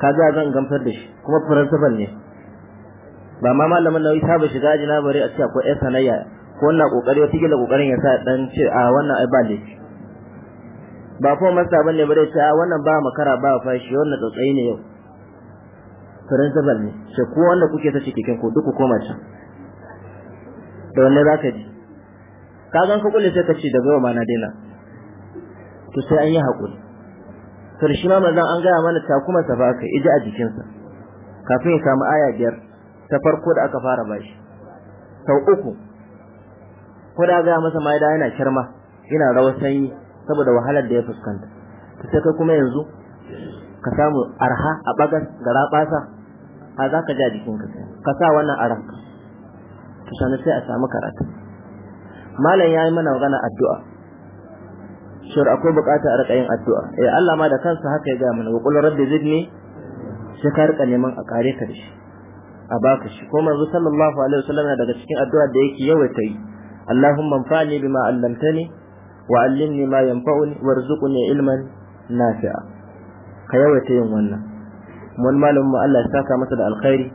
kaga zan gamsar da shi kuma faransafan ne ba ma malamin nauyi ta ba shiga ajina bare a ce akwai yan sanayya ko wannan kokari wata gila kokarin ya sa dan ce a wannan ai ba laifi ba kuma masa bane ba bare ta ah, wannan ba makara ba fashi wannan tsatsayi ne yau principal ne ce ko wanda kuke ta cikin ku duk ku koma can da wannan zaka ji ka gan ka kulle sai ka ce da gaba ma na daina to sai an yi hakuri to shi ma manzon an gaya mana ta kuma sa ka a jikinsa kafin ya samu aya biyar ta farko da aka fara bashi sau uku ko da ga masa ma yana kirma yana rawa sanyi saboda wahalar da ya fuskanta ta sai kai kuma yanzu ka samu arha a bagas ga rabasa a za ka ja jikinka ka sa wannan a ranka to sanar sai a samu karatu malam ya yi mana magana addu'a shir akwai bukata a rika yin addu'a eh Allah ma da kansa haka ya ga mana qul rabbi zidni sai ka rika neman a kare ka da shi a baka shi ko manzo sallallahu alaihi wasallam daga cikin addu'a da yake yawaita yi Allahumma anfa'ni bima 'allamtani وعلمني ما ينفعني وارزقني علما Ka yawaita yin wannan wani malamin mu Allah ya saka masa da alkhairi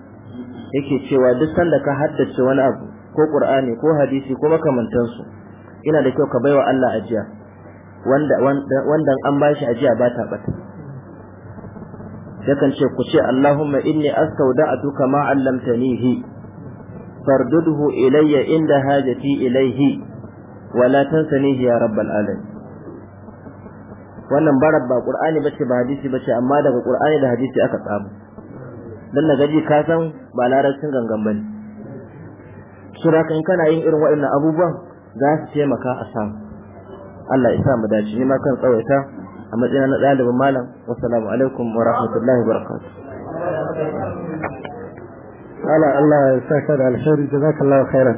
yake cewa duk sanda ka haddace wani abu ko qur'ani ko hadisi ko makamantansu ina da kyau ka baiwa Allah ajiya wanda wanda an bashi ajiya ba ta bata yakan ce ku ce Allahumma inni astawda'tuka ma 'allamtanihi fardudhu ilayya inda hajati ilayhi wala tansani ya rabbal alamin wannan barar ba qur'ani bace ba hadisi bace amma daga qur'ani da hadisi aka tsamo dan daga ji ka san ba larabcin gangan bane sura kan kana yin irin waɗannan abubuwan za su taimaka a san Allah ya sa mu dace ni ma kan tsawaita a matsayin na ɗalibin malam wassalamu alaikum wa rahmatullahi wa barakatuh Allah Allah ya saka da alheri jazakallahu khairan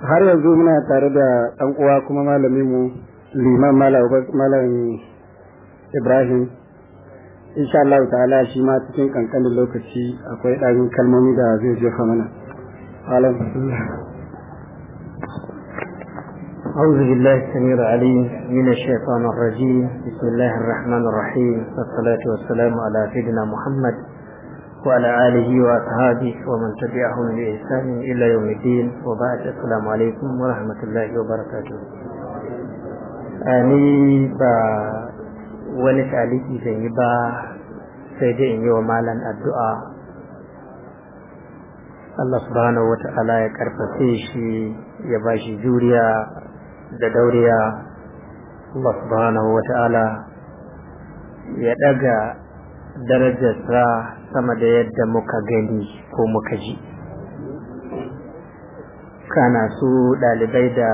har yanzu muna tare da ɗan uwa kuma malami mu liman malam ibrahim insha Allah ta'ala shi ma cikin kankanin lokaci akwai ɗan kalmomi da zai jefa mana alam أعوذ بالله السميع العليم من الشيطان الرجيم بسم الله الرحمن الرحيم والصلاة والسلام على سيدنا محمد وعلى آله وأصحابه ومن تبعهم بإحسان إلى يوم Wa وبعد السلام عليكم ورحمة الله وبركاته أني با wani taliki zan yi ba sai dai in yi wa malam addu'a Allah subhanahu wata'ala ya karfafe shi ya bashi juriya da dauriya Allah subhanahu wata'ala ya daga darajarsa sama da yadda muka gani ko muka ji kana su ɗalibai da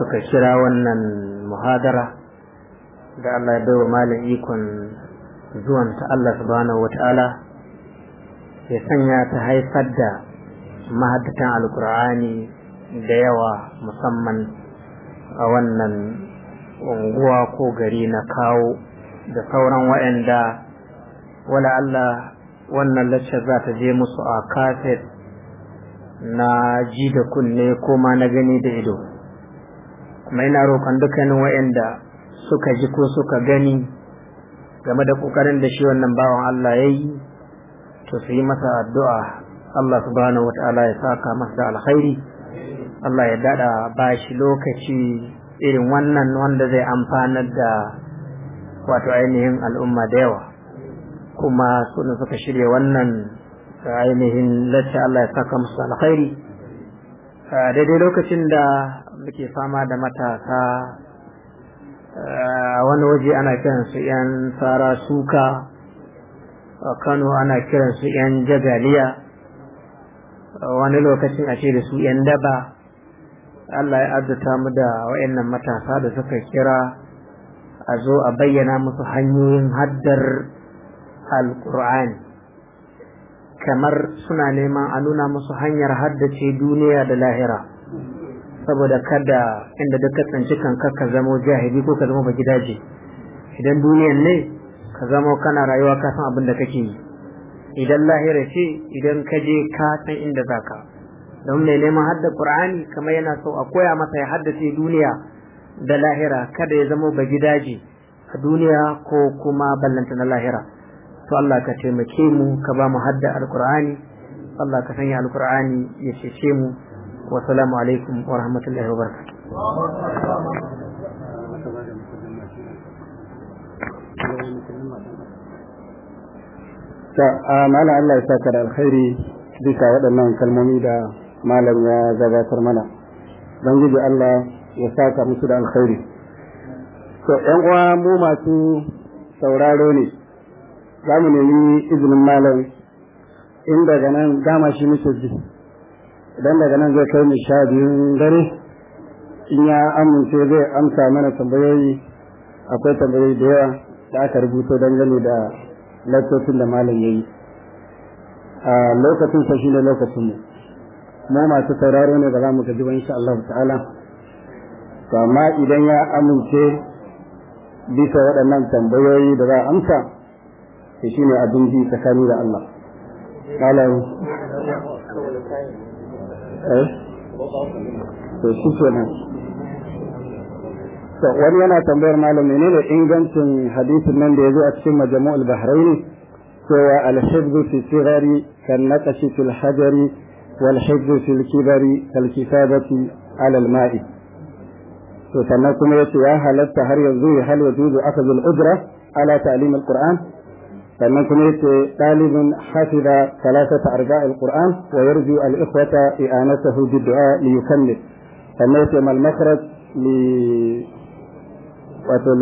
suka kira wannan muhadara da Allah ya baiwa malam ikon zuwan ta Allah subhanahu wata'ala ya sanya ta haifar da mahaddatan alkur'ani da yawa musamman a wannan unguwa ko gari na kawo da sauran wa'anda wala Allah wannan laccar za ta je musu a kafet na ji da kunne ko ma na gani da ido kuma ina roƙon dukkanin waɗanda suka ji ko suka gani game da ƙoƙarin da shi wannan bawan Allah ya yi to su yi masa addu'a Allah subhanahu wata'ala ya saka masa alkhairi Allah ya daɗa ba shi lokaci irin wannan wanda zai amfanar da wato ainihin al'umma da yawa kuma suna suka shirya wannan ainihin lacce Allah ya saka musu alkhairi daidai lokacin da muke fama da matasa a wani waje ana kiransu 'yan tsara suka a kano ana kiransu 'yan jagaliya wani lokacin a ce da su 'yan daba Allah ya arzuta mu da wa'annan matasa da suka kira a zo a bayyana musu hanyoyin haddar alƙur'ani kamar suna neman a nuna musu hanyar haddace duniya da lahira saboda kada inda da ka tsanci kanka ka zamo jahili ko ka zama ba gidaje idan duniyan ne ka zamo kana rayuwa ka san abin da kake yi idan lahira ce idan ka je ka san inda za ka don mai neman hadda qur'ani kamar yana so a koya masa ya haddace duniya da lahira kada ya zama ba gidaje a duniya ko kuma ballanta na lahira to Allah ka taimake mu ka ba mu hadda alqur'ani Allah ka sanya alqur'ani ya cece mu wa salamu alaikum wa rahmatullahi wa barakatuh ta malam Allah ya saka da alkhairi duka waɗannan kalmomi da malam ya gabatar mana don gudu Allah ya saka musu da alkhairi to ƴan uwa mu masu sauraro ne za mu nemi izinin malam in daga nan dama shi muke ji idan daga nan zai kai mu sha biyun dare in ya amince zai amsa mana tambayoyi akwai tambayoyi da yawa da aka rubuto dangane da lattocin da malam ya yi a lokacin shi ne lokacin mu mu masu sauraro ne ba za mu gaji ba insha Allah ta'ala to amma idan ya amince bisa waɗannan tambayoyi da za a amsa shine abin ji tsakani da Allah malam eh to shi kenan to wani yana tambayar malam menene ingancin hadisin nan da ya a cikin majmu'ul bahraini cewa al-hifdhu fi sigari kan naqashi fil hajari wal hifdhu fil kibari kal kifadati ala al-ma'i to sannan kuma yace ya halatta har yanzu ya hal yajuzu akhadhu ujra ala ta'lim al-qur'an فمن كنت طالب حفظ ثلاثة أرجاء القرآن ويرجو الإخوة إعانته بالدعاء ليكمل فمن يتم المخرج ل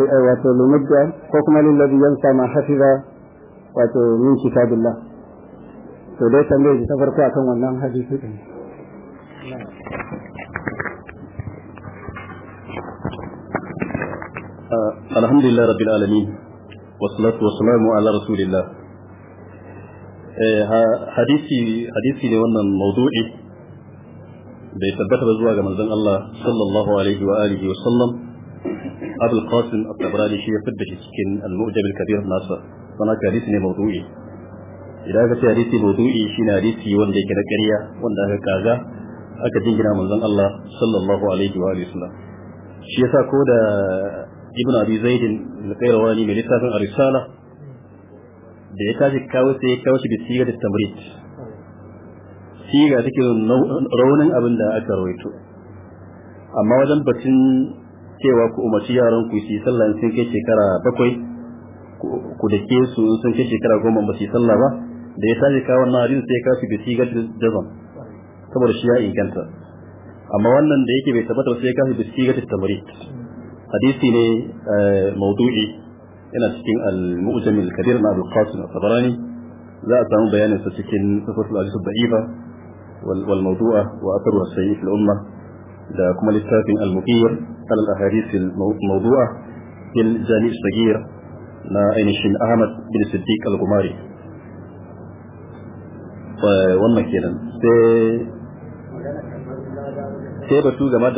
وتلمد حكما للذي ينسى ما حفظ من كتاب الله فليس ليس تفرقع كما نعم حديث الحمد لله رب العالمين wasu wasu ala rasulillah hadisi hadisi ne wannan mawdu'i bai tabbata zuwa ga manzon Allah sallallahu alaihi wa alihi wa sallam Abul Qasim At-Tabrani shi ya fidda shi cikin Al-Mu'jam al aka nasa sanan ka hadisi ne mawdu'i hadisi mawdu'i shine hadisi wanda yake na ƙarya wanda aka kaga aka jingina manzon Allah sallallahu alaihi wa alihi wa sallam shi yasa ko da ibn abi zaid al-qayrawani mai littafin arisala da ya tashi kawo sai ya kawo shi bi da tamrid siga take raunin abin da aka rawaito amma wajen batun cewa ku umarci yaran ku yi sallah sun kai shekara bakwai ku da ke su sun kai shekara goma ba su yi sallah ba da ya tashi kawo na hadisi sai ya kawo shi bi sigar jazam saboda shi ya inganta amma wannan da yake bai tabbatar sai ya kawo shi bi da tamrid حديثي آه، موضوعي انا سكين المؤزم الكبير مع ابو القاسم الطبراني لا اتهم بيان سكين صفه الاحاديث الضعيفه والموضوع واثرها السيء في الامه ده كما للساكن المكير على الاحاديث الموضوعه في الجانب الصغير ما اين الشيخ احمد بن الصديق القماري وانا كده سي سي بتو جماعه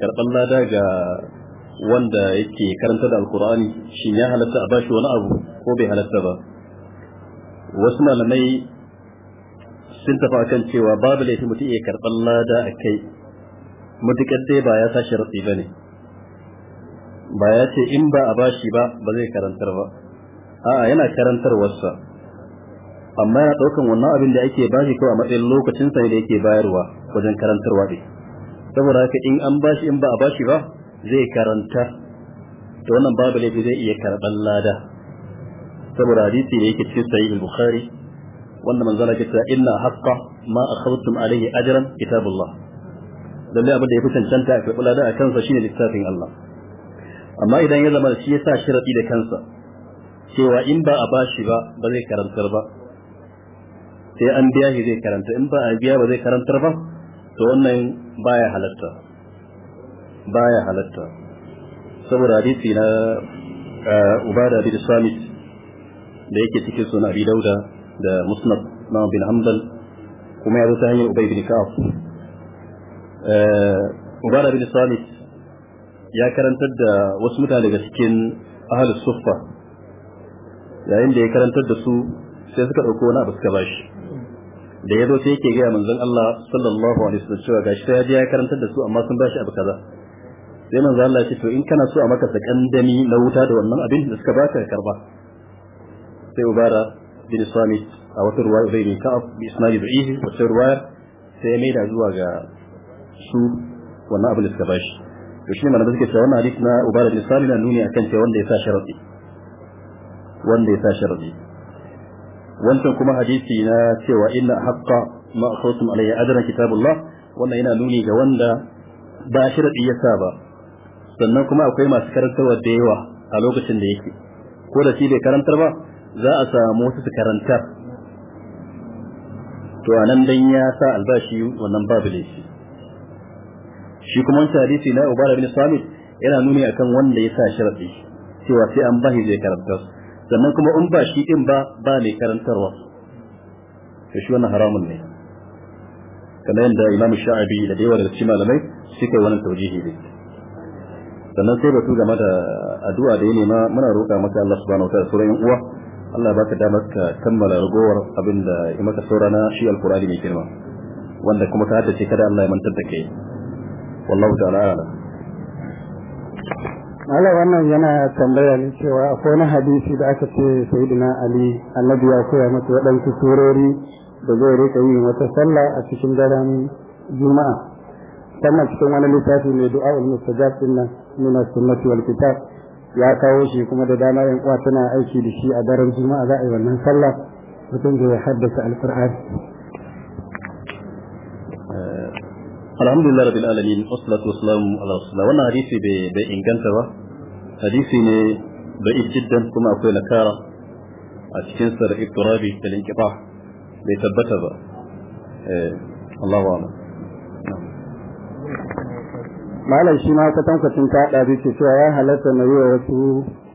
كربلا ده wanda yake karanta da alkur'ani shi ya halatta a bashi wani abu ko bai halatta ba wasu malamai sun tafi akan cewa babu laifin mutum iya karɓar lada a kai mutukar dai ba ya tashi ratsi ba ne ba ya ce in ba a bashi ba ba zai karantar ba a'a yana karantar wasa. amma yana ɗaukan wannan abin da ake bashi ko a matsayin lokacin sa ne da yake bayarwa wajen karantarwa ne saboda haka in an bashi in ba a bashi ba zai karanta da wannan babu laifi zai iya karɓar lada saboda hadisi da yake cikin sahih al-bukhari wanda manzala ke cewa inna haqqa ma akhadtum alayhi ajran kitabullah lalle abin da ya fi cancanta a karɓar lada a kansa shine littafin Allah amma idan ya zama shi ya sa sharadi da kansa cewa in ba a bashi ba ba zai karantar ba sai an biya shi zai karanta in ba a biya ba zai karantar ba to wannan baya halatta baya halatta saboda hadisi na eh, ubada bin samit da yake cikin sunan abi dauda da musnad na bin hanbal kuma ya zo ta hanyar ubay bin ka'ab eh, ubada bin samit ya karantar da wasu mutane daga cikin ahlus suffa yayin da ya karantar da su sai suka dauko wani abu suka bashi da ya zo sai yake gaya manzon Allah sallallahu alaihi wasallam cewa gashi ta ya karantar da su amma sun bashi abu kaza sai manzo Allah ya ce to in kana so a maka sakandami na wuta da wannan abin da suka baka ka karba sai ubara bin samit a wata ruwaya bai ne ka'ab bi isnadi da'ihi wata ruwaya sai ya maida zuwa ga su wannan abin da suka bashi to shi shine malamai suke cewa wannan hadisi na ubara bin samit na nuni akan cewa wanda ya sa sharadi wanda ya sa sharadi wancan kuma hadisi na cewa inna haqqa ma akhawtum alayya adra kitabullah wannan yana nuni ga wanda ba sharadi ya sa ba sannan kuma akwai masu karantarwa da yawa a lokacin da yake ko da shi bai karantar ba za a samu wasu su karantar to a nan dan ya sa albashi wannan babu da shi shi kuma wancan hadisi na ubara bin samit yana nuni akan wanda ya sa sharadi cewa sai an bashi zai karantar sannan kuma in ba shi din ba ba mai karantarwa to shi wannan haramun ne kamar yadda imam sha'abi da da yawa daga cikin malamai suka yi wannan taujihi ne sannan sai batu game da addu'a da ya nema muna roƙa maka Allah subhanahu wataala sura yan uwa Allah ya baka damar ka kammala ragowar abin da ya maka saura na shi alqur'ani mai girma wanda kuma ka haddace kada Allah ya mantar da kai wallahu ta'ala a'lam Allah wannan yana tambaya ne cewa akwai wani hadisi da aka ce Sayyidina Ali Annabi ya koya masa waɗansu surori da zai rika yin wata sallah a cikin daren Juma'a sannan cikin wani littafi mai du'a ul mustajab din nan من السنة والكتاب يا كوشي كما دادانا ينقواتنا أيشي لشيء أدار الجمعة ذائي ومن صلى وتنجي يحدث القرآن آه، الحمد لله رب العالمين والصلاة والسلام على رسول الله وانا حديثي بإن كانت حديثي بعيد جدا كما أقول لك أشكين سر إبترابي في الانقطاع ليثبت آه، الله أعلم malam shi ma tun ta ɗabi ce cewa ya halatta na yi wa wasu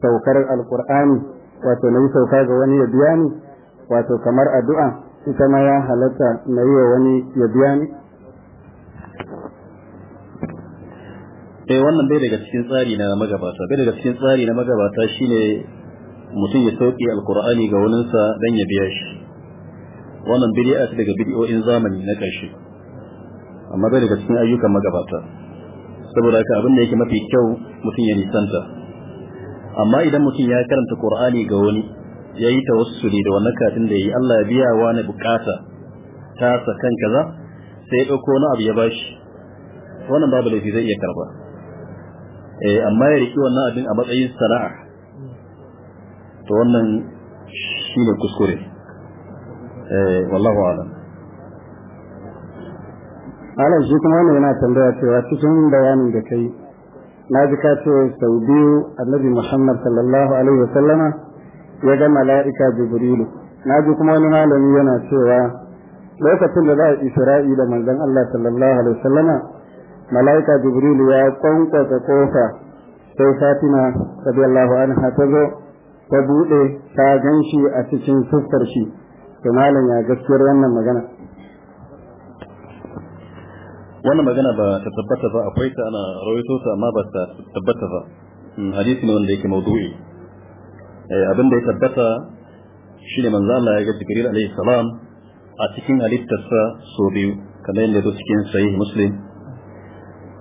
saukar alkur'ani wato na yi sauka ga wani ya biya ni wato kamar addu'a ita ma ya halatta na yi wa wani ya biya ni eh wannan bai daga cikin tsari na magabata bai daga cikin tsari na magabata shine mutum ya sauke alkur'ani ga sa dan ya biya shi wannan bid'a daga bid'o'in zamani na ƙarshe amma bai daga cikin ayyukan magabata saboda ka abin da yake mafi kyau mutum ya nisanta amma idan mutum ya karanta Qur'ani ga wani ya yi tawassuli da wannan katin da ya yi Allah ya biya wa na bukata ta sa kan kaza sai ya ɗauko wani abu ya bashi wannan babu laifi zai iya karba eh amma ya riki wannan abin a matsayin sana'a to wannan shine kuskure eh wallahu a'lam malam shi kuma wannan yana tambaya cewa cikin bayanin da kai na ji ka ce sau biyu annabi muhammad sallallahu alaihi wasallama ya ga mala'ika jibrilu na ji kuma wani malami yana cewa lokacin da za a israila manzon allah sallallahu alaihi wasallama mala'ika jibrilu ya kwankwasa kofa sai fatima radiyallahu anha ta zo ta buɗe ta ganshi a cikin fuskar shi to malam ya gaskiyar wannan magana wannan magana ba ta tabbata ba akwai ta ana rawaito ta amma ba ta tabbata ba hmm, hadisi ne wanda yake mawdu'i eh, abin da ya tabbata shine manzo Allah ya ga Jibril alaihi salam a cikin halittarsa so biyu kamar yadda zo cikin sahih Muslim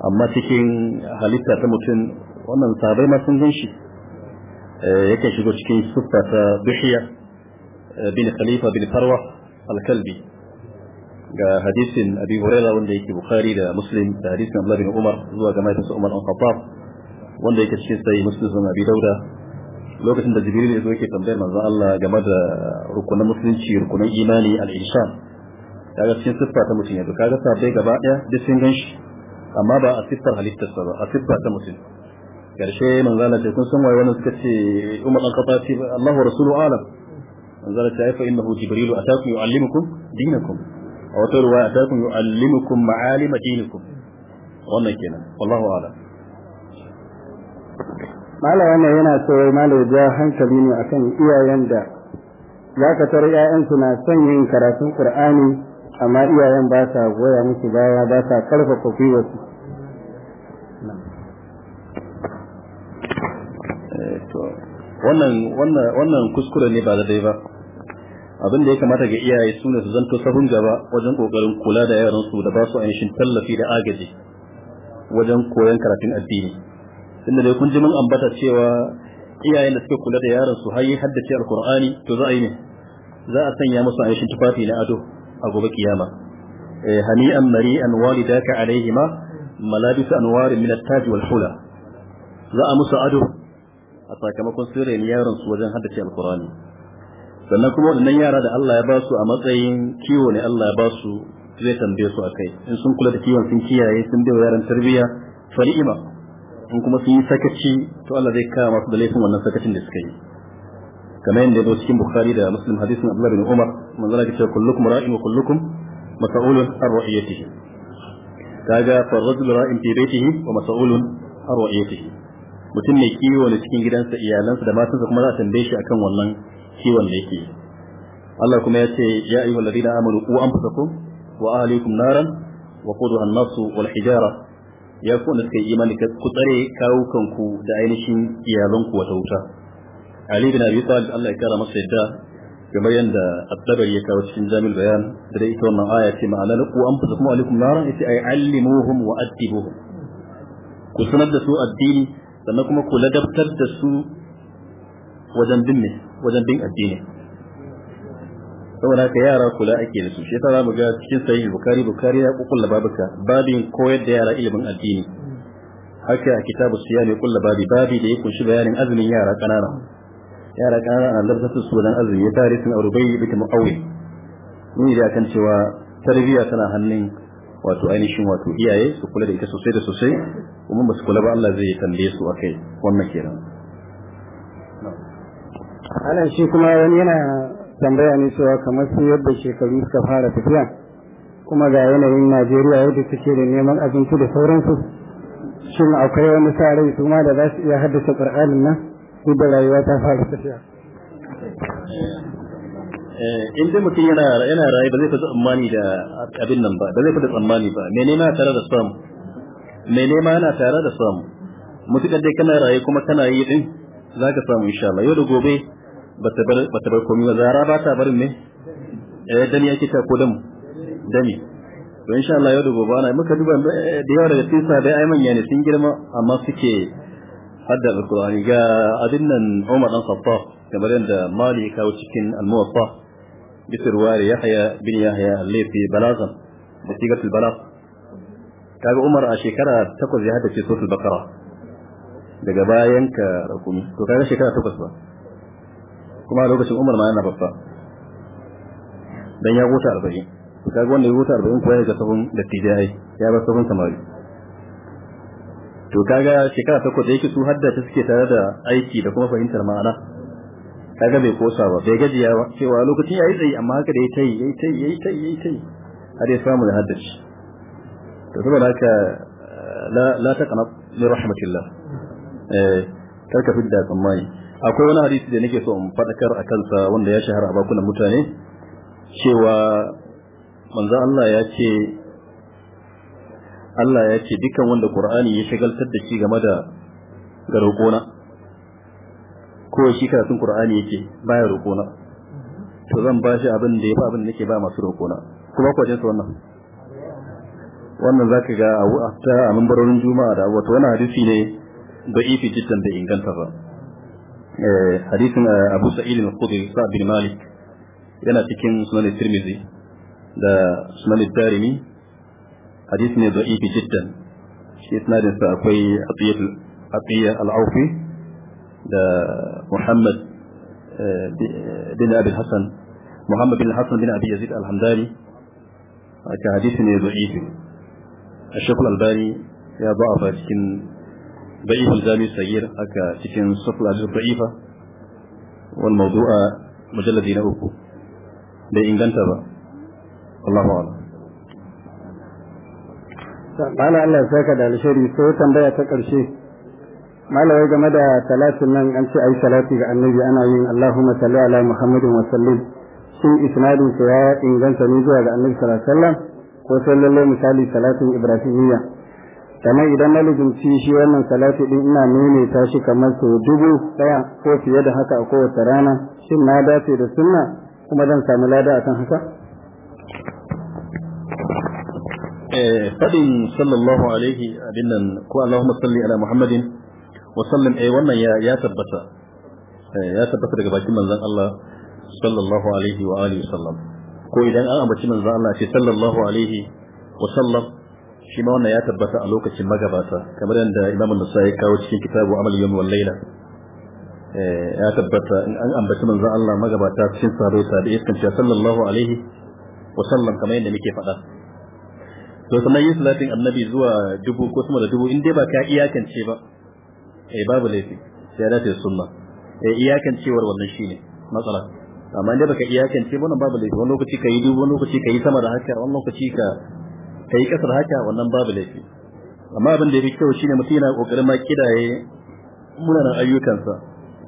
amma cikin halitta ta mutum wannan sabai ma sun gan shi eh, yake shigo cikin siffa ta Bihiya eh, bin Khalifa bin Farwa al-Kalbi ga hadisin abi hurairah wanda yake bukhari da muslim da hadisin abdullah bin umar zuwa ga maitin umar an khattab wanda yake cikin sai muslim da abi dauda lokacin da jibril ya zo yake tambayar manzon Allah game da rukunin musulunci rukunin imani al-ihsan kaga cikin siffa ta mutum yanzu kaga sabai gaba daya duk sun gan amma ba a siffar halittarsa ba a siffa ta mutum karshe manzala ce kun san waye wannan suka ce umar an kafa ce Allahu rasulu alam ta ce fa innahu jibrilu ataku yuallimukum dinakum a wata ruwaya ta kun yu'allimukum ma'alima dinikum wannan kenan wallahu a'lam malama wannan yana so malama ya hankali ne akan iyayen da za ka tar ƴaƴansu na son yin karatun qur'ani amma iyayen ba sa goya musu baya ba sa karfafa gwiwarsu eh, wannan wannan wannan kuskure ne ba da dai ba abin da ya kamata ga iyaye su ne su zanto sahun gaba wajen kokarin kula da yaran su da ba su ainihin tallafi da agaji wajen koyon karatun addini tunda dai kun ji mun ambata cewa iyayen da suke kula da yaran su har yi haddace alqur'ani to za a yi ne za a sanya musu ainihin tufafi na ado a gobe kiyama eh, hani'an mari'an walidaka alaihima malabis anwar min at-taj wal hula za a musu ado a sakamakon sirrin yaran su wajen haddace alqur'ani sannan kuma waɗannan yara da Allah ya ba su a matsayin kiwo ne Allah ya ba su zai tambaye su akai in sun kula da kiwon sun kiyaye sun bai yaran tarbiyya fari'ima in kuma sun yi sakaci to Allah zai kawo masu da laifin wannan sakacin da suka yi kamar yadda ya cikin Bukhari da Muslim hadisin Abdullah bin Umar manzo Allah ya kullukum ra'in wa kullukum mas'ulun an ra'iyatihi kaga farajul ra'in fi baitihi wa mas'ulun an ra'iyatihi mutum mai kiwo ne cikin gidansa iyalansa da matansa kuma za a tambaye shi akan wannan kiwon da yake Allah kuma ya ce ya ayyuhal ladina amanu qu anfusakum wa ahlikum naran wa qudha an-nasu wal hijara ya ku da kai imani ku tsare kawukan ku da ainihin iyalanku wata wuta Ali bin Abi Talib Allah ya kara masa yadda kamar yadda addabar ya kawo cikin jamil bayan da ita wannan aya ce ma'ana la ku anfusakum wa alaikum naran yace ay allimuhum wa addibuhum ku sanar da su addini sannan kuma ku ladabtar da su wajen bin ne wajen bin addini saboda ka yara kula ake da su shi ta zamu ga cikin sayi bukari bukari ya kulla babuka babin koyar da yara ilimin addini haka a kitabu siyami kulla babi babi da ya kunshi bayanin azumin yara kanana yara kanana Allah ta su sunan azumi ya tarihin arubai bita muawi ni da kan cewa tarbiyya tana hannun wato ainihin wato iyaye su kula da ita sosai da sosai kuma ba su kula ba Allah zai tambaye su akai wannan kenan anan shi kuma wani yana tambaya ne cewa kamar su yadda shekaru suka fara tafiya kuma ga yanayin najeriya yadda suke da neman abinci da sauransu shin akwai wani sa rai su ma da za su iya haddasa ƙar'anin nan duk da rayuwa ta fara tafiya eh, in dai mutum yana yana raye ba zai fada tsammani da abin nan ba ba zai fada tsammani ba me nema tare da samu me nema yana tare da samu mutukar dai kana raye kuma kana yi din zaka samu insha Allah yau da gobe bata bar bata bar komai zara ba ta barin ne eh dani yake ta ko dam dami to insha Allah yau da gobe ana muka duba eh, da yawa daga cikin sabai ai manya ne sun girma amma suke hadda alqur'ani ga abin nan Umar dan Khattab kamar yadda Mali kawo cikin al-Muwatta bisir wari Yahya bin Yahya al-Laythi balazan da sigatul balaz kaga Umar a shekara 8 ya haddace suratul Baqara daga bayan ka rakumi to kaga shekara 8 ba kuma lokacin Umar ma yana babba dan ya gota 40 to kaga wanda ya gota 40 ko ya ga sabon dattijai ya bar sabon samari to kaga shekara ko da yake su hadda ta suke tare da aiki da kuma fahimtar ma'ana kaga bai kosa ba bai gajiya ba cewa lokacin yayi tsayi amma haka da yayi tayi yayi tayi yayi tai yayi tayi har ya samu da shi to saboda haka la la taqnat bi rahmatillah eh karka fidda tsammani akwai wani hadisi da nake so in faɗakar a kansa wanda ya shahara a bakunan mutane cewa manzo Allah ya ce Allah ya ce dukkan wanda Qur'ani ya shagaltar da shi game da ga roƙona ko shi karatun Qur'ani yake baya roƙona to zan ba shi abin da ya fi abin da nake ba masu roƙona kuma kwajin wannan wannan zaka ga a wata a mambarorin juma'a da wato wannan hadisi ne da ifi jiddan da inganta ba حديثنا أبو سعيد الخضر سعد بن مالك ينا تكين سنان الترمذي دا سنان الدارمي حديثنا ضعيف جدا شيتنا دنسا أكوي أطية أطية العوفي دا محمد آه، بن أبي الحسن محمد بن الحسن بن أبي يزيد الحمداني كحديثنا ضعيف الشيخ الألباني يا ضعف لكن ضعيف الزاني الصغير أكا تكن صفل أجل ضعيفة والموضوع مجلد دين أوكو بي إن الله أعلم بانا ألا ساكا دال شيري سوى تنبايا تكر شيء ما لا يوجد مدى ثلاث من أنت أي ثلاثة عن نبي أنا عين اللهم صلى على محمد وسلم شيء إسناد سواء إن جنت نجوى عن نبي صلى الله عليه وسلم وصلى الله مثالي ثلاثة إبراهيمية kamar idan na lubunci shi wannan salati din ina nune ta shi kamar sau dubu daya ko fiye da haka a kowace rana shin na dace da sunna kuma zan samu lada akan haka eh, fadin sallallahu alaihi abin nan ko Allahumma salli ala Muhammadin wa sallim eh wannan ya tabbata eh, ya tabbata daga bakin manzon Allah sallallahu alaihi wa alihi sallam ko idan an ambaci manzon Allah shi sallallahu alaihi wa sallam shi ma wannan ya tabbata a lokacin magabata kamar yadda Imam an ya kawo cikin kitabu Amal Yawm wal Layla eh, ya tabbata in an ambaci manzon Allah magabata cikin sahabbai tabi'in kan cewa sallallahu alaihi wa sallam kamar yadda muke faɗa to sannan yin salatin annabi zuwa dubu ko sama da dubu in dai ba ka iyakance ba eh babu laifi sai ya dace sunna eh iyakancewar wannan shine matsala amma in dai baka iyakance ba wannan babu laifi wani lokaci ka yi dubu wani lokaci ka yi sama da haka wani lokaci ka kai kasar haka wannan babu laifi amma abin da yake kyau shine mutum yana kokarin ma kidaye munanan ayyukansa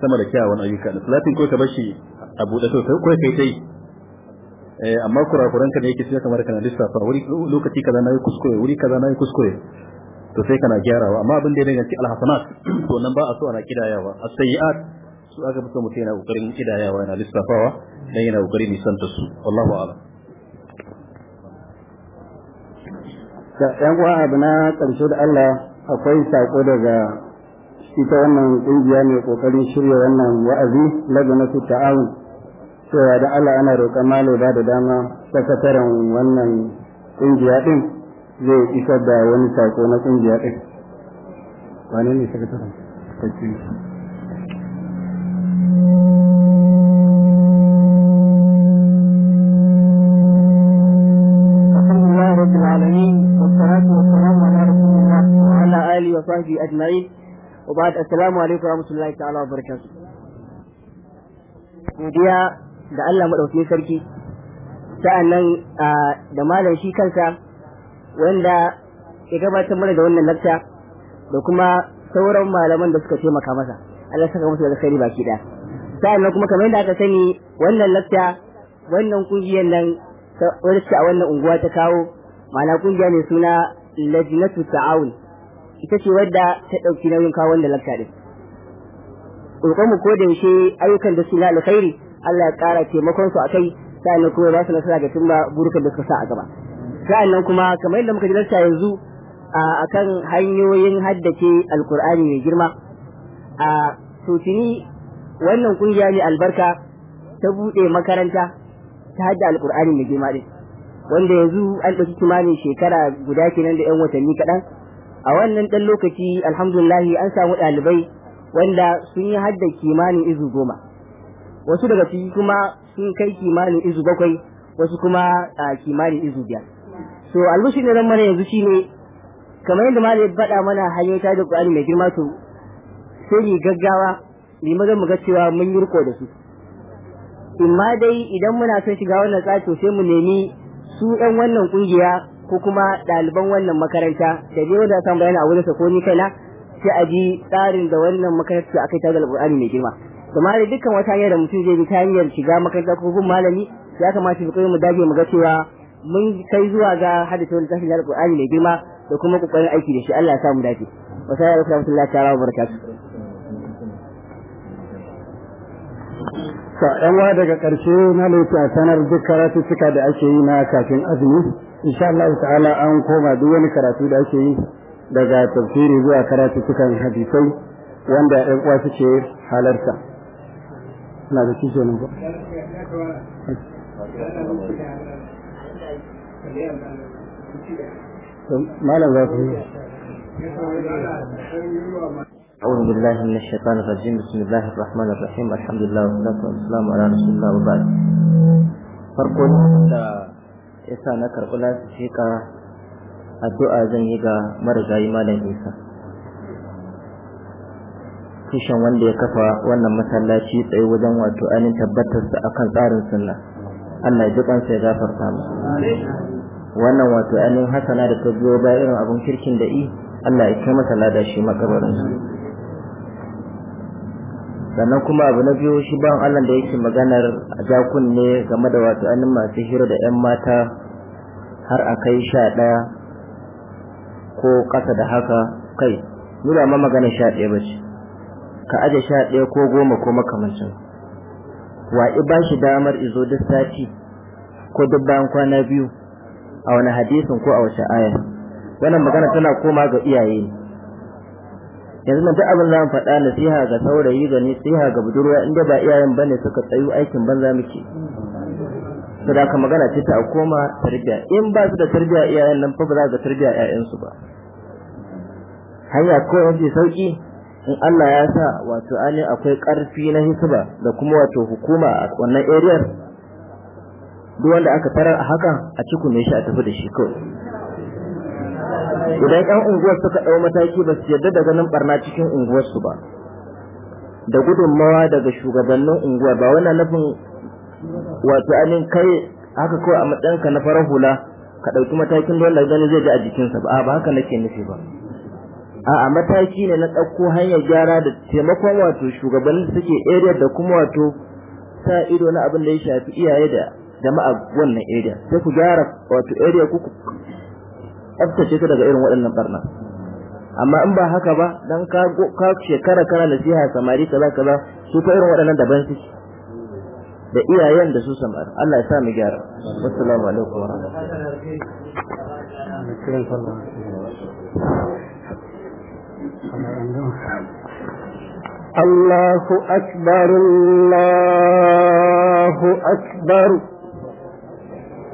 sama da kyawun ayyuka da salatin ko ka bashi a buɗe to sai ko kai tai eh amma kurakuran ka ne yake sai kamar kana lissafa wuri lokaci kaza nayi kuskure wuri kaza nayi kuskure to sai kana gyarawa amma abin da ya danganci alhasanat to nan ba a so ana kidayawa as-sayyi'at su aka so mutum yana kokarin kidayawa yana lissafawa dan yana kokarin nisanta su wallahu a'lam da yan uwa abu na ƙarshe da Allah akwai sako daga ita wannan ƙungiya mai ƙoƙarin shirya wannan wa'azi fita ta'awun cewa da Allah ana roƙa malo ba da dama sakataren wannan ƙungiya ɗin zai isar da wani sako na ƙungiya ɗin. وصحبه أجمعين وبعد السلام عليكم ورحمة الله تعالى وبركاته godiya da Allah madaukakin sarki sa'annan da malam shi kansa wanda ya gabatar mana da wannan lakta da kuma sauran malaman da suka taimaka masa Allah saka musu da alkhairi baki da sa'annan kuma kamar yadda aka sani wannan lakta wannan kungiyar nan wacce a wannan unguwa ta kawo ma'ana kungiya ne suna lajnatu ta'awun ita ce wadda ta ɗauki nauyin kawo wanda lakta din mu ko da yaushe ayyukan da su na alkhairi Allah ya ƙara taimakon su akai nan kuma ba su nasara ga ba burukan da suka sa a gaba nan kuma kamar yadda muka ji lakta yanzu a kan hanyoyin haddace alkur'ani mai girma a tutuni wannan kungiya ne albarka ta buɗe makaranta ta hadda alkur'ani mai girma ɗin. wanda yanzu an ɗauki kimanin shekara guda kenan da 'yan watanni kaɗan a wannan ɗan lokaci alhamdulillahi an samu ɗalibai wanda sun yi hadda kimanin izu goma wasu daga ciki kuma sun kai kimanin izu bakwai wasu kuma a kimanin izu biyar so albushi ne mana yanzu shi ne kamar yadda malam ya faɗa mana hanyar ta da ƙwari mai girma to sai ne gaggawa ne maza mu ga cewa mun yi riko da su in ma dai idan muna son shiga wannan tsari to sai mu nemi su ɗan wannan ƙungiya ko kuma ɗaliban wannan makaranta da ne wanda san bayani a wurin sa ko ni kaina sai a ji tsarin da wannan makaranta aka ta da alƙur'ani mai girma kuma da dukkan wata hanyar da mutum zai bi ta hanyar shiga makaranta ko gun malami ya kamata su kai mu dage mu ga cewa mun kai zuwa ga hadisi wani tafi da alƙur'ani mai girma da kuma kokarin aiki da shi Allah ya sa mu dace wa sallallahu alaihi wa barakatuh to yan daga ƙarshe na laifi sanar duk karatuttuka da ake yi na kafin azumi insha Allah ta'ala an koma duk wani karatu da ake yi daga tafsiri zuwa karatu cikin hadisai wanda ɗan uwa suke halarta na da kike nan ba malam za ku أعوذ بالله من الشيطان الرجيم بسم الله الرحمن الرحيم الحمد لله والصلاة والسلام على رسول الله وبعد فرق yasa na karɓi lasifika addu'a zan yi ga marigayi malam isa kishan wanda ya kafa wannan masallaci tsaye wajen wato ainihin tabbatarsa akan tsarin sunna Allah ya ji sai ya gafarta masa wannan wato ainihin hasana da ta biyo bayan irin abin kirkin da i Allah ya kai masa lada shi makabarin sannan kuma abu na biyu shi ban Allah da yake maganar jakun ne game da wato masu hira da 'yan mata har a kai sha ɗaya ko ƙasa da haka kai ba ma magana sha ɗaya ba ce ka aje sha ɗaya ko goma ko makamancin wa ba shi damar izo duk sati ko duk bayan kwana biyu a wani hadisin ko a wace aya wannan magana tana koma ga iyaye yanzu na ta abin za mu faɗa nasiha ga saurayi ga nasiha ga budurwa inda ba iyayen bane suka tsayu aikin banza muke to da ka magana ce ta koma tarbiya in ba su da tarbiya iyayen nan fa ba za ga tarbiya iyayen su ba hanya ko mafi sauki in Allah ya sa wato ani akwai karfi na hisaba da kuma wato hukuma a wannan area duk wanda aka tarar a haka a cikin shi a tafi da shi kawai idan yan unguwar suka ɗau mataki ba su yarda da ganin barna cikin unguwarsu ba da gudunmawa daga shugabannin unguwar ba wannan nufin wato anin kai haka kawai a matsayinka na farar hula ka ɗauki matakin dole gani zai ji a jikinsa ba ba haka nake nufi ba a mataki ne na ɗauko hanyar gyara da taimakon wato shugabannin da suke area da kuma wato sa ido na abin da ya shafi iyaye da jama'a wannan area sai ku gyara wato area ku tsaftace ka daga irin waɗannan barna amma in ba haka ba dan ka ka shekara kana nasiha samari kaza kaza su fa irin waɗannan daban suke da iyayen da su samar Allah ya sa mu gyara assalamu alaikum wa rahmatullahi الله أكبر الله أكبر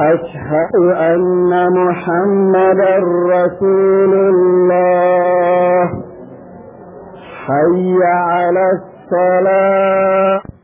أشهد أن محمدا رسول الله حي على الصلاة